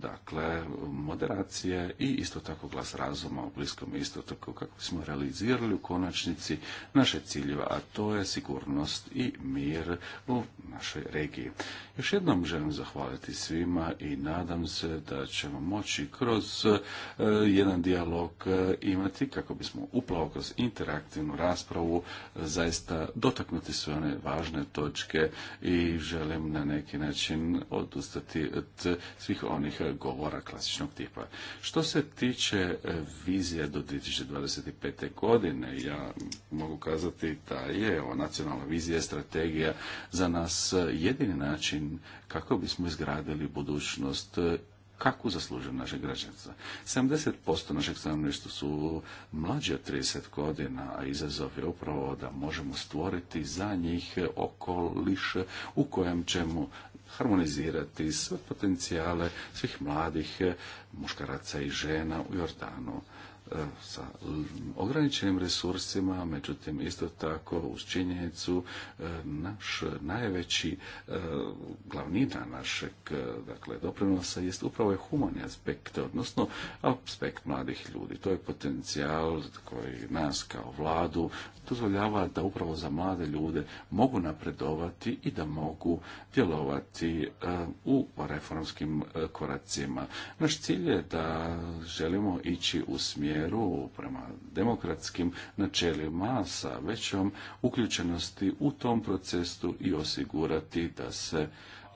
dakle moderacije i isto tako glas razuma u bliskom istotoku kako bismo realizirali u konačnici naše ciljeva, a to je sigurnost i mir u našoj regiji. Još jednom želim zahvaliti svima i nadam se da ćemo moći kroz e, jedan dijalog e, imati kako bismo upravo kroz interaktivnu raspravu zaista dotaknuti sve one važne točke i želim na neki način odustati od svih onih govora klasičnog tipa. Što se tiče vizije do 2025. godine, ja mogu kazati da je ova nacionalna vizija, strategija za nas jedini način kako bismo izgradili budućnost kako zaslužuju naše građanstva. 70% našeg stanovništva su mlađe od 30 godina, a izazov je upravo da možemo stvoriti za njih okoliš u kojem ćemo harmonizirati sve potencijale svih mladih muškaraca i žena u Jordanu. E, sa ograničenim resursima, međutim isto tako uz činjenicu e, naš najveći e, glavnina našeg dakle, doprinosa jest upravo je humani aspekt, odnosno aspekt mladih ljudi. To je potencijal koji nas kao vladu dozvoljava da upravo za mlade ljude mogu napredovati i da mogu djelovati u reformskim koracima. Naš cilj je da želimo ići u smjeru smjeru prema demokratskim načelima sa većom uključenosti u tom procesu i osigurati da se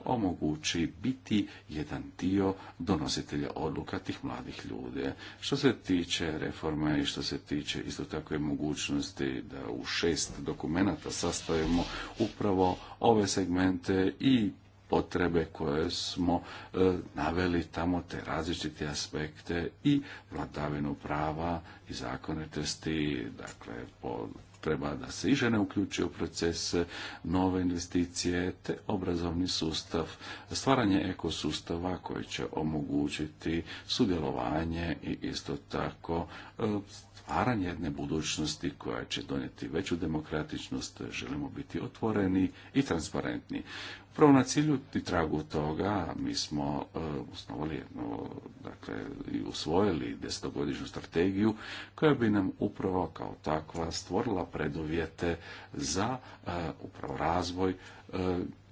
omogući biti jedan dio donositelja odluka tih mladih ljudi. Što se tiče reforme i što se tiče isto takve mogućnosti da u šest dokumenata sastavimo upravo ove segmente i potrebe koje smo e, naveli tamo te različite aspekte i vladavinu prava i zakonitosti, dakle po treba da se i žene uključuju u proces e, nove investicije te obrazovni sustav, stvaranje ekosustava koji će omogućiti sudjelovanje i isto tako e, stvaranje jedne budućnosti koja će donijeti veću demokratičnost, želimo biti otvoreni i transparentni. Upravo na cilju i tragu toga mi smo usnovali e, osnovali jednu, dakle, i usvojili desetogodišnju strategiju koja bi nam upravo kao takva stvorila preduvjete za e, upravo razvoj e,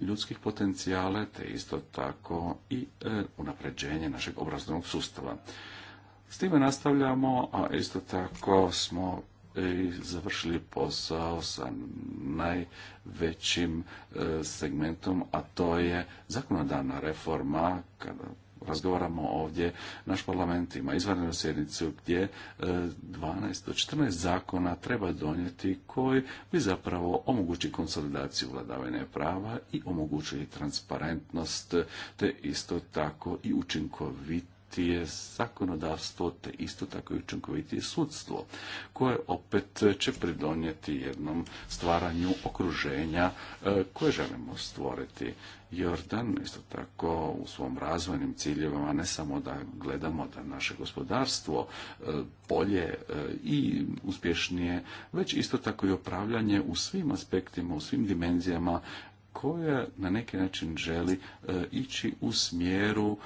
ljudskih potencijala, te isto tako i e, unapređenje našeg obrazovnog sustava. S time nastavljamo, a isto tako smo i završili posao sa najvećim segmentom, a to je zakonodavna reforma kada razgovaramo ovdje, naš parlament ima izvanrednu sjednicu gdje 12 e, do 14 zakona treba donijeti koji bi zapravo omogući konsolidaciju vladavine prava i omogućili transparentnost, te isto tako i učinkovit učinkovitije zakonodavstvo te isto tako i učinkovitije sudstvo koje opet će pridonijeti jednom stvaranju okruženja e, koje želimo stvoriti. Jordan isto tako u svom razvojnim ciljevima ne samo da gledamo da naše gospodarstvo e, bolje e, i uspješnije, već isto tako i upravljanje u svim aspektima, u svim dimenzijama koje na neki način želi ići u smjeru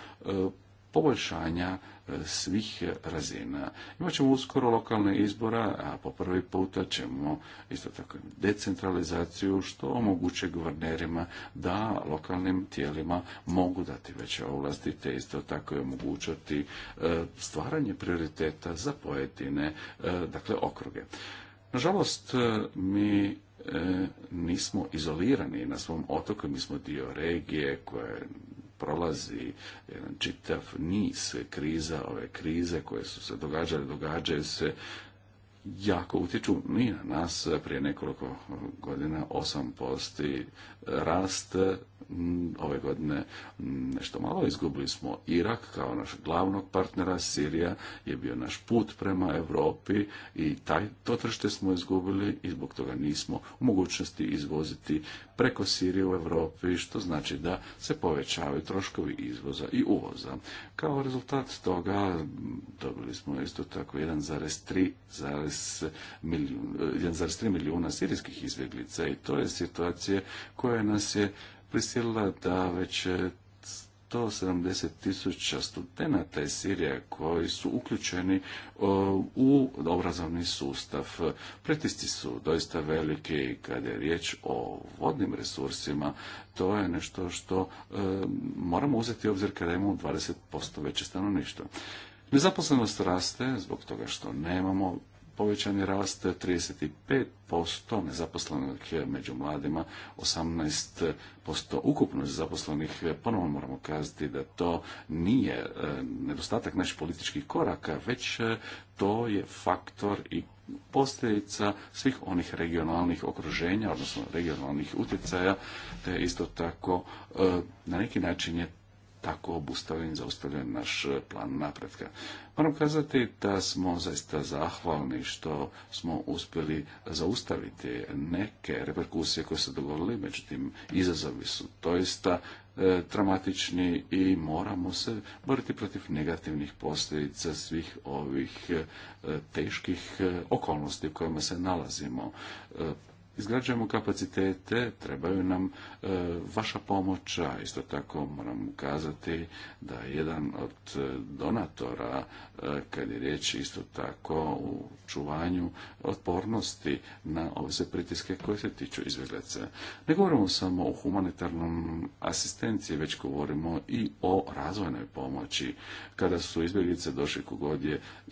poboljšanja e, svih razina. ćemo uskoro lokalne izbora, a po prvi puta ćemo isto tako decentralizaciju što omogućuje guvernerima da lokalnim tijelima mogu dati veće ovlasti te isto tako i omogućati e, stvaranje prioriteta za pojedine e, dakle okruge. Nažalost, mi nismo izolirani na svom otoku, mi smo dio regije koja je prolazi jedan čitav niz kriza, ove krize koje su se događale, događaju se jako utječu Mi na nas. Prije nekoliko godina osam 8% rast Mm, ove godine mm, nešto malo izgubili smo Irak kao naš glavnog partnera, Sirija je bio naš put prema Europi i taj, to tržište smo izgubili i zbog toga nismo u mogućnosti izvoziti preko Sirije u Europi, što znači da se povećavaju troškovi izvoza i uvoza. Kao rezultat toga mm, dobili smo isto tako 1,3 milijuna, e, milijuna sirijskih izbjeglica i to je situacija koja nas je prisilila da već 170 tisuća studenta iz Sirije koji su uključeni e, u obrazovni sustav. Pretisti su doista veliki kada je riječ o vodnim resursima, to je nešto što e, moramo uzeti u obzir kada imamo 20% veće stanovništvo. Nezaposlenost raste zbog toga što nemamo je rast 35% nezaposlenih među mladima, 18% ukupno zaposlenih. Ponovno moramo kazati da to nije e, nedostatak naših političkih koraka, već e, to je faktor i posljedica svih onih regionalnih okruženja, odnosno regionalnih utjecaja, te isto tako e, na neki način je tako obustavljen, zaustavljen naš plan napretka. Moram kazati da smo zaista zahvalni što smo uspjeli zaustaviti neke reperkusije koje su dogodile, međutim izazovi su doista e, dramatični i moramo se boriti protiv negativnih posljedica svih ovih e, teških e, okolnosti u kojima se nalazimo izgrađujemo kapacitete, trebaju nam e, vaša pomoć, a isto tako moram ukazati da jedan od e, donatora, e, kad je riječ isto tako u čuvanju otpornosti na ove pritiske koje se tiču izbjeglica. Ne govorimo samo o humanitarnom asistenciji, već govorimo i o razvojnoj pomoći. Kada su izbjeglice došli kogod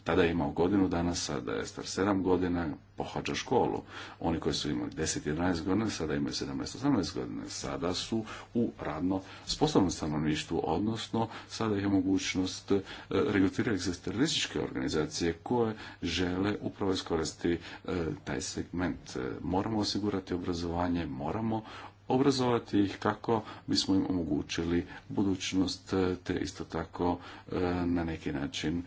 tada je imao godinu danas sada je star sedam godina, pohađa školu. Oni koji su imali 10-11 godina, sada imaju 17-18 godina, sada su u radno sposobnom stanovništvu, odnosno sada je mogućnost e, regulatirati za terorističke organizacije koje žele upravo iskoristiti e, taj segment. E, moramo osigurati obrazovanje, moramo obrazovati ih kako bismo im omogućili budućnost te isto tako na neki način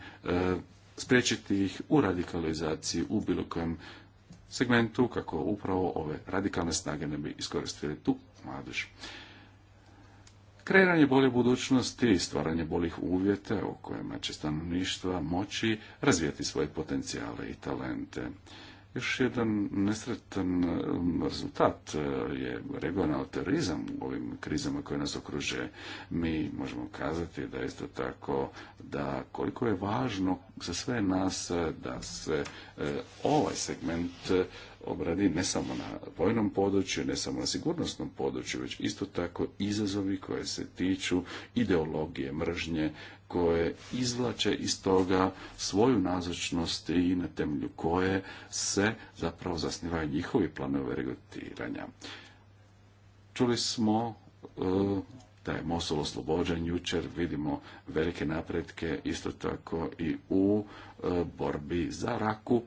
spriječiti ih u radikalizaciji u bilo kojem segmentu kako upravo ove radikalne snage ne bi iskoristili tu mladež. Kreiranje bolje budućnosti i stvaranje boljih uvjeta u kojima će stanovništva moći razvijati svoje potencijale i talente. Još jedan nesretan um, rezultat uh, je regionalni terorizam u ovim krizama koje nas okruže. Mi možemo kazati da isto tako da koliko je važno za sve nas uh, da se uh, ovaj segment obradi ne samo na vojnom području, ne samo na sigurnosnom području, već isto tako izazovi koje se tiču ideologije mržnje, koje izvlače iz toga svoju nazočnost i na temelju koje se zapravo zasnivaju njihovi planove regotiranja. Čuli smo e, da je Mosul oslobođen jučer, vidimo velike napretke isto tako i u e, borbi za raku.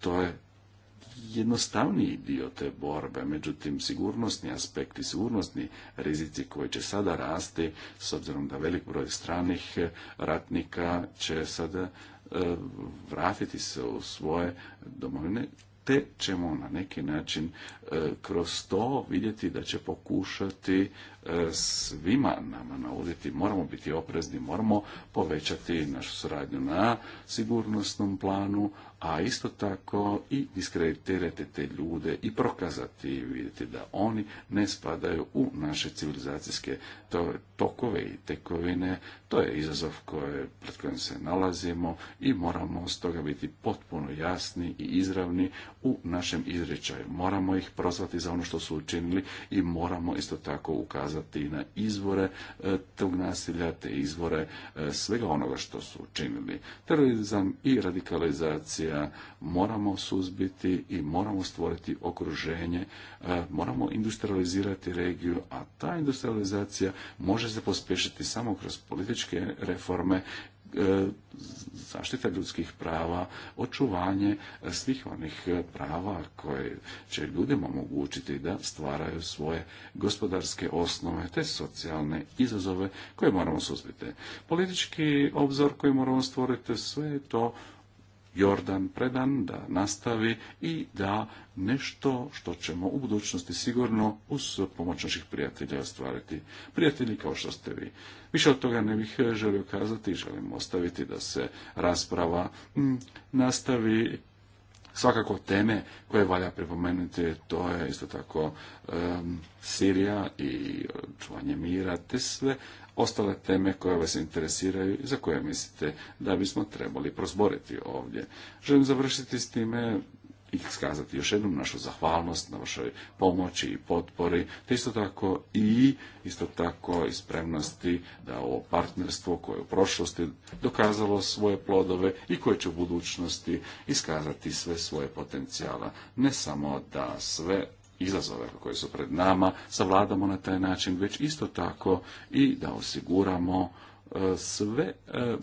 To je jednostavniji dio te borbe, međutim sigurnosni aspekti, sigurnosni rizici koji će sada rasti, s obzirom da velik broj stranih eh, ratnika će sada eh, vratiti se u svoje domovine, te ćemo na neki način eh, kroz to vidjeti da će pokušati E, svima nama nauditi, moramo biti oprezni, moramo povećati našu suradnju na sigurnosnom planu, a isto tako i diskreditirati te ljude i prokazati i vidjeti da oni ne spadaju u naše civilizacijske tokove i tekovine. To je izazov koje, pred kojim se nalazimo i moramo stoga biti potpuno jasni i izravni u našem izričaju. Moramo ih prozvati za ono što su učinili i moramo isto tako ukazati ukazati na izvore e, tog nasilja te izvore e, svega onoga što su učinili. Terorizam i radikalizacija moramo suzbiti i moramo stvoriti okruženje, e, moramo industrializirati regiju, a ta industrializacija može se pospješiti samo kroz političke reforme E, zaštita ljudskih prava, očuvanje svih onih prava koje će ljudima omogućiti da stvaraju svoje gospodarske osnove te socijalne izazove koje moramo suzbiti. Politički obzor koji moramo stvoriti, sve je to Jordan predan, da nastavi i da nešto što ćemo u budućnosti sigurno uz pomoć naših prijatelja ostvariti. Prijatelji kao što ste vi. Više od toga ne bih e, želio kazati, želim ostaviti da se rasprava mm, nastavi svakako teme koje valja pripomenuti, to je isto tako Sirija i e, čuvanje mira, te sve ostale teme koje vas interesiraju i za koje mislite da bismo trebali prozboriti ovdje. Želim završiti s time i skazati još jednom našu zahvalnost na vašoj pomoći i potpori, te isto tako i isto tako i spremnosti da ovo partnerstvo koje je u prošlosti dokazalo svoje plodove i koje će u budućnosti iskazati sve svoje potencijala. Ne samo da sve izazove koje su pred nama, savladamo na taj način, već isto tako i da osiguramo e, sve e,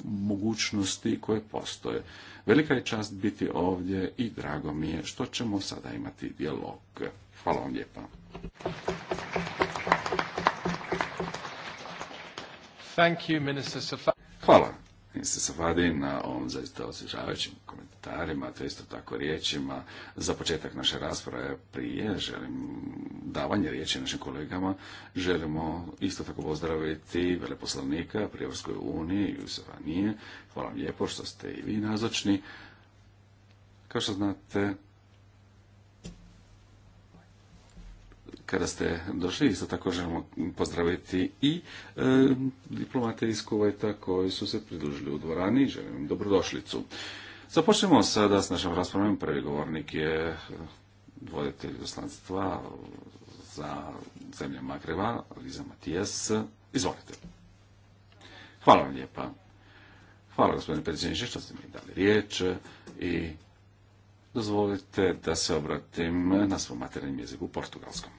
mogućnosti koje postoje. Velika je čast biti ovdje i drago mi je što ćemo sada imati dijalog. Hvala vam lijepa. Hvala se Safadi na ovom zaista osježavajućim komentarima, to isto tako riječima. Za početak naše rasprave prije želim davanje riječi našim kolegama. Želimo isto tako pozdraviti veleposlanika pri Evropskoj uniji, Jusefa Nije. Hvala vam lijepo što ste i vi nazočni. Kao što znate, kada ste došli, isto tako želimo pozdraviti i e, diplomate iz Kuvajta koji su se pridružili u dvorani. Želim im dobrodošlicu. Započnemo sada s našom raspravom. Prvi govornik je e, voditelj doslanstva za zemlje Magreba, Liza Matijas. Izvolite. Hvala vam lijepa. Hvala gospodine predsjedniče što ste mi dali riječ i dozvolite da se obratim na svom materijalnim jeziku portugalskom.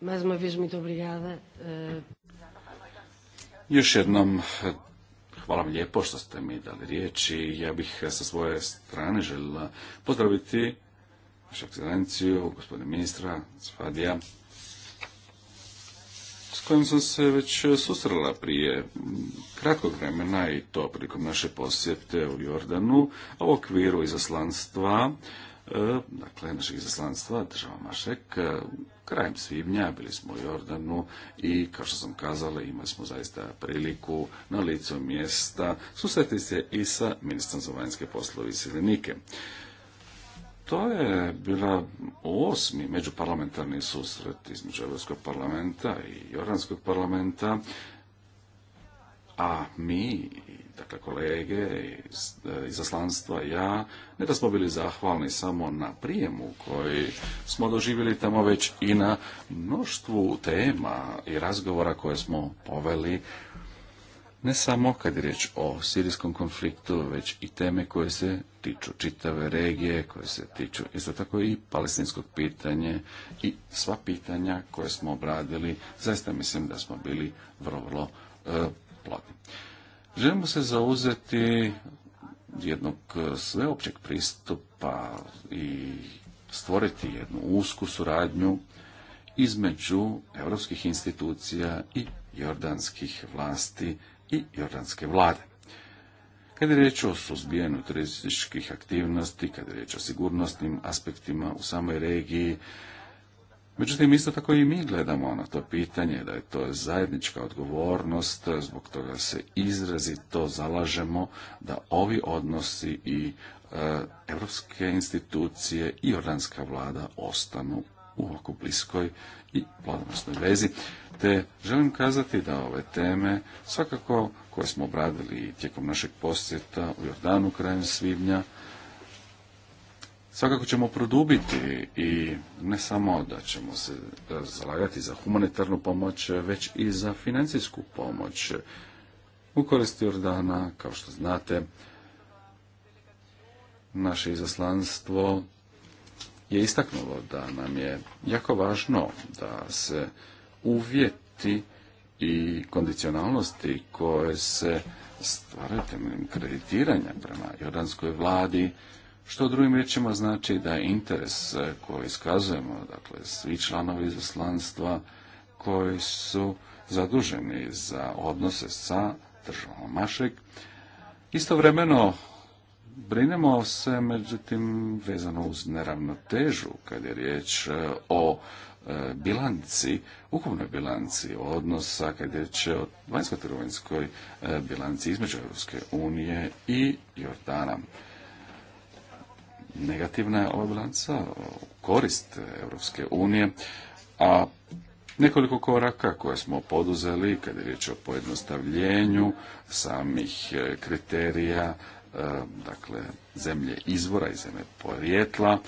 Mais uma vez muito Još jednom hvala vam lijepo što ste mi dali riječ i ja bih eh, sa svoje strane željela pozdraviti vašu ekscelenciju, gospodina ministra Svadija, s kojim sam se već eh, susrela prije mm, kratkog vremena i to prilikom naše posjete u Jordanu, a u okviru izaslanstva, eh, dakle našeg izaslanstva država Mašek, Krajem svibnja bili smo u Jordanu i, kao što sam kazala, imali smo zaista priliku na licu mjesta susreti se i sa ministrom za vanjske poslove i siljenike. To je bila osmi međuparlamentarni susret između Europskog parlamenta i Jordanskog parlamenta a mi, dakle kolege izaslanstva e, ja, ne da smo bili zahvalni samo na prijemu koji smo doživjeli tamo već i na mnoštvu tema i razgovora koje smo poveli ne samo kad je riječ o sirijskom konfliktu, već i teme koje se tiču čitave regije, koje se tiču isto tako i palestinskog pitanja i sva pitanja koje smo obradili, zaista mislim da smo bili vrlo, vrlo e, plan Želimo se zauzeti jednog e, sveopćeg pristupa i stvoriti jednu usku suradnju između europskih institucija i jordanskih vlasti i jordanske vlade. Kad je riječ o suzbijanju turističkih aktivnosti, kad je riječ o sigurnosnim aspektima u samoj regiji, Međutim, isto tako i mi gledamo na to pitanje da je to zajednička odgovornost, zbog toga se izrazito zalažemo da ovi odnosi i europske institucije i jordanska vlada ostanu u oku bliskoj i plodonosnoj vezi. Te želim kazati da ove teme svakako koje smo obradili tijekom našeg posjeta u Jordanu krajem svibnja Svakako ćemo produbiti i ne samo da ćemo se zalagati za humanitarnu pomoć, već i za financijsku pomoć. U koristi Jordana, kao što znate, naše izaslanstvo je istaknulo da nam je jako važno da se uvjeti i kondicionalnosti koje se stvaraju temeljem kreditiranja prema jordanskoj vladi što drugim riječima znači da je interes eh, koji iskazujemo, dakle svi članovi izaslanstva koji su zaduženi za odnose sa državom Mašek, istovremeno Brinemo se, međutim, vezano uz neravnotežu, kad je riječ eh, o eh, bilanci, ukupnoj bilanci odnosa, kad je riječ o vanjsko-trgovinskoj bilanci između Europske unije i Jordana. Negativna je ova korist Europske unije, a nekoliko koraka koje smo poduzeli kad je riječ o pojednostavljenju samih e, kriterija, e, dakle zemlje izvora i zemlje porijetla.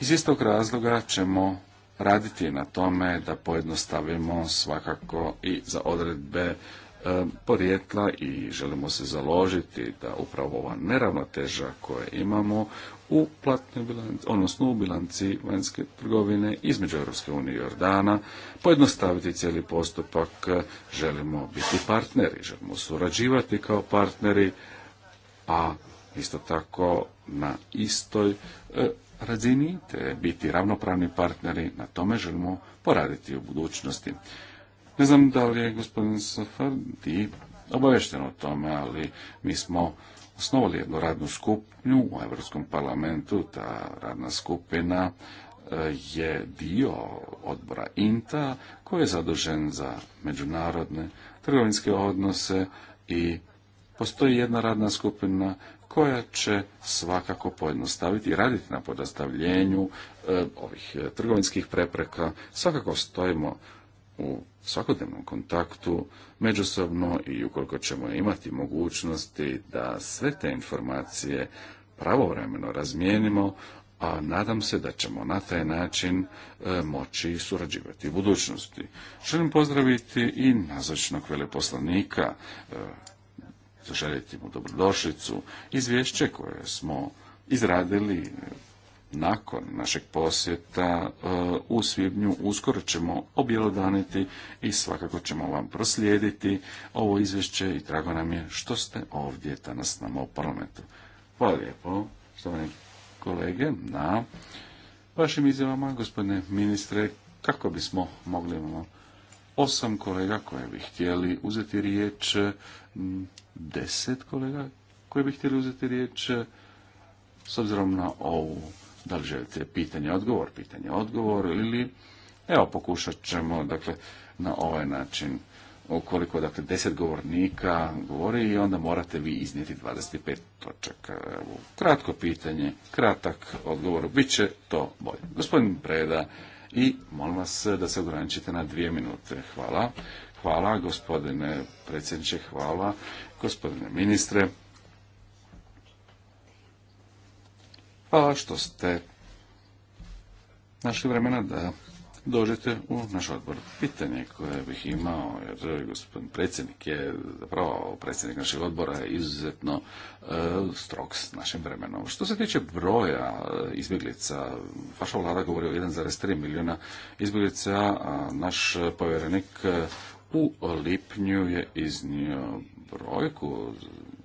Iz istog razloga ćemo raditi na tome da pojednostavimo svakako i za odredbe E, porijekla i želimo se založiti da upravo ova neravnoteža koje imamo u platnoj bilanci, odnosno u bilanci vanjske trgovine između Europske unije i Jordana, pojednostaviti cijeli postupak, želimo biti partneri, želimo surađivati kao partneri, a isto tako na istoj e, razini, te biti ravnopravni partneri, na tome želimo poraditi u budućnosti. Ne znam da li je gospodin Safardi obavešten o tome, ali mi smo osnovali jednu radnu skupnju u Europskom parlamentu. Ta radna skupina e, je dio odbora INTA koji je zadužen za međunarodne trgovinske odnose i postoji jedna radna skupina koja će svakako pojednostaviti i raditi na podastavljenju e, ovih e, trgovinskih prepreka. Svakako stojimo u svakodnevnom kontaktu međusobno i ukoliko ćemo imati mogućnosti da sve te informacije pravovremeno razmijenimo, a nadam se da ćemo na taj način e, moći surađivati u budućnosti. Želim pozdraviti i nazočnog veleposlanika, e, zaželjeti mu dobrodošlicu, izvješće koje smo izradili nakon našeg posjeta e, u svibnju uskoro ćemo objelodaniti i svakako ćemo vam proslijediti ovo izvješće i drago nam je što ste ovdje danas s nama u parlamentu. Hvala lijepo, štovani kolege, na vašim izjavama, gospodine ministre, kako bismo mogli imamo osam kolega koje bi htjeli uzeti riječ, deset kolega koji bi htjeli uzeti riječ, s obzirom na ovu da li želite pitanje, odgovor, pitanje, odgovor ili... Evo, pokušat ćemo, dakle, na ovaj način ukoliko dakle deset govornika govori i onda morate vi iznijeti 25 točaka. Evo, kratko pitanje, kratak odgovor, bit će to bolje. Gospodin Preda i molim vas da se ograničite na dvije minute. Hvala. Hvala gospodine predsjedniče, hvala gospodine ministre. pa što ste našli vremena da dođete u naš odbor. Pitanje koje bih imao, jer gospodin predsjednik je, zapravo predsjednik našeg odbora je izuzetno strok e, strog s našim vremenom. Što se tiče broja e, izbjeglica, vaša vlada govori o 1,3 milijuna izbjeglica, a naš povjerenik e, u lipnju je iznio brojku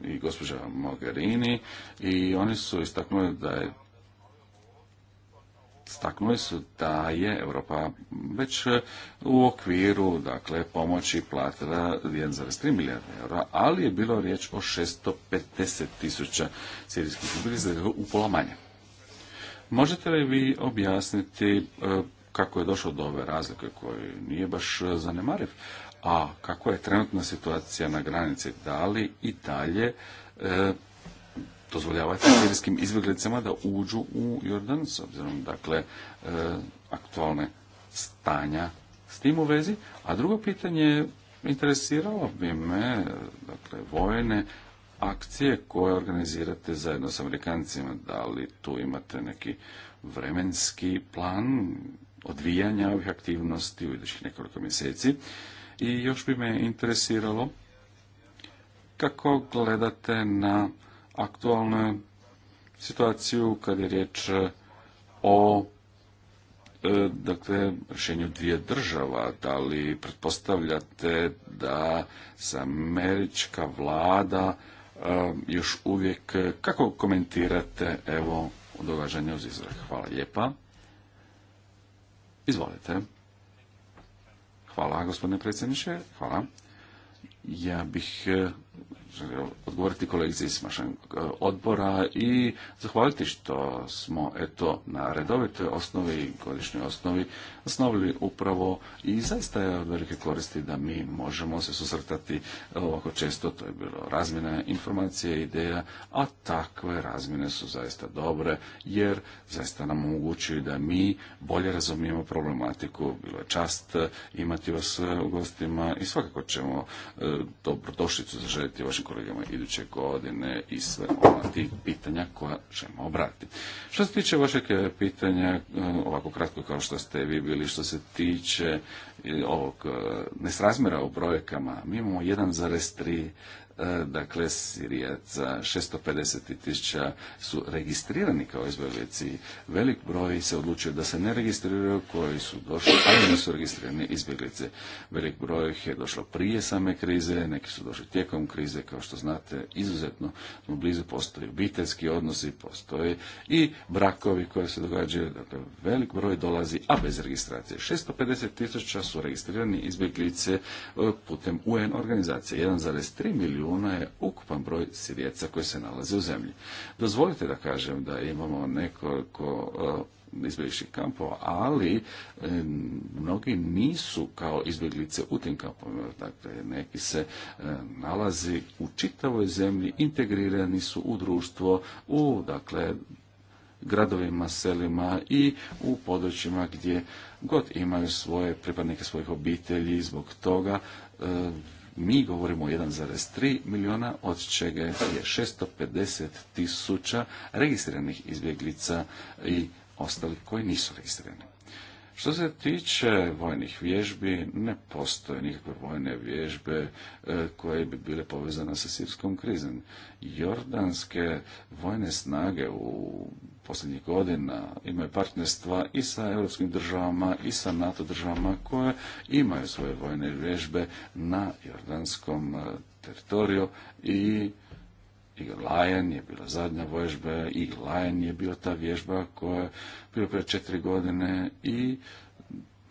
i gospođa Mogherini i oni su istaknuli da je staknuli su da je Europa već u okviru dakle, pomoći platila 1,3 milijarda eura, ali je bilo riječ o 650 tisuća sirijskih dakle, u pola manje. Možete li vi objasniti e, kako je došlo do ove razlike koji nije baš zanemariv, a kako je trenutna situacija na granici, da li i dalje e, dozvoljavate dozvoljavati sirijskim izbjeglicama da uđu u Jordan, s obzirom dakle e, aktualne stanja s tim u vezi. A drugo pitanje interesiralo bi me, dakle, vojne akcije koje organizirate zajedno s Amerikancima, da li tu imate neki vremenski plan odvijanja ovih aktivnosti u idućih nekoliko mjeseci i još bi me interesiralo kako gledate na aktualnu situaciju kad je riječ e, o e, dakle, rješenju dvije država, da li pretpostavljate da se američka vlada e, još uvijek, kako komentirate evo događanje uz Izrael? Hvala lijepa. Izvolite. Hvala, gospodine predsjedniče. Hvala. Ja bih želio odgovoriti kolegici iz vašeg e, odbora i zahvaliti što smo eto na redovitoj osnovi, i godišnjoj osnovi osnovili upravo i zaista je od velike koristi da mi možemo se susretati e, ovako često, to je bilo razmjena informacije, ideja, a takve razmjene su zaista dobre jer zaista nam omogućuju da mi bolje razumijemo problematiku, bilo je čast e, imati vas u gostima i svakako ćemo dobrodošlicu zaželjeti vašim kolegama iduće godine i sve ona ti pitanja koja ćemo obratiti. Što se tiče vašeg e, pitanja, e, ovako kratko kao što ste vi bili, što se tiče e, ovog nesrazmjera u brojkama, mi imamo 1,3 E, dakle Sirijaca, 650 tisuća su registrirani kao izbjeglici. Velik broj se odlučio da se ne registriraju koji su došli, ali nisu registrirani izbjeglice. Velik broj je došlo prije same krize, neki su došli tijekom krize, kao što znate, izuzetno u blizu, postoje obiteljski odnosi, postoje i brakovi koji se događaju, dakle velik broj dolazi, a bez registracije. 650 tisuća su registrirani izbjeglice e, putem UN organizacije, 1,3 milijuna ona je ukupan broj sirijeca koji se nalaze u zemlji. Dozvolite da kažem da imamo nekoliko eh, izbjegličkih kampova, ali eh, mnogi nisu kao izbjeglice u tim kampovima. Dakle, neki se eh, nalazi u čitavoj zemlji, integrirani su u društvo, u dakle gradovima, selima i u područjima gdje god imaju svoje pripadnike svojih obitelji. Zbog toga mi govorimo o 1,3 milijuna, od čega je 650 tisuća registriranih izbjeglica i ostalih koji nisu registrirani. Što se tiče vojnih vježbi, ne postoje nikakve vojne vježbe e, koje bi bile povezane sa sirskom krizom. Jordanske vojne snage u posljednjih godina imaju partnerstva i sa europskim državama i sa NATO državama koje imaju svoje vojne vježbe na jordanskom e, teritoriju i i Lion je bila zadnja vježba, i Lion je bila ta vježba koja je bila prije četiri godine i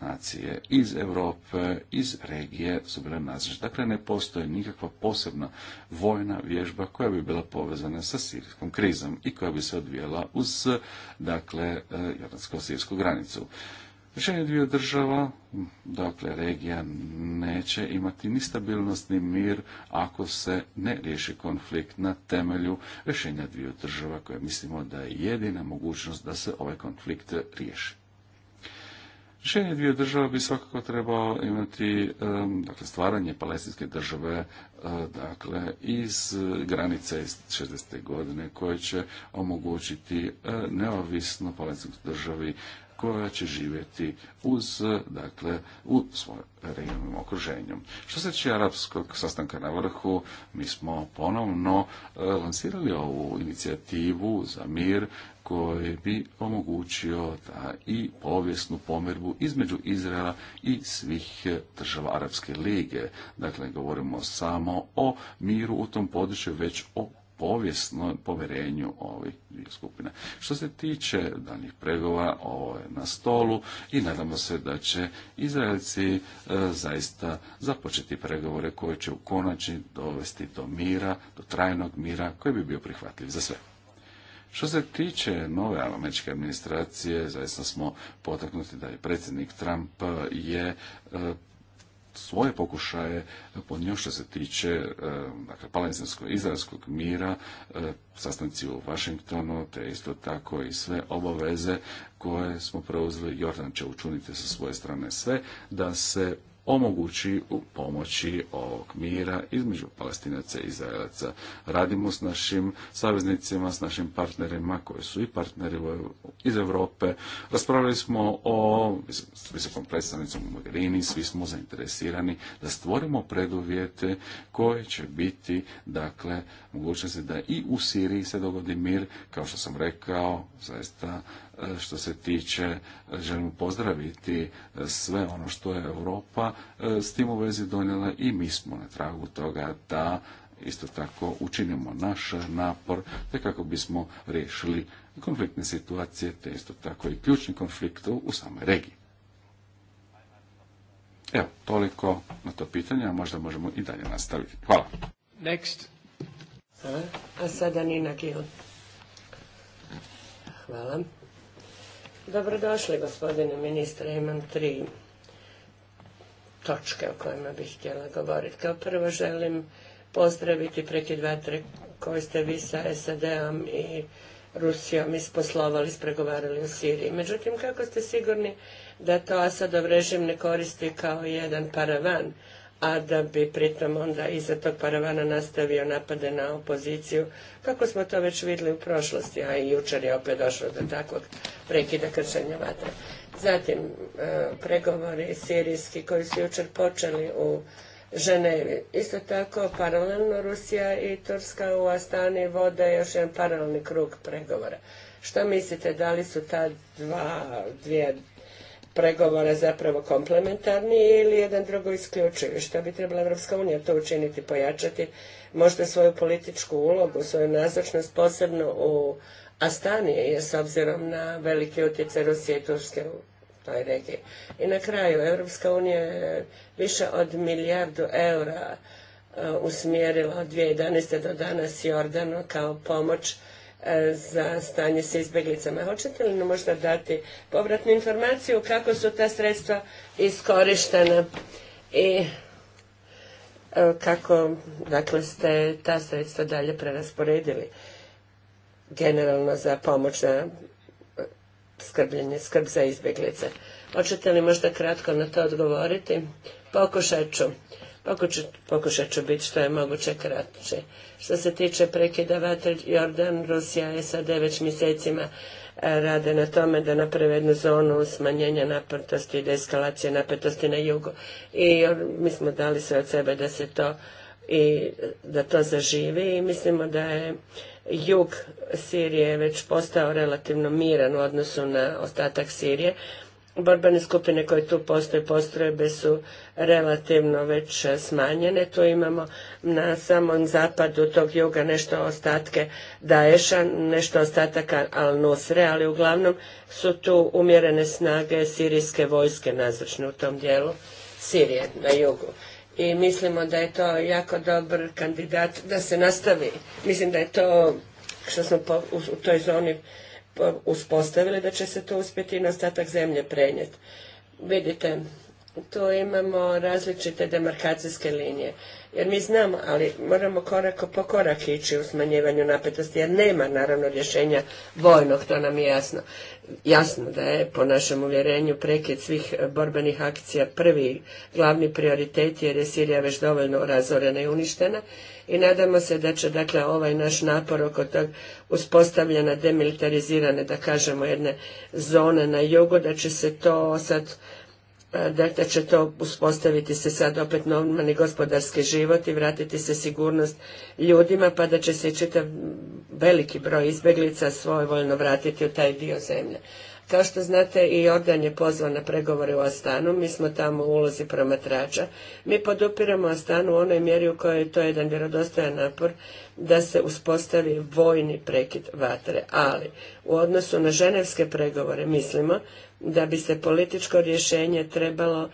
nacije iz Europe, iz regije su bile Dakle, ne postoji nikakva posebna vojna vježba koja bi bila povezana sa sirijskom krizom i koja bi se odvijela uz, dakle, eh, jordansko-sirijsku granicu. Rješenje dvije država, dakle regija neće imati ni stabilnost ni mir ako se ne riješi konflikt na temelju rješenja dvije država koje mislimo da je jedina mogućnost da se ovaj konflikt riješi. Rješenje dvije države bi svakako trebao imati dakle, stvaranje palestinske države e, dakle, iz granice iz 60. godine koje će omogućiti e, neovisno palestinskoj državi koja će živjeti uz, dakle, u svojom regionalnom okruženju. Što se tiče arapskog sastanka na vrhu, mi smo ponovno e, lansirali ovu inicijativu za mir koji bi omogućio da i povijesnu pomerbu između Izraela i svih država Arapske lige. Dakle, govorimo samo o miru u tom području, već o povijesnom poverenju ovih dvije skupine. Što se tiče daljnjih pregovora, ovo je na stolu i nadamo se da će Izraelci e, zaista započeti pregovore koje će u konačni dovesti do mira, do trajnog mira koji bi bio prihvatljiv za sve. Što se tiče nove američke administracije, zaista smo potaknuti da je predsjednik Trump e, je e, svoje pokušaje podnio što se tiče e, dakle, palestinskog, izraelskog mira, sastanci u Washingtonu, te isto tako i sve obaveze koje smo preuzeli, Jordan će učiniti sa svoje strane sve, da se omogući u pomoći ovog mira između palestinaca i izraelaca. Radimo s našim saveznicima, s našim partnerima koji su i partneri iz Europe. Raspravili smo o visokom predstavnicom Mogherini, svi smo zainteresirani da stvorimo preduvjete koji će biti, dakle, mogućnosti da i u Siriji se dogodi mir, kao što sam rekao, zaista što se tiče, želim pozdraviti e, sve ono što je Europa e, s tim u vezi donijela i mi smo na tragu toga da isto tako učinimo naš napor te kako bismo riješili konfliktne situacije te isto tako i ključni konflikt u samoj regiji. Evo, toliko na to pitanje, a možda možemo i dalje nastaviti. Hvala. Next. A sada Nina Hvala. Dobrodošli, gospodine ministre. Imam tri točke o kojima bih htjela govoriti. Kao prvo želim pozdraviti prekid vatre koji ste vi sa SAD-om i Rusijom isposlovali, ispregovarali u Siriji. Međutim, kako ste sigurni da to Asadov režim ne koristi kao jedan paravan a da bi pritom onda iza tog paravana nastavio napade na opoziciju, kako smo to već vidjeli u prošlosti, a i jučer je opet došlo do takvog prekida kršenja vatre. Zatim, e, pregovori sirijski koji su jučer počeli u Ženevi. Isto tako, paralelno Rusija i Turska u Astani vode još jedan paralelni krug pregovora. Što mislite, da li su ta dva, dvije pregovora zapravo komplementarni ili jedan drugo isključuju. Što bi trebala Evropska unija to učiniti, pojačati možda svoju političku ulogu, svoju nazočnost posebno u Astanije, jer s obzirom na veliki utjecaj Rusije i Turske u toj regiji. I na kraju, Evropska unija je više od milijardu eura e, usmjerila od 2011. do danas Jordano kao pomoć E, za stanje sa izbjeglicama. Hoćete li nam možda dati povratnu informaciju kako su ta sredstva iskorištena i e, kako dakle, ste ta sredstva dalje prerasporedili generalno za pomoć na skrbljenje, skrb za izbjeglice. Hoćete li možda kratko na to odgovoriti? Pokušat ću. Pokušat ću biti što je moguće kraće. Što se tiče prekida vatre, Jordan, Rusija je sa devet mjesecima e, rade na tome da naprave jednu zonu smanjenja napetosti i deeskalacije napetosti na jugu. I mi smo dali sve od sebe da se to i da to zaživi i mislimo da je jug Sirije već postao relativno miran u odnosu na ostatak Sirije borbene skupine koje tu postoje, postrojbe su relativno već smanjene. Tu imamo na samom zapadu tog juga nešto ostatke Daesha, nešto ostataka Al-Nusre, ali uglavnom su tu umjerene snage sirijske vojske nazočne u tom dijelu Sirije na jugu. I mislimo da je to jako dobar kandidat da se nastavi. Mislim da je to što smo u toj zoni uspostavili da će se to uspjeti i na ostatak zemlje prenijeti. Vidite, tu imamo različite demarkacijske linije. Jer mi znamo, ali moramo korak po korak ići u smanjivanju napetosti, jer nema naravno rješenja vojnog, to nam je jasno. Jasno da je po našem uvjerenju prekid svih borbenih akcija prvi glavni prioritet jer je Sirija već dovoljno razorena i uništena i nadamo se da će dakle ovaj naš napor oko tog uspostavljena demilitarizirane da kažemo jedne zone na jugu da će se to sad E, da će to uspostaviti se sad opet normalni gospodarski život i vratiti se sigurnost ljudima, pa da će se čitav veliki broj izbjeglica svojevoljno vratiti u taj dio zemlje. Kao što znate i Jordan je pozvan na pregovore u Astanu, mi smo tamo u ulozi promatrača. Mi podupiramo Astanu u onoj mjeri u kojoj je to jedan vjerodostojan napor da se uspostavi vojni prekid vatre. Ali u odnosu na ženevske pregovore mislimo da bi se političko rješenje trebalo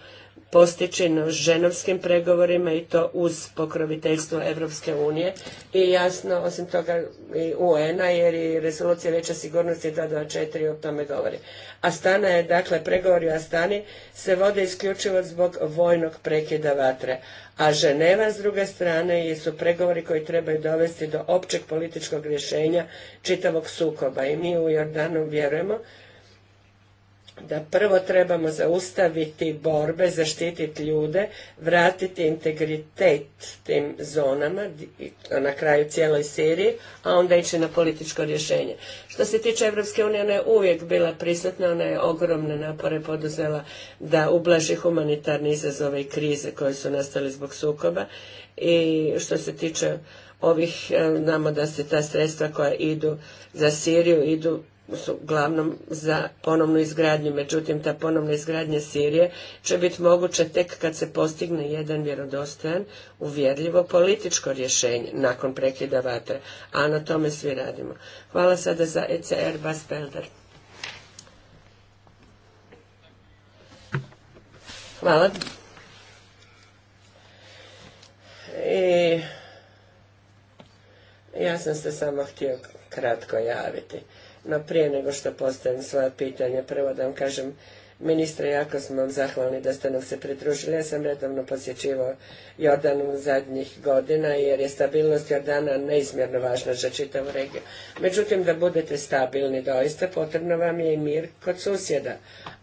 postičeno ženovskim pregovorima i to uz pokroviteljstvo Evropske unije i jasno osim toga i UN-a jer i rezolucija veća sigurnosti 224 o tome govori. Astana je dakle pregovori o Astani se vode isključivo zbog vojnog prekida vatre. A Ženeva s druge strane su pregovori koji trebaju dovesti do općeg političkog rješenja čitavog sukoba i mi u Jordanu vjerujemo da prvo trebamo zaustaviti borbe, zaštititi ljude, vratiti integritet tim zonama, na kraju cijeloj Siriji, a onda ići na političko rješenje. Što se tiče Evropske unije, ona je uvijek bila prisutna, ona je ogromne napore poduzela da ublaži humanitarne izazove i krize koje su nastale zbog sukoba i što se tiče ovih, e, znamo da se ta sredstva koja idu za Siriju, idu su uglavnom za ponovnu izgradnju. Međutim, ta ponovna izgradnja Sirije će biti moguća tek kad se postigne jedan vjerodostojan, uvjerljivo političko rješenje nakon prekida vatre. A na tome svi radimo. Hvala sada za ECR Bas Hvala. I ja sam se samo htio kratko javiti. No prije nego što postavim svoje pitanje, prvo da vam kažem Ministre, jako smo vam zahvalni da ste nam se pridružili. Ja sam redovno posjećivao Jordan zadnjih godina, jer je stabilnost Jordana neizmjerno važna za čitavu regiju. Međutim, da budete stabilni doista, potrebno vam je i mir kod susjeda.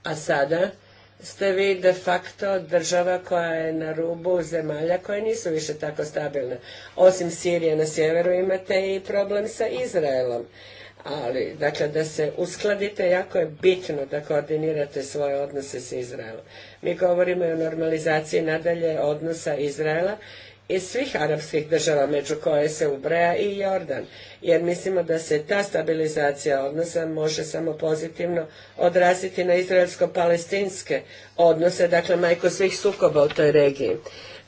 A sada ste vi de facto država koja je na rubu zemalja koje nisu više tako stabilne. Osim Sirije na sjeveru imate i problem sa Izraelom ali dakle da se uskladite, jako je bitno da koordinirate svoje odnose sa Izraelom. Mi govorimo i o normalizaciji nadalje odnosa Izraela i svih arapskih država među koje se ubraja i Jordan, jer mislimo da se ta stabilizacija odnosa može samo pozitivno odraziti na izraelsko-palestinske odnose, dakle majko svih sukoba u toj regiji.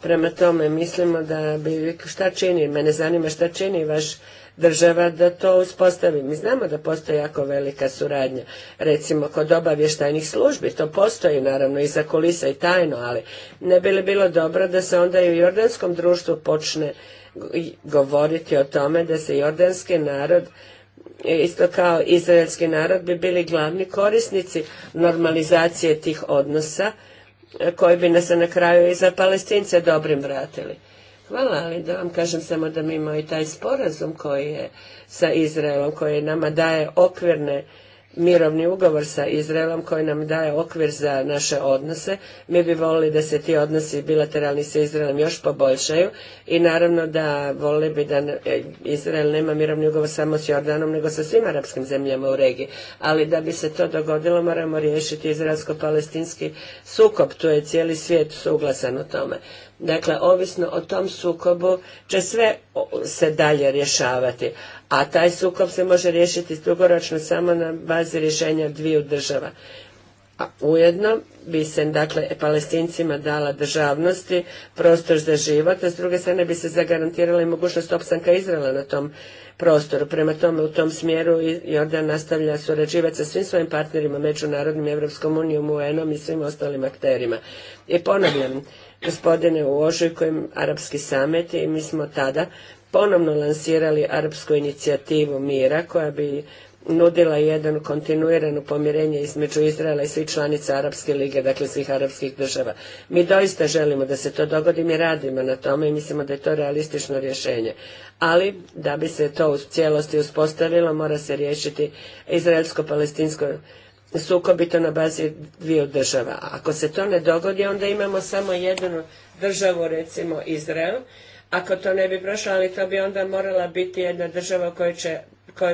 Prema tome mislimo da bi, šta čini, mene zanima šta čini vaš država da to uspostavi. Mi znamo da postoji jako velika suradnja, recimo kod obavještajnih službi, to postoji naravno i za kulisa i tajno, ali ne bi li bilo dobro da se onda i u jordanskom društvu počne govoriti o tome da se jordanski narod isto kao izraelski narod bi bili glavni korisnici normalizacije tih odnosa e, koji bi nas na kraju i za palestince dobrim vratili. Hvala, ali da vam kažem samo da mi imamo i taj sporazum koji je sa Izraelom, koji nama daje okvirne mirovni ugovor sa Izraelom koji nam daje okvir za naše odnose. Mi bi volili da se ti odnosi bilateralni sa Izraelom još poboljšaju i naravno da volili bi da e, Izrael nema mirovni ugovor samo s Jordanom nego sa svim arapskim zemljama u regiji. Ali da bi se to dogodilo moramo riješiti izraelsko-palestinski sukob. Tu je cijeli svijet suglasan u tome. Dakle, ovisno o tom sukobu će sve se dalje rješavati, a taj sukob se može riješiti dugoročno samo na bazi rješenja dviju država. A ujedno bi se dakle palestincima dala državnosti, prostor za život, a s druge strane bi se zagarantirala i mogućnost opstanka Izraela na tom prostor Prema tome u tom smjeru Jordan nastavlja surađivati sa svim svojim partnerima, Međunarodnim, Evropskom unijom, UN-om i svim ostalim akterima. I ponavljam, gospodine, u ožujku je Arapski samet i mi smo tada ponovno lansirali Arapsku inicijativu mira koja bi nudila jedan kontinuirano pomirenje između Izraela i svih članica Arapske lige, dakle svih arapskih država. Mi doista želimo da se to dogodi, mi radimo na tome i mislimo da je to realistično rješenje. Ali, da bi se to u cijelosti uspostavilo, mora se riješiti izraelsko-palestinsko sukobito na bazi dviju država. Ako se to ne dogodi, onda imamo samo jednu državu, recimo Izrael, ako to ne bi prošlo, ali to bi onda morala biti jedna država u će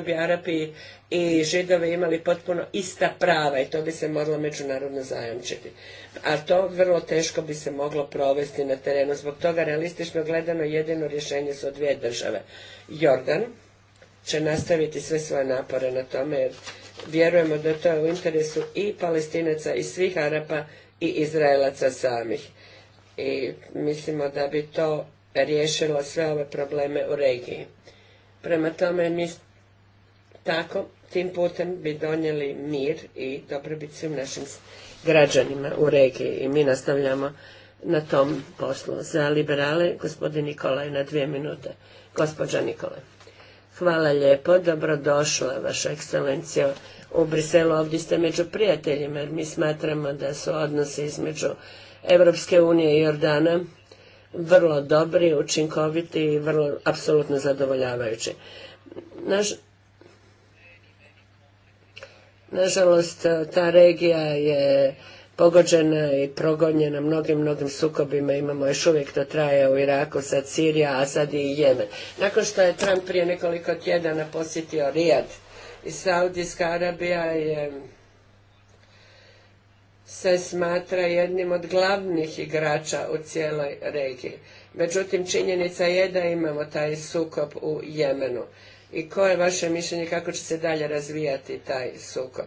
bi Arapi i Židovi imali potpuno ista prava i to bi se moralo međunarodno zajamčiti. A to vrlo teško bi se moglo provesti na terenu. Zbog toga realistično gledano jedino rješenje su dvije države. Jordan će nastaviti sve svoje napore na tome jer vjerujemo da to je u interesu i palestinaca i svih Arapa i Izraelaca samih. I mislimo da bi to riješilo sve ove probleme u regiji. Prema tome, mi tako, tim putem bi donijeli mir i dobrobit svim našim građanima u regiji i mi nastavljamo na tom poslu. Za liberale, gospodin Nikolaj, na dvije minute. Gospođa Nikola. Hvala lijepo, dobrodošla, vaša ekscelencija U Briselu ovdje ste među prijateljima, jer mi smatramo da su odnose između Evropske unije i Jordana vrlo dobri, učinkoviti i vrlo apsolutno zadovoljavajući. nažalost, ta regija je pogođena i progonjena mnogim, mnogim sukobima. Imamo još uvijek to traje u Iraku, sad Sirija, a sad i Jemen. Nakon što je Trump prije nekoliko tjedana posjetio Rijad i Saudijska Arabija je se smatra jednim od glavnih igrača u cijeloj regiji. Međutim, činjenica je da imamo taj sukob u Jemenu. I koje je vaše mišljenje kako će se dalje razvijati taj sukob?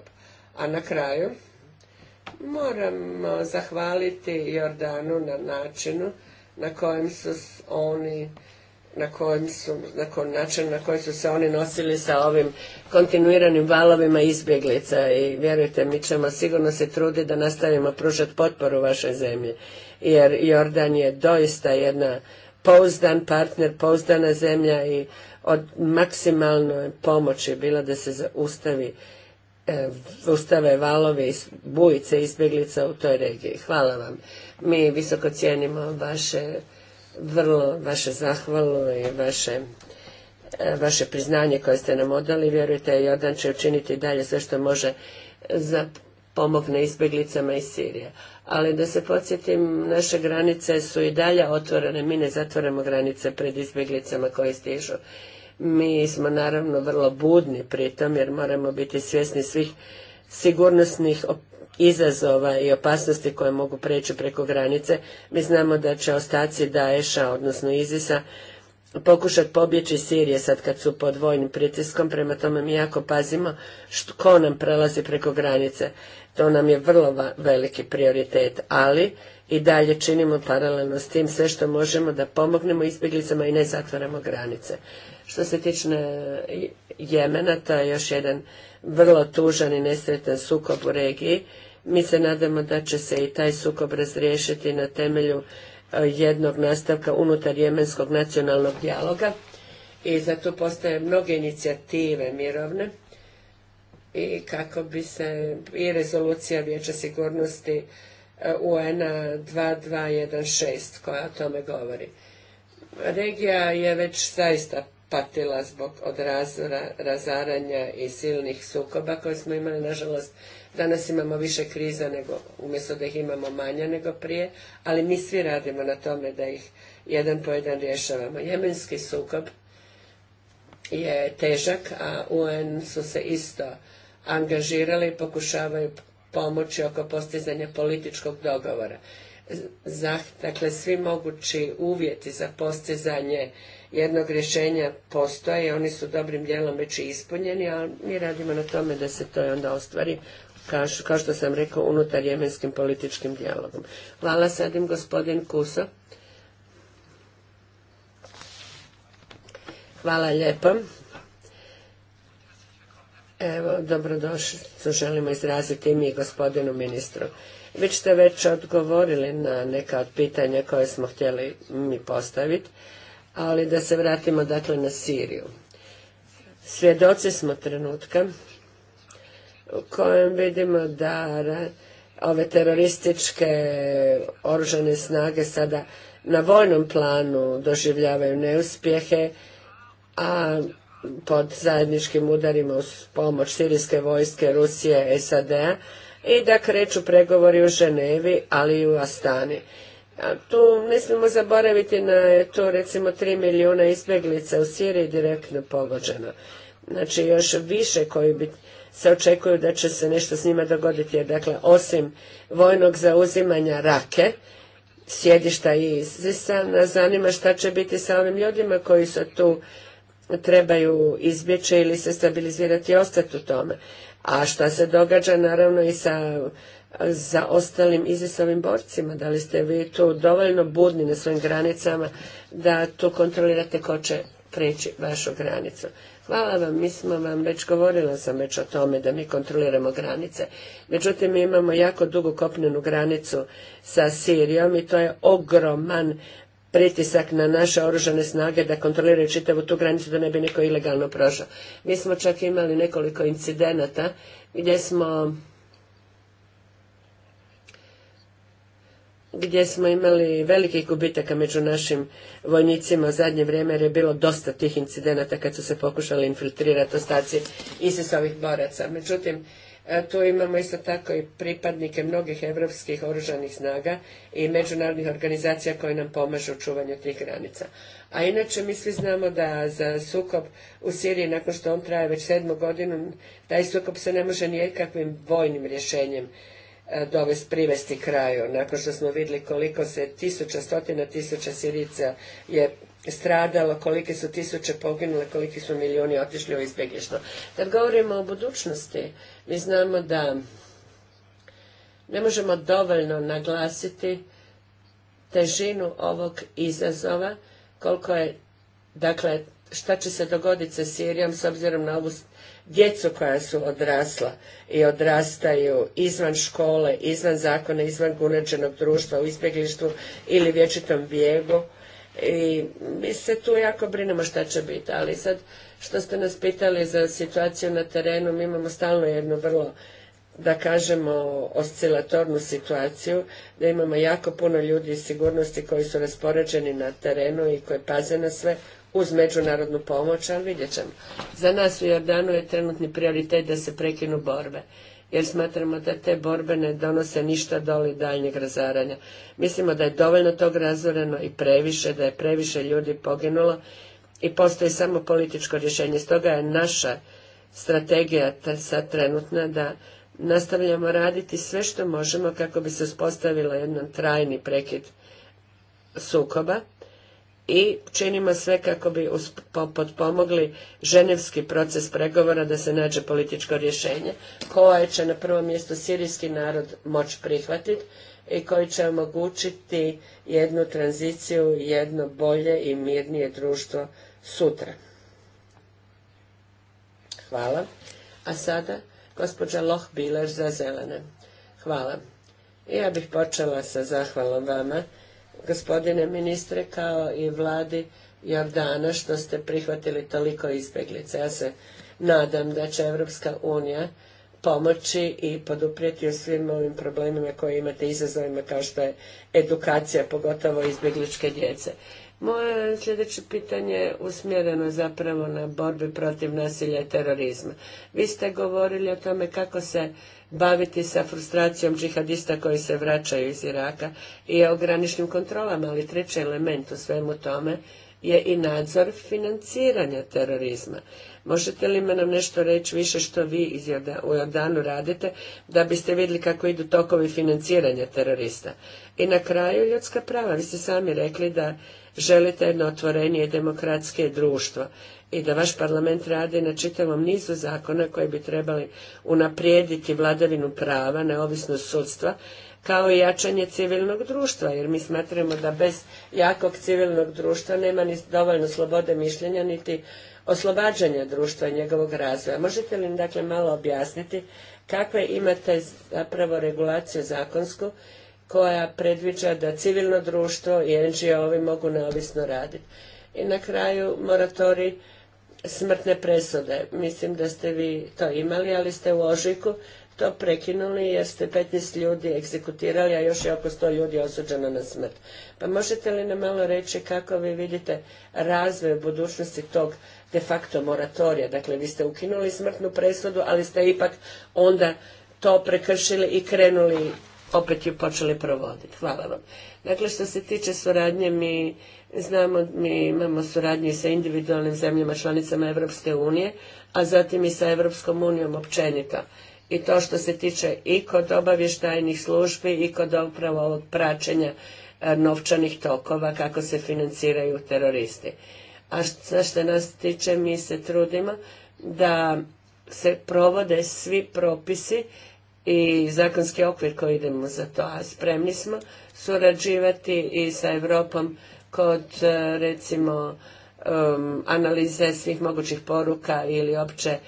A na kraju moramo zahvaliti Jordanu na načinu na kojem su oni na kojem su, na način na koji su se oni nosili sa ovim kontinuiranim valovima izbjeglica i vjerujte mi ćemo sigurno se truditi da nastavimo pružati potporu vašoj zemlji jer Jordan je doista jedna pouzdan partner, pouzdana zemlja i od maksimalne pomoći bila da se zaustavi e, ustave valove i bujice izbjeglica u toj regiji. Hvala vam. Mi visoko cijenimo vaše vrlo vaše zahvalu i vaše e, vaše priznanje koje ste nam odali. Vjerujte, Jordan će učiniti dalje sve što može za pomogne izbjeglicama iz Sirije. Ali da se podsjetim, naše granice su i dalje otvorene. Mi ne zatvoramo granice pred izbjeglicama koje stižu. Mi smo naravno vrlo budni pri tom jer moramo biti svjesni svih sigurnosnih izazova i opasnosti koje mogu preći preko granice. Mi znamo da će ostaci Daesha, odnosno Izisa, pokušati pobjeći Sirije sad kad su pod vojnim pritiskom, prema tome mi jako pazimo ko nam prelazi preko granice. To nam je vrlo veliki prioritet, ali i dalje činimo paralelno s tim sve što možemo da pomognemo izbjeglicama i ne zatvaramo granice. Što se tiče Jemena, to je još jedan vrlo tužan i nesretan sukob u regiji. Mi se nadamo da će se i taj sukob razriješiti na temelju e, jednog nastavka unutar jemenskog nacionalnog dijaloga i zato postoje mnoge inicijative mirovne i kako bi se i rezolucija Vijeća sigurnosti e, UN-a 2216 koja o tome govori. Regija je već zaista patila zbog od razora, razaranja i silnih sukoba koje smo imali. Nažalost, danas imamo više kriza nego, umjesto da ih imamo manja nego prije, ali mi svi radimo na tome da ih jedan po jedan rješavamo. Jemenski sukob je težak, a UN su se isto angažirali i pokušavaju pomoći oko postizanja političkog dogovora. dakle, svi mogući uvjeti za postizanje jednog rješenja postoje, oni su dobrim dijelom već ispunjeni, ali mi radimo na tome da se to onda ostvari, kao, što sam rekao, unutar jemenskim političkim dijalogom. Hvala sadim gospodin Kuso. Hvala lijepo. Evo, dobrodošli, želimo izraziti i mi gospodinu ministru. Vi ste već odgovorili na neka od pitanja koje smo htjeli mi postaviti. Ali da se vratimo dakle na Siriju. Svjedoci smo trenutka u kojem vidimo da ove terorističke oružane snage sada na vojnom planu doživljavaju neuspjehe, a pod zajedničkim udarima uz pomoć sirijske vojske Rusije, SAD-a i da kreću pregovori u Ženevi, ali i u Astani. Tu ne smijemo zaboraviti na to recimo 3 milijuna izbjeglica u Siriji direktno pogođeno. Znači još više koji bi se očekuju da će se nešto s njima dogoditi. dakle, osim vojnog zauzimanja rake, sjedišta i izvisa, nas zanima šta će biti sa ovim ljudima koji se tu trebaju izbjeći ili se stabilizirati i ostati u tome. A šta se događa naravno i sa za ostalim izisovim borcima? Da li ste vi tu dovoljno budni na svojim granicama da tu kontrolirate ko će preći vašu granicu? Hvala vam, mi smo vam već govorila sam već o tome da mi kontroliramo granice. Međutim, mi imamo jako dugu kopnenu granicu sa Sirijom i to je ogroman pritisak na naše oružane snage da kontroliraju čitavu tu granicu da ne bi neko ilegalno prošao. Mi smo čak imali nekoliko incidenata gdje smo gdje smo imali velikih gubitaka među našim vojnicima u zadnje vrijeme jer je bilo dosta tih incidenata kad su se pokušali infiltrirati ostaci ISIS-ovih boraca. Međutim, e, tu imamo isto tako i pripadnike mnogih europskih oružanih snaga i međunarodnih organizacija koje nam pomažu u čuvanju tih granica. A inače mi svi znamo da za sukob u Siriji nakon što on traje već sedmu godinu, taj sukob se ne može nijekakvim vojnim rješenjem E, dovesti, privesti kraju, nakon što smo vidjeli koliko se tisuća, stotina tisuća Sirica je stradalo, kolike su tisuće poginule, koliki su milijuni otišli u izbjeglištvo. Kad govorimo o budućnosti, mi znamo da ne možemo dovoljno naglasiti težinu ovog izazova, koliko je, dakle, šta će se dogoditi sa Sirijom s obzirom na ovu djecu koja su odrasla i odrastaju izvan škole, izvan zakona, izvan gunađenog društva, u izbjeglištvu ili vječitom bijegu. I mi se tu jako brinemo šta će biti, ali sad što ste nas pitali za situaciju na terenu, mi imamo stalno jednu vrlo da kažemo oscilatornu situaciju, da imamo jako puno ljudi iz sigurnosti koji su raspoređeni na terenu i koji paze na sve, uz međunarodnu pomoć, ali vidjet ćemo. Za nas u Jordanu je trenutni prioritet da se prekinu borbe, jer smatramo da te borbe ne donose ništa doli daljnjeg razaranja. Mislimo da je dovoljno tog razoreno i previše, da je previše ljudi poginulo i postoji samo političko rješenje. Stoga je naša strategija sad trenutna da nastavljamo raditi sve što možemo kako bi se uspostavilo jedan trajni prekid sukoba i činimo sve kako bi potpomogli ženevski proces pregovora da se nađe političko rješenje koje će na prvom mjestu sirijski narod moći prihvatiti i koji će omogućiti jednu tranziciju, jedno bolje i mirnije društvo sutra. Hvala. A sada gospođa Loh Biler za zelene. Hvala. Ja bih počela sa zahvalom vama gospodine ministre, kao i vladi Jordana što ste prihvatili toliko izbjeglica. Ja se nadam da će Evropska unija pomoći i poduprijeti u svim ovim problemima koje imate, izazovima kao što je edukacija, pogotovo izbjegličke djece. Moje sljedeće pitanje je usmjereno zapravo na borbi protiv nasilja i terorizma. Vi ste govorili o tome kako se baviti sa frustracijom džihadista koji se vraćaju iz Iraka i o graničnim kontrolama, ali treći element u svemu tome je i nadzor financiranja terorizma. Možete li nam nešto reći više što vi u Jordanu radite da biste vidjeli kako idu tokovi financiranja terorista? I na kraju ljudska prava. Vi ste sami rekli da želite jedno otvorenije demokratske društvo i da vaš parlament radi na čitavom nizu zakona koji bi trebali unaprijediti vladavinu prava, neovisnost sudstva, kao i jačanje civilnog društva, jer mi smatramo da bez jakog civilnog društva nema ni dovoljno slobode mišljenja, niti oslobađanja društva i njegovog razvoja. Možete li dakle malo objasniti kakve imate zapravo regulaciju zakonsku koja predviđa da civilno društvo i NGO-ovi mogu neovisno raditi? I na kraju moratorij smrtne presude. Mislim da ste vi to imali, ali ste u ožujku to prekinuli jer ste 15 ljudi egzekutirali, a još je oko 100 ljudi osuđeno na smrt. Pa možete li nam malo reći kako vi vidite razvoj budućnosti tog de facto moratorija? Dakle, vi ste ukinuli smrtnu presudu, ali ste ipak onda to prekršili i krenuli opet ju počeli provoditi. Hvala vam. Dakle, što se tiče suradnje, mi Znamo, mi imamo suradnje sa individualnim zemljama članicama Evropske unije, a zatim i sa Evropskom unijom općenito. I to što se tiče i kod obavještajnih službi i kod upravo ovog praćenja e, novčanih tokova kako se financiraju teroristi. A što, nas tiče, mi se trudimo da se provode svi propisi i zakonski okvir koji idemo za to, a spremni smo surađivati i sa Europom kod e, recimo analize svih mogućih poruka ili opće e,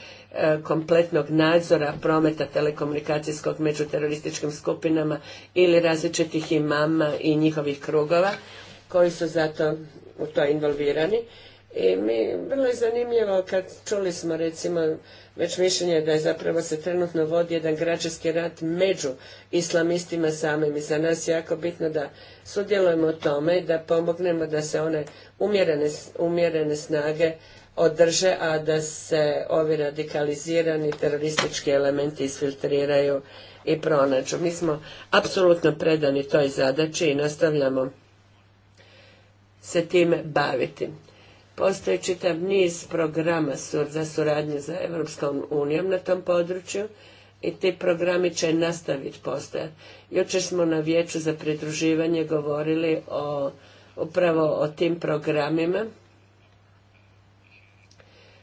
kompletnog nadzora prometa telekomunikacijskog među terorističkim skupinama ili različitih imama i njihovih krugova koji su zato u to involvirani. I mi, vrlo je zanimljivo kad čuli smo recimo već mišljenje da je zapravo se trenutno vodi jedan građanski rat među islamistima samim i za nas je jako bitno da sudjelujemo u tome i da pomognemo da se one umjerene, umjerene snage održe, a da se ovi radikalizirani teroristički elementi isfiltriraju i pronađu. Mi smo apsolutno predani toj zadaći i nastavljamo se time baviti. Postoji čitav niz programa za suradnje za Evropskom unijom na tom području i ti programi će nastaviti postojati. Jučer smo na vijeću za pridruživanje govorili o, upravo o tim programima.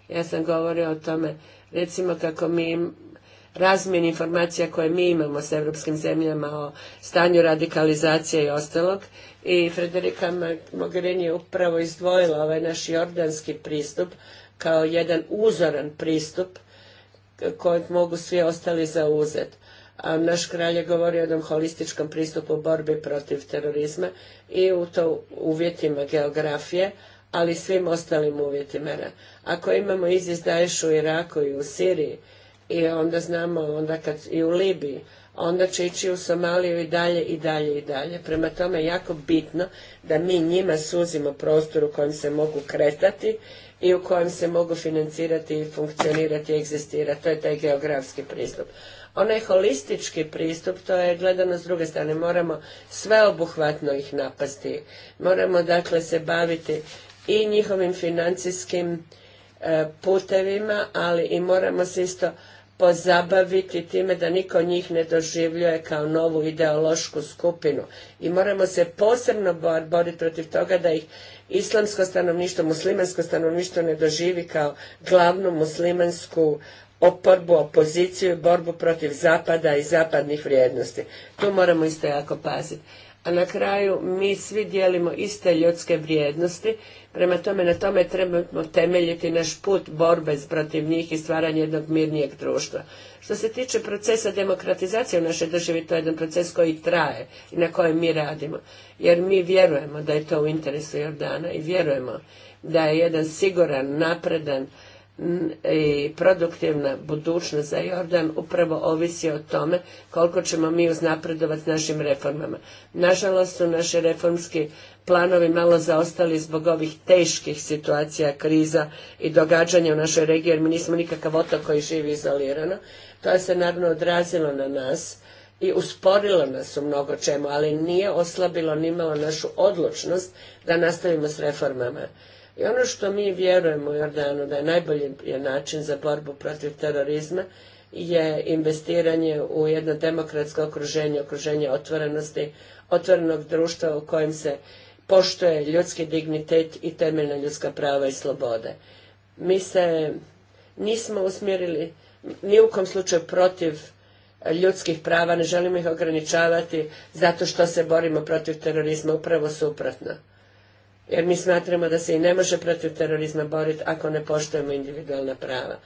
Ja sam govorio o tome, recimo kako mi razmjeni informacija koje mi imamo s europskim zemljama o stanju radikalizacije i ostalog. I Frederika Mogherini je upravo izdvojila ovaj naš jordanski pristup kao jedan uzoran pristup kojeg mogu svi ostali zauzeti. naš kralj je govorio o jednom holističkom pristupu borbi protiv terorizma i u to uvjetima geografije, ali svim ostalim uvjetima. Ako imamo izvjez u Iraku i u Siriji, i onda znamo onda kad i u Libiji, onda će ići u Somaliju i dalje i dalje i dalje. Prema tome je jako bitno da mi njima suzimo prostor u kojem se mogu kretati i u kojem se mogu financirati i funkcionirati i egzistirati. To je taj geografski pristup. Onaj holistički pristup, to je gledano s druge strane, moramo sveobuhvatno ih napasti. Moramo dakle se baviti i njihovim financijskim e, putevima, ali i moramo se isto pozabaviti time da niko njih ne doživljuje kao novu ideološku skupinu. I moramo se posebno boriti protiv toga da ih islamsko stanovništvo, muslimansko stanovništvo ne doživi kao glavnu muslimansku oporbu, opoziciju i borbu protiv zapada i zapadnih vrijednosti. Tu moramo isto jako paziti. A na kraju mi svi dijelimo iste ljudske vrijednosti Prema tome, na tome trebamo temeljiti naš put borbe protiv njih i stvaranje jednog mirnijeg društva. Što se tiče procesa demokratizacije u našoj državi, to je jedan proces koji traje i na kojem mi radimo. Jer mi vjerujemo da je to u interesu Jordana i vjerujemo da je jedan siguran, napredan, i produktivna budućnost za Jordan upravo ovisi o tome koliko ćemo mi uznapredovati s našim reformama. Nažalost su naše reformski planovi malo zaostali zbog ovih teških situacija, kriza i događanja u našoj regiji, jer mi nismo nikakav otok koji živi izolirano. To je se naravno odrazilo na nas i usporilo nas u mnogo čemu, ali nije oslabilo nimalo našu odlučnost da nastavimo s reformama i ono što mi vjerujemo u Jordanu da je najbolji način za borbu protiv terorizma je investiranje u jedno demokratsko okruženje, okruženje otvorenosti, otvorenog društva u kojem se poštuje ljudski dignitet i temeljna ljudska prava i slobode. Mi se nismo usmjerili ni u kom slučaju protiv ljudskih prava, ne želimo ih ograničavati zato što se borimo protiv terorizma, upravo suprotno jer mi smatramo da se i ne može protiv terorizma boriti ako ne poštujemo individualna prava.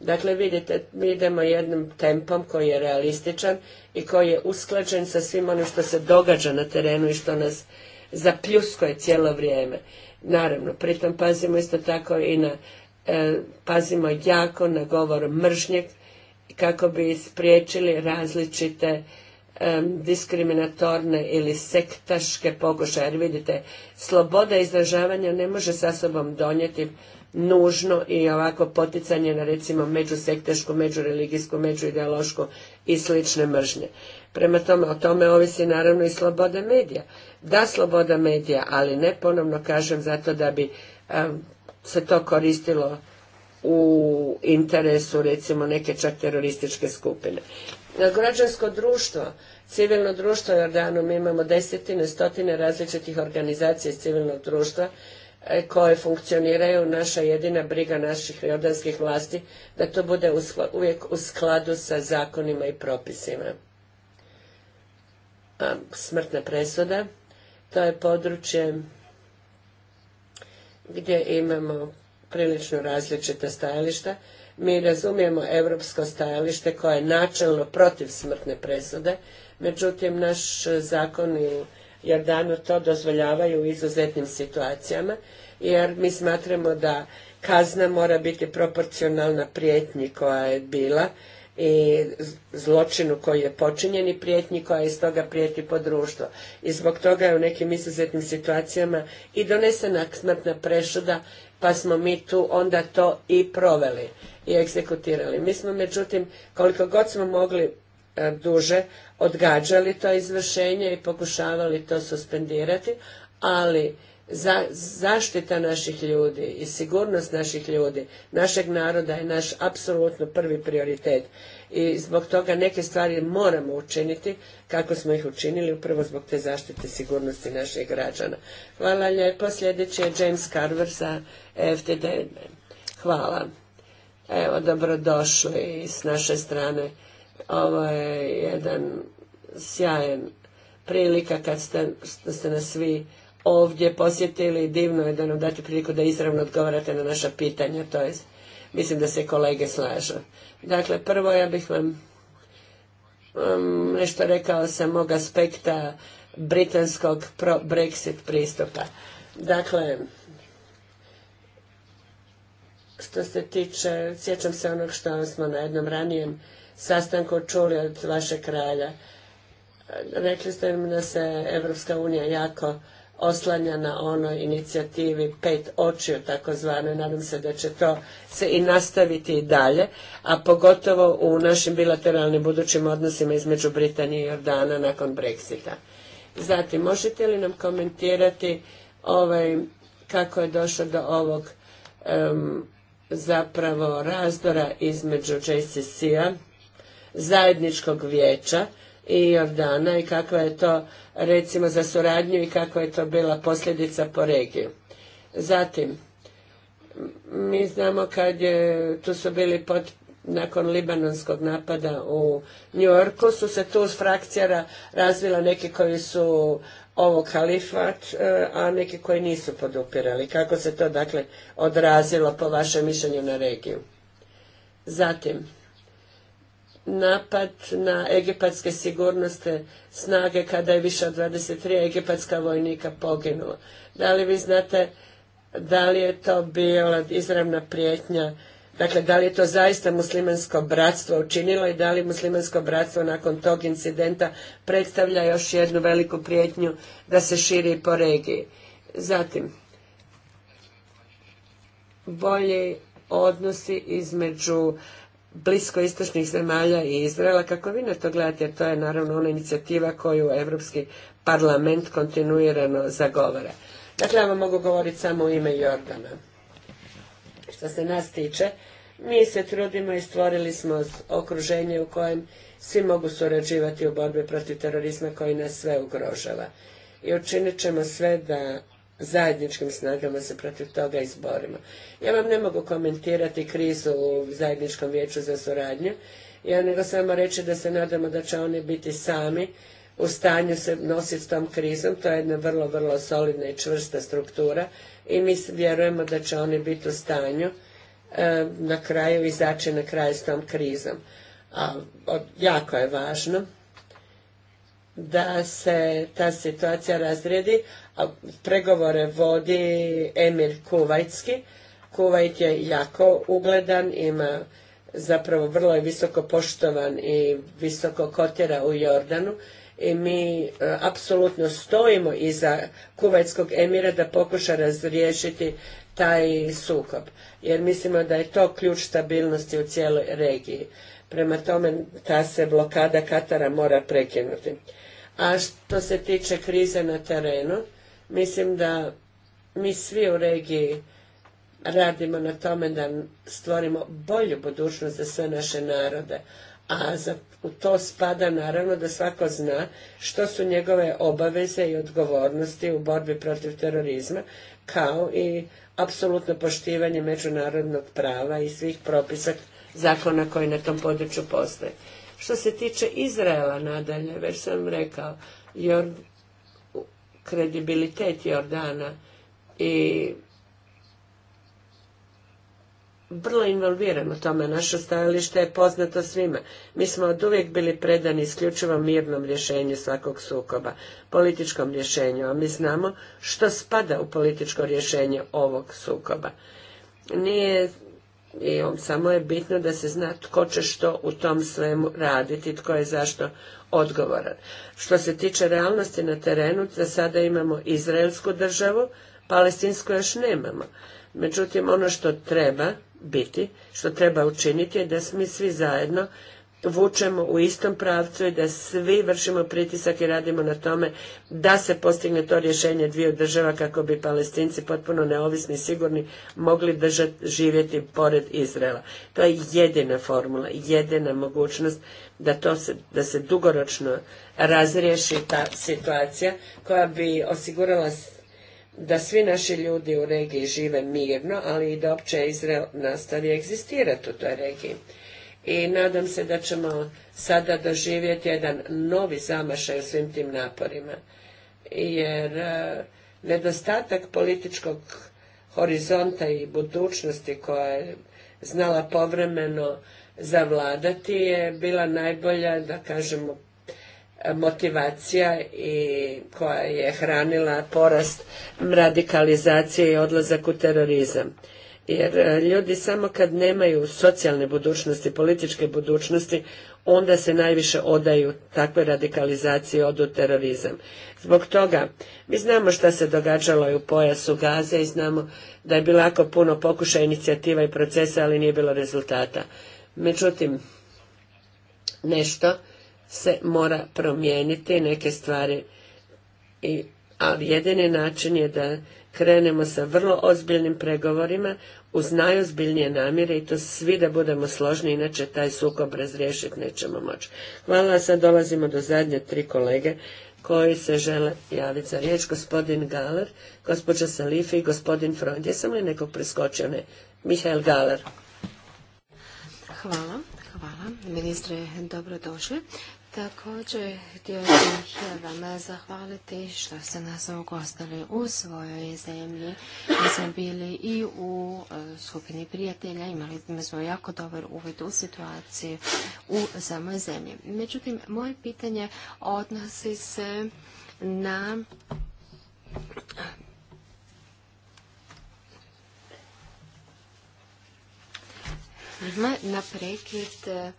Dakle, vidite, mi idemo jednim tempom koji je realističan i koji je usklađen sa svim onim što se događa na terenu i što nas zapljuskoje cijelo vrijeme. Naravno, pritom pazimo isto tako i na, e, pazimo jako na govor mržnje kako bi spriječili različite diskriminatorne ili sektaške pokušaje. Jer vidite, sloboda izražavanja ne može sa sobom donijeti nužno i ovako poticanje na recimo međusektašku, međureligijsku, međuideološku i slične mržnje. Prema tome, o tome ovisi naravno i sloboda medija. Da, sloboda medija, ali ne ponovno kažem zato da bi se to koristilo u interesu recimo neke čak terorističke skupine. E, građansko društvo, civilno društvo u Jordanu, mi imamo desetine, stotine različitih organizacija iz civilnog društva e, koje funkcioniraju, naša jedina briga naših jordanskih vlasti da to bude uvijek u skladu sa zakonima i propisima. smrtna presuda, to je područje gdje imamo prilično različita stajališta mi razumijemo europsko stajalište koje je načelno protiv smrtne presude, međutim naš zakon i Jordanu to dozvoljavaju u izuzetnim situacijama, jer mi smatramo da kazna mora biti proporcionalna prijetnji koja je bila i zločinu koji je počinjen i prijetnji koja iz toga prijeti po društvo. I zbog toga je u nekim izuzetnim situacijama i donesena smrtna presuda pa smo mi tu onda to i proveli i egzekutirali. Mi smo međutim, koliko god smo mogli e, duže, odgađali to izvršenje i pokušavali to suspendirati, ali za, zaštita naših ljudi i sigurnost naših ljudi, našeg naroda je naš apsolutno prvi prioritet. I zbog toga neke stvari moramo učiniti kako smo ih učinili, upravo zbog te zaštite sigurnosti naših građana. Hvala lijepo. Sljedeći je James Carver za FTD. Hvala. Evo, dobrodošli s naše strane. Ovo je jedan sjajan prilika kad ste, nas svi ovdje posjetili. Divno je da nam date priliku da izravno odgovarate na naša pitanja. To je, mislim da se kolege slažu. Dakle, prvo ja bih vam nešto rekao sa mog aspekta britanskog brexit pristupa. Dakle, što se tiče, sjećam se onog što smo na jednom ranijem sastanku čuli od vaše kralja. Rekli ste im da se Evropska unija jako oslanja na onoj inicijativi pet očiju takozvane. Nadam se da će to se i nastaviti i dalje, a pogotovo u našim bilateralnim budućim odnosima između Britanije i Jordana nakon Brexita. Zatim, možete li nam komentirati ovaj, kako je došlo do ovog zapravo razdora između JCC-a, zajedničkog vijeća i Jordana i kakva je to recimo za suradnju i kakva je to bila posljedica po regiju. Zatim, mi znamo kad je, tu su bili nakon libanonskog napada u New Yorku su se tu frakcija frakcijara razvila neki koji su ovo kalifat, e, a neke koji nisu podupirali. Kako se to dakle odrazilo po vašem mišljenju na regiju? Zatim, napad na egipatske sigurnoste snage kada je više od 23 egipatska vojnika poginulo. Da li vi znate da li je to bila izravna prijetnja Dakle, da li je to zaista muslimansko bratstvo učinilo i da li muslimansko bratstvo nakon tog incidenta predstavlja još jednu veliku prijetnju da se širi po regiji. Zatim, bolji odnosi između bliskoistočnih zemalja i Izraela. Kako vi na to gledate? Jer to je naravno ona inicijativa koju Europski parlament kontinuirano zagovara. Dakle, ja vam mogu govoriti samo u ime Jordana što se nas tiče, mi se trudimo i stvorili smo okruženje u kojem svi mogu surađivati u borbi protiv terorizma koji nas sve ugrožava. I učinit ćemo sve da zajedničkim snagama se protiv toga izborimo. Ja vam ne mogu komentirati krizu u zajedničkom vijeću za suradnju, ja nego samo reći da se nadamo da će oni biti sami u stanju se nositi s tom krizom. To je jedna vrlo, vrlo solidna i čvrsta struktura i mi vjerujemo da će oni biti u stanju e, na kraju izaći na kraj s tom krizom. A jako je važno da se ta situacija razredi, a pregovore vodi Emir Kuvajtski. Kuvajt je jako ugledan, ima zapravo vrlo je visoko poštovan i visoko kotjera u Jordanu i mi e, apsolutno stojimo iza kuvajskog emira da pokuša razriješiti taj sukob, jer mislimo da je to ključ stabilnosti u cijeloj regiji. Prema tome, ta se blokada Katara mora prekinuti. A što se tiče krize na terenu, mislim da mi svi u regiji radimo na tome da stvorimo bolju budućnost za sve naše narode, a u to spada naravno da svako zna što su njegove obaveze i odgovornosti u borbi protiv terorizma, kao i apsolutno poštivanje međunarodnog prava i svih propisa zakona koji na tom području postoje. Što se tiče Izraela nadalje, već sam rekao, jer kredibilitet Jordana i vrlo involviran u tome. Naše stajalište je poznato svima. Mi smo od uvijek bili predani isključivo mirnom rješenju svakog sukoba, političkom rješenju, a mi znamo što spada u političko rješenje ovog sukoba. Nije i on, samo je bitno da se zna tko će što u tom svemu raditi, tko je zašto odgovoran. Što se tiče realnosti na terenu, za sada imamo izraelsku državu, palestinsku još nemamo. Međutim, ono što treba biti, što treba učiniti je da mi svi zajedno vučemo u istom pravcu i da svi vršimo pritisak i radimo na tome da se postigne to rješenje dviju država kako bi palestinci potpuno neovisni i sigurni mogli držati živjeti pored Izraela. To je jedina formula, jedina mogućnost da, to se, da se dugoročno razriješi ta situacija koja bi osigurala da svi naši ljudi u regiji žive mirno, ali i da opće Izrael nastavi egzistirati u toj regiji. I nadam se da ćemo sada doživjeti jedan novi zamašaj u svim tim naporima. Jer e, nedostatak političkog horizonta i budućnosti koja je znala povremeno zavladati je bila najbolja, da kažemo, motivacija i koja je hranila porast radikalizacije i odlazak u terorizam. Jer e, ljudi samo kad nemaju socijalne budućnosti, političke budućnosti, onda se najviše odaju takve radikalizacije, odu terorizam. Zbog toga, mi znamo šta se događalo u pojasu Gaze i znamo da je bilo jako puno pokušaja, inicijativa i procesa, ali nije bilo rezultata. Međutim, nešto se mora promijeniti neke stvari, I, ali jedini način je da krenemo sa vrlo ozbiljnim pregovorima uz najozbiljnije namjere i to svi da budemo složni, inače taj sukob razriješiti nećemo moći. Hvala, sad dolazimo do zadnje tri kolege koji se žele javiti za riječ. Gospodin Galer, gospođa Salifi i gospodin Freund. Jesam je nekog preskočio? Ne. Mihael Galer. Hvala. Hvala. Ministre, dobrodošli. Također htio bih vam zahvaliti što ste nas ugostili u svojoj zemlji. Mi smo bili i u e, skupini prijatelja, imali smo jako dobar uvid u situaciju u samoj zemlji. Međutim, moje pitanje odnosi se na ima na prekid e,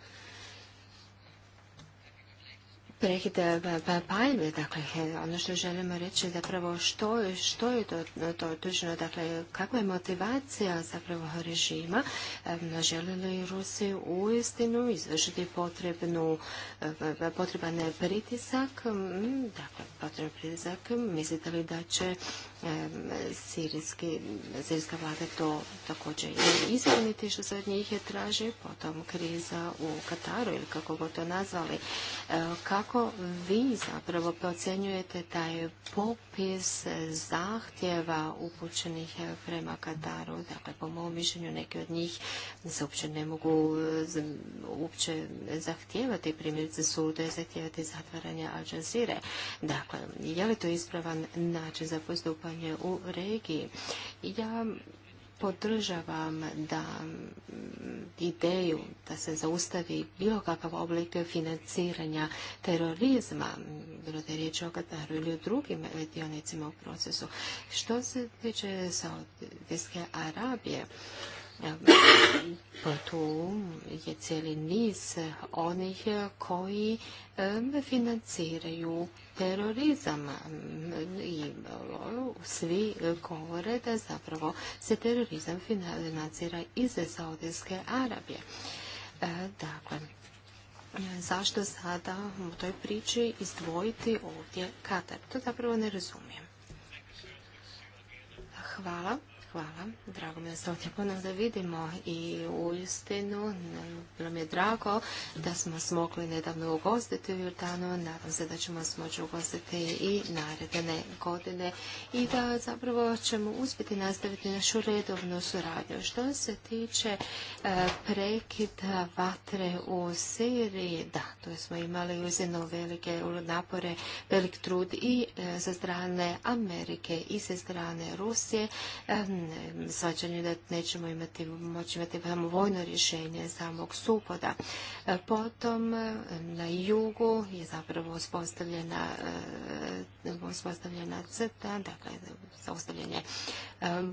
prekid e, paljbe, pa, dakle, e, ono što želimo reći zapravo što je, što je to, to tužno, dakle, kakva je motivacija zapravo režima, želi li Rusi uistinu izvršiti potrebnu, pa, pa, potreban pritisak, mm, dakle, potreban pritisak, mislite li da će Sirijski, sirijska vlada to također je što se od njih je traži, potom kriza u Kataru ili kako god to nazvali. E, kako vi zapravo procjenjujete taj popis zahtjeva upućenih prema Kataru? Dakle, po mom mišljenju neki od njih se uopće ne mogu uopće zahtijevati, primjerice sude zahtijevati zatvaranje Al Jazeera. Dakle, je li to ispravan način za postupanje u regiji. Ja podržavam da mm, ideju da se zaustavi bilo kakav oblik financiranja terorizma, mm, bilo da je riječ o Kataru ili o drugim dionicima u procesu. Što se tiče Saudijske Arabije, tu je cijeli niz onih koji financiraju terorizam i svi govore da zapravo se terorizam financira iz Saudijske Arabije. E, dakle, zašto sada u toj priči izdvojiti ovdje Katar? To zapravo ne razumijem. Hvala. Hvala. Drago mi je se ovdje ponovno vidimo i u istinu bilo mi je drago da smo smogli nedavno ugostiti u Jordanu. Nadam se da ćemo smoći ugostiti i naredne godine i da zapravo ćemo uspjeti nastaviti našu redovnu suradnju. Što se tiče e, prekida vatre u Siriji, da, to smo imali uzimno velike napore, velik trud i e, sa strane Amerike i sa strane Rusije. Svačanje da nećemo imati, moći imati samo vojno rješenje samog supoda. E, potom e, na jugu je zapravo uspostavljena e, uspostavljena crta, dakle zaustavljanje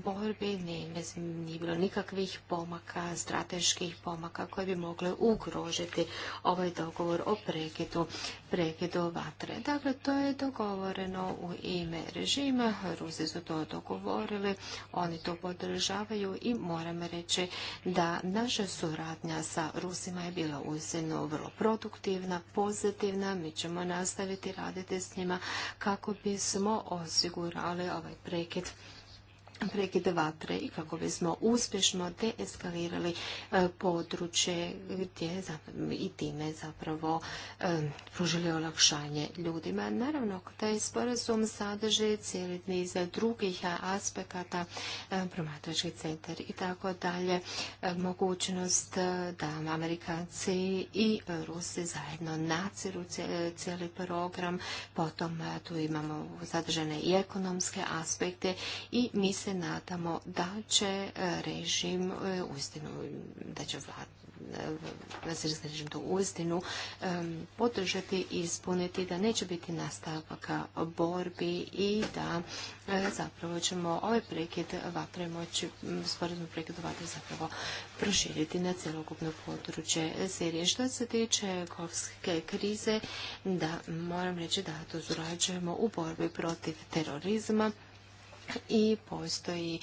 borbi, nije, nije bilo nikakvih pomaka, strateških pomaka koje bi mogle ugrožiti ovaj dogovor o prekidu prekidu vatre. Dakle, to je dogovoreno u ime režima, Rusi su to dogovorili, oni to podržavaju i moram reći da naša suradnja sa Rusima je bila uzimno vrlo produktivna, pozitivna, mi ćemo nastaviti raditi s njima kako bismo osigurali ovaj prekid prekide vatre i kako bismo uspješno deeskalirali e, područje gdje i time zapravo e, pružili olakšanje ljudima. Naravno, taj sporazum sadrži cijeli niz drugih aspekata, e, promatrački centar i tako dalje, mogućnost da Amerikanci i Rusi zajedno naciru cijeli program, potom tu imamo zadržane i ekonomske aspekte i mi se nadamo da će e, režim e, uistinu, da će vlada, e, režim to uistinu podržati i ispuniti, da neće biti nastavaka borbi i da zapravo ćemo ovaj prekid vatre moći, sporedno prekid vatre zapravo proširiti na cjelokupno područje Sirije. Što se tiče kovske krize, da moram reći da to zurađujemo u borbi protiv terorizma i postoji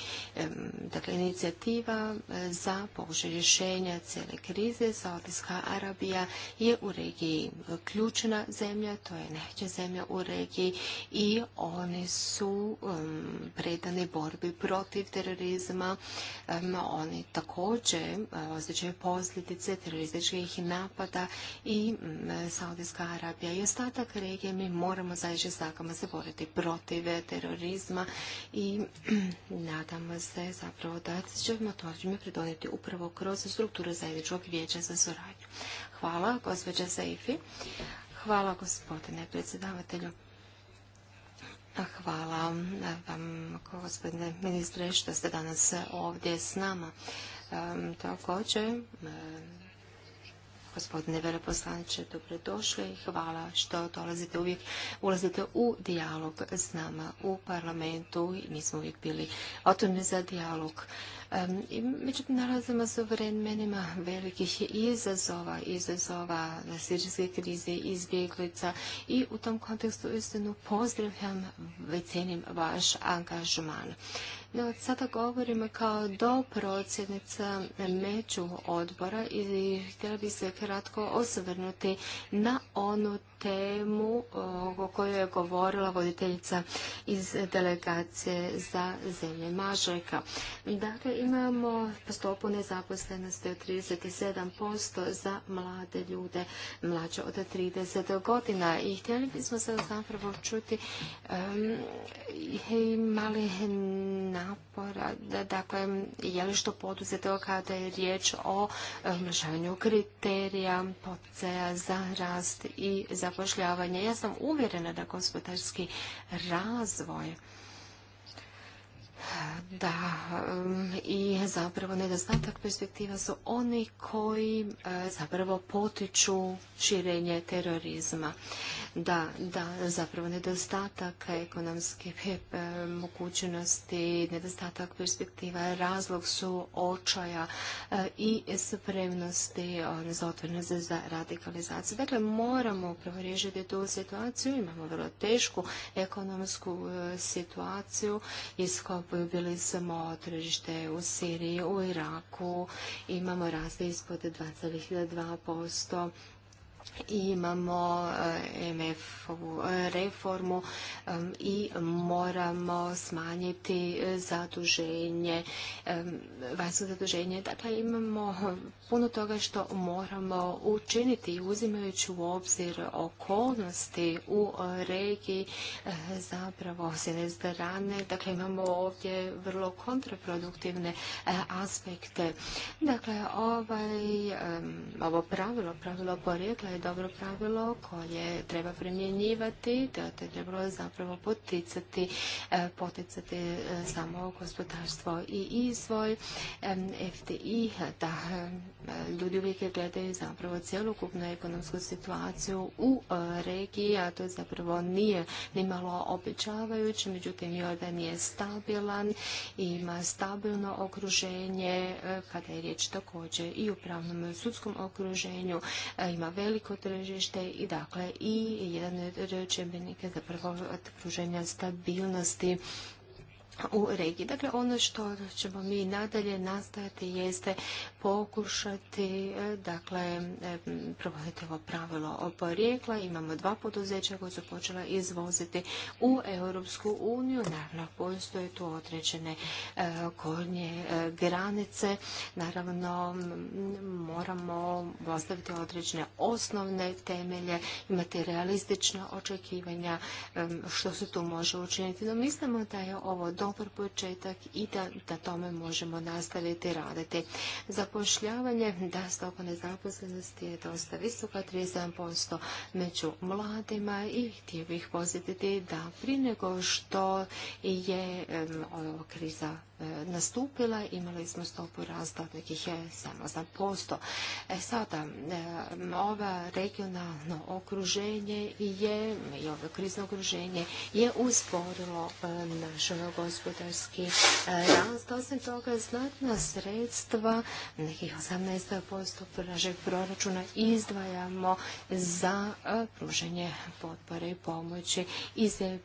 dakle, inicijativa e, za pokušaj rješenja cijele krize. Saudijska Arabija je u regiji ključna zemlja, to je najveća zemlja u regiji i oni su predani borbi protiv terorizma. oni također e, osjećaju posljedice terorističkih napada i Saudijska Arabija i ostatak regije. Mi moramo zajedno snagama se boriti protiv terorizma i nadam se zapravo da ćemo to pridoniti upravo kroz strukturu zajedničkog vijeća za suradnju. Hvala, gospođa Seifi. Hvala, gospodine predsjedavatelju. Hvala vam, gospodine ministre, što ste danas ovdje s nama. Ehm, također, ehm, Gospodine veleposlaniče, dobrodošli i hvala što dolazite uvijek, ulazite u dijalog s nama u parlamentu i mi smo uvijek bili otvorni za dijalog. međutim, nalazimo se u vremenima velikih izazova, izazova sirijske krize, izbjeglica i u tom kontekstu istinu pozdravljam i vaš angažman. No, sada govorim kao doprocjednica među odbora i htjela bih se kratko osvrnuti na onu temu o kojoj je govorila voditeljica iz delegacije za zemlje Mažojka. Dakle, imamo stopu nezaposlenosti od 37% za mlade ljude mlađe od 30 godina i htjeli bismo se zapravo čuti i mali napora, dakle, je li što poduzeto kada je riječ o umnožavanju kriterija, poticaja za rast i za zapošljavanje. Ja sam uvjerena da gospodarski razvoj da, i zapravo nedostatak perspektiva su oni koji zapravo potiču širenje terorizma. Da, da, zapravo nedostatak ekonomske mogućnosti, nedostatak perspektiva, razlog su očaja i spremnosti za otvornost za radikalizaciju. Dakle, moramo upravo tu situaciju, imamo vrlo tešku ekonomsku situaciju iz Pobili smo tržište u Siriji, u Iraku, imamo rast ispod 2,2% imamo e, mf e, reformu e, i moramo smanjiti zaduženje, vanjsko zaduženje. Dakle, imamo puno toga što moramo učiniti uzimajući u obzir okolnosti u regiji zapravo s jedne strane. Dakle, imamo ovdje vrlo kontraproduktivne aspekte. Dakle, ovaj, ovo pravilo, pravilo porijekla je dobro pravilo koje treba primjenjivati, da te trebalo zapravo poticati, e, poticati e, samo gospodarstvo i izvoj FTI, da e, ljudi uvijek gledaju zapravo cjelokupnu ekonomsku situaciju u regiji, a to zapravo nije ni malo međutim Jordan je stabilan, ima stabilno okruženje, kada je riječ također i u pravnom sudskom okruženju, ima veliko tržište i dakle i jedan od čimbenika zapravo od pruženja stabilnosti u regiji. Dakle, ono što ćemo mi nadalje nastaviti jeste pokušati, e, dakle, e, provoditi ovo pravilo o porijekla. Imamo dva poduzeća koja su počela izvoziti u Europsku uniju. Naravno, postoje tu određene kornje e, granice. Naravno, moramo postaviti određene osnovne temelje, imati realistična očekivanja što se tu može učiniti. No, mislimo da je ovo do dobar početak i da, da tome možemo nastaviti raditi. Zapošljavanje, da stopa nezaposlenosti je dosta visoka, 37% među mladima i htio bih posjetiti da prije nego što je ova kriza nastupila, imali smo stopu rasta od nekih 7%. E sada, e, ova regionalno okruženje je, i ovo krizno okruženje je usporilo e, naš gospodarski e, rast. Osim toga, znatna sredstva, nekih 18% našeg proračuna izdvajamo za pruženje potpore i pomoći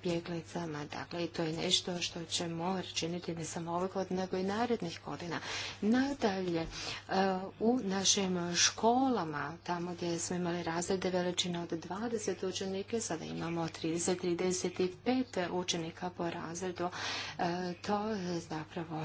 pjeklicama. Dakle, i to je nešto što ćemo činiti ne samo ovo, ove nego i narednih godina. Nadalje, e, u našim školama, tamo gdje smo imali razrede veličine od 20 učenike, sada imamo 30-35 učenika po razredu. E, to zapravo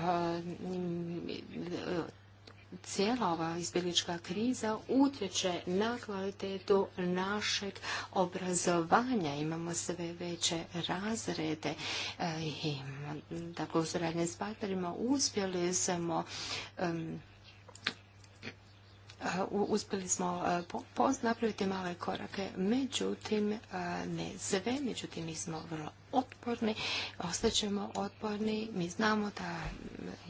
cijela ova izbjeglička kriza utječe na kvalitetu našeg obrazovanja. Imamo sve veće razrede eh, i tako dakle, u suradnje s partnerima uspjeli smo eh, uspjeli smo eh, napraviti male korake, međutim ne sve, međutim mi smo vrlo otporni, ostaćemo otporni, mi znamo da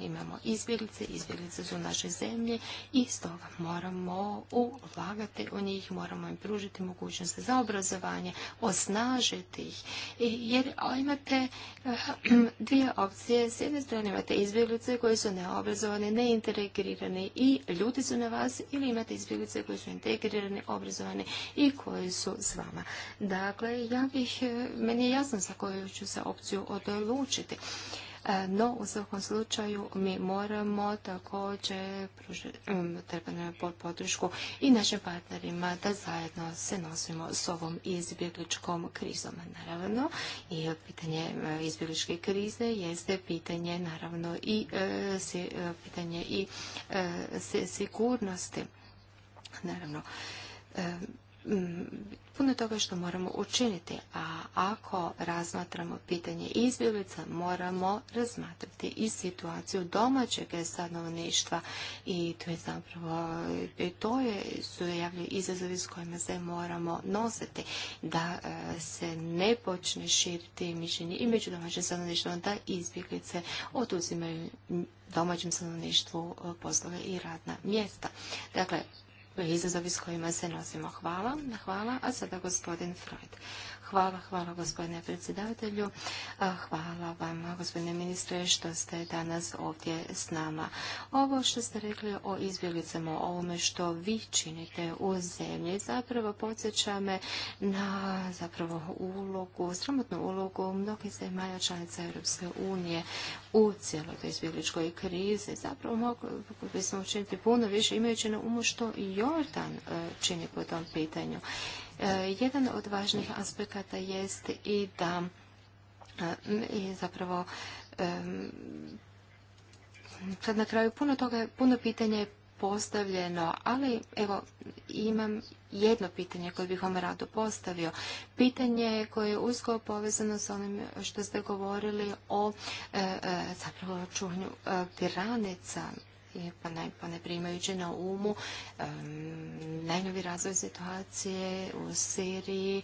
imamo izbjeglice, izbjeglice su u zemlje zemlji i stoga moramo ulagati u njih, moramo im pružiti mogućnost za obrazovanje, osnažiti ih. Jer imate eh, dvije opcije, s jedne strane imate izbjeglice koji su neobrazovani, neintegrirani i ljudi su na vas ili imate izbjeglice koji su integrirani, obrazovani i koji su s vama. Dakle, ja bih, eh, meni je jasno za koju ću se opciju odlučiti. E, no, u svakom slučaju mi moramo također trebati podršku i našim partnerima da zajedno se nosimo s ovom izbjegličkom krizom. Naravno, i pitanje izbjegličke krize jeste pitanje naravno i e, e, pitanje i sigurnosti. Naravno, puno toga što moramo učiniti, a ako razmatramo pitanje izbjeglica, moramo razmatrati i situaciju domaćeg stanovništva i to je zapravo, i to je, su javljaju izazovi s kojima se moramo nositi, da e, se ne počne širiti mišljenje i među domaćim stanovništvom da izbjeglice oduzimaju domaćem stanovništvu e, poslove i radna mjesta. Dakle, izazovi s kojima se nosimo. Hvala, hvala, a sada gospodin Freud. Hvala, hvala gospodine predsjedavatelju. Hvala vam gospodine ministre što ste danas ovdje s nama. Ovo što ste rekli o izbjeglicama, o ovome što vi činite u zemlji, zapravo podsjeća me na zapravo ulogu, sramotnu ulogu mnogih zemalja članica Europske unije u cijeloj toj izbjegličkoj krizi. Zapravo mogli bismo učiniti puno više imajući na umu što i Jordan e, čini po tom pitanju. E, jedan od važnih aspekata jest i da je zapravo e, sad na kraju puno toga, puno pitanja je postavljeno, ali evo imam jedno pitanje koje bih vam rado postavio. Pitanje koje je usko povezano s onim što ste govorili o e, zapravo čuvanju tiranica pa ne, pa primajući na umu najnovi razvoj situacije u Siriji,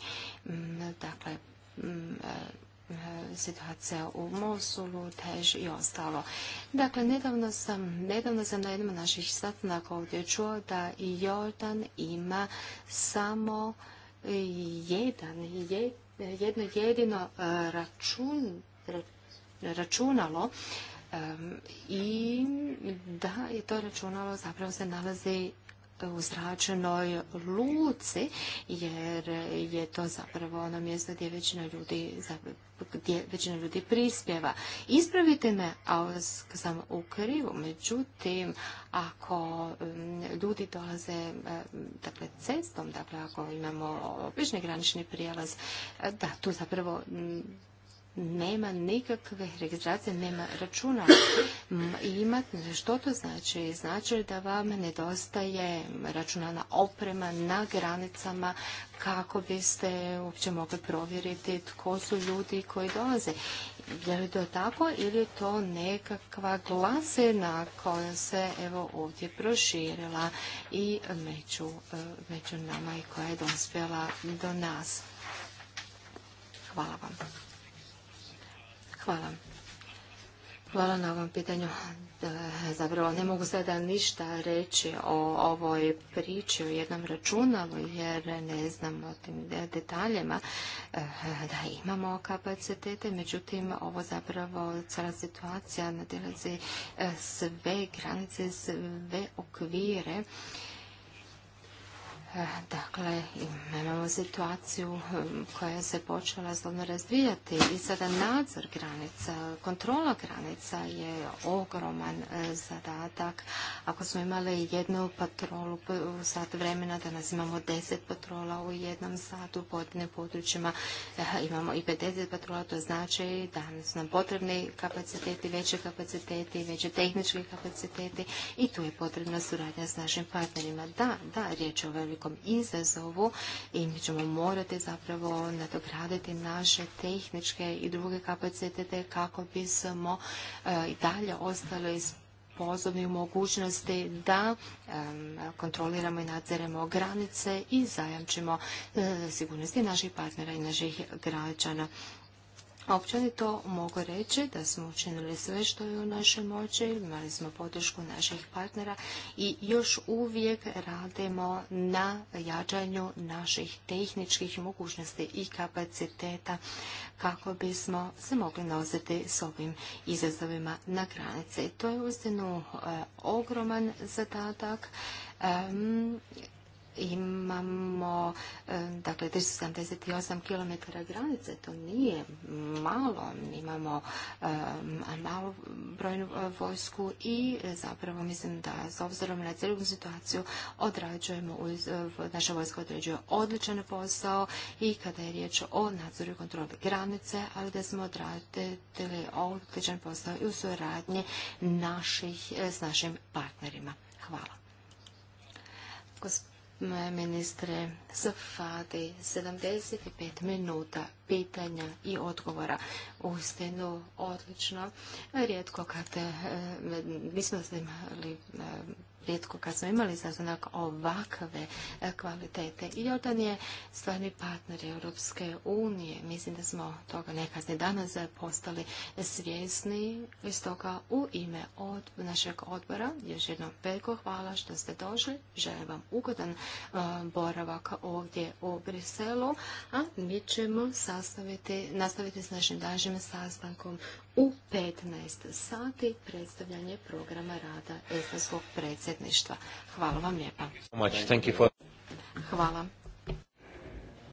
dakle e, situacija u Mosulu, Tež i ostalo. Dakle, nedavno sam, na jednom naših satnaka ovdje čuo da i Jordan ima samo jedan, jedno jedino e, računalo i da je to računalo zapravo se nalazi u zračenoj luci, jer je to zapravo ono mjesto gdje većina ljudi gdje većina ljudi prispjeva. Ispravite me, a sam u krivu. Međutim, ako ljudi dolaze dakle, cestom, dakle, ako imamo obični granični prijelaz, da, tu zapravo nema nikakve registracije, nema računa imat. Što to znači? Znači da vam nedostaje računalna oprema na granicama kako biste uopće mogli provjeriti tko su ljudi koji dolaze. Je li to tako ili je to nekakva glasina koja se evo ovdje proširila i među e, nama i koja je dospjela do nas? Hvala vam. Hvala. na ovom pitanju. Zapravo ne mogu sada ništa reći o ovoj priči, o jednom računalu, jer ne znam o tim detaljima e, da imamo kapacitete, međutim ovo zapravo cela situacija nadilazi e, sve granice, sve okvire E, dakle, imamo situaciju e, koja se počela zlovno razvijati i sada nadzor granica, kontrola granica je ogroman e, zadatak. Ako smo imali jednu patrolu u sat vremena, danas imamo deset patrola u jednom satu u pojedinim područjima, imamo i 50 patrola, to znači da su nam potrebni kapaciteti, veće kapaciteti, veće tehnički kapaciteti i tu je potrebna suradnja s našim partnerima. Da, da, riječ je o velikom velikom izazovu i mi ćemo morati zapravo nadograditi naše tehničke i druge kapacitete kako bismo e, i dalje ostali sposobni u mogućnosti da kontroliramo i nadziremo granice i zajamčimo e, sigurnosti naših partnera i naših građana. Općenito mogu reći da smo učinili sve što je u našoj moći, imali smo podršku naših partnera i još uvijek radimo na jačanju naših tehničkih mogućnosti i kapaciteta kako bismo se mogli nositi s ovim izazovima na granici. To je uistinu e, ogroman zadatak imamo e, dakle 378 km granice, to nije malo, imamo malo e, brojnu e, vojsku i zapravo mislim da s obzirom na cijelu situaciju odrađujemo, naša vojska određuje odličan posao i kada je riječ o nadzoru i kontroli granice, ali da smo odradili odličan posao i u suradnji s našim partnerima. Hvala ministre Safadi, 75 minuta pitanja i odgovora. Uistinu odlično. Rijetko kad eh, nismo mi rijetko kad smo imali sastanak ovakve e, kvalitete. I Jordan je stvarni partner Europske unije. Mislim da smo toga nekazne danas e, postali svjesni. I stoga u ime od našeg odbora, još jednom veliko hvala što ste došli. Želim vam ugodan e, boravak ovdje u Briselu, a mi ćemo nastaviti s našim dažim sastankom u 15 sati predstavljanje programa rada Estonskog predsjedništva. Hvala vam lijepa. Hvala.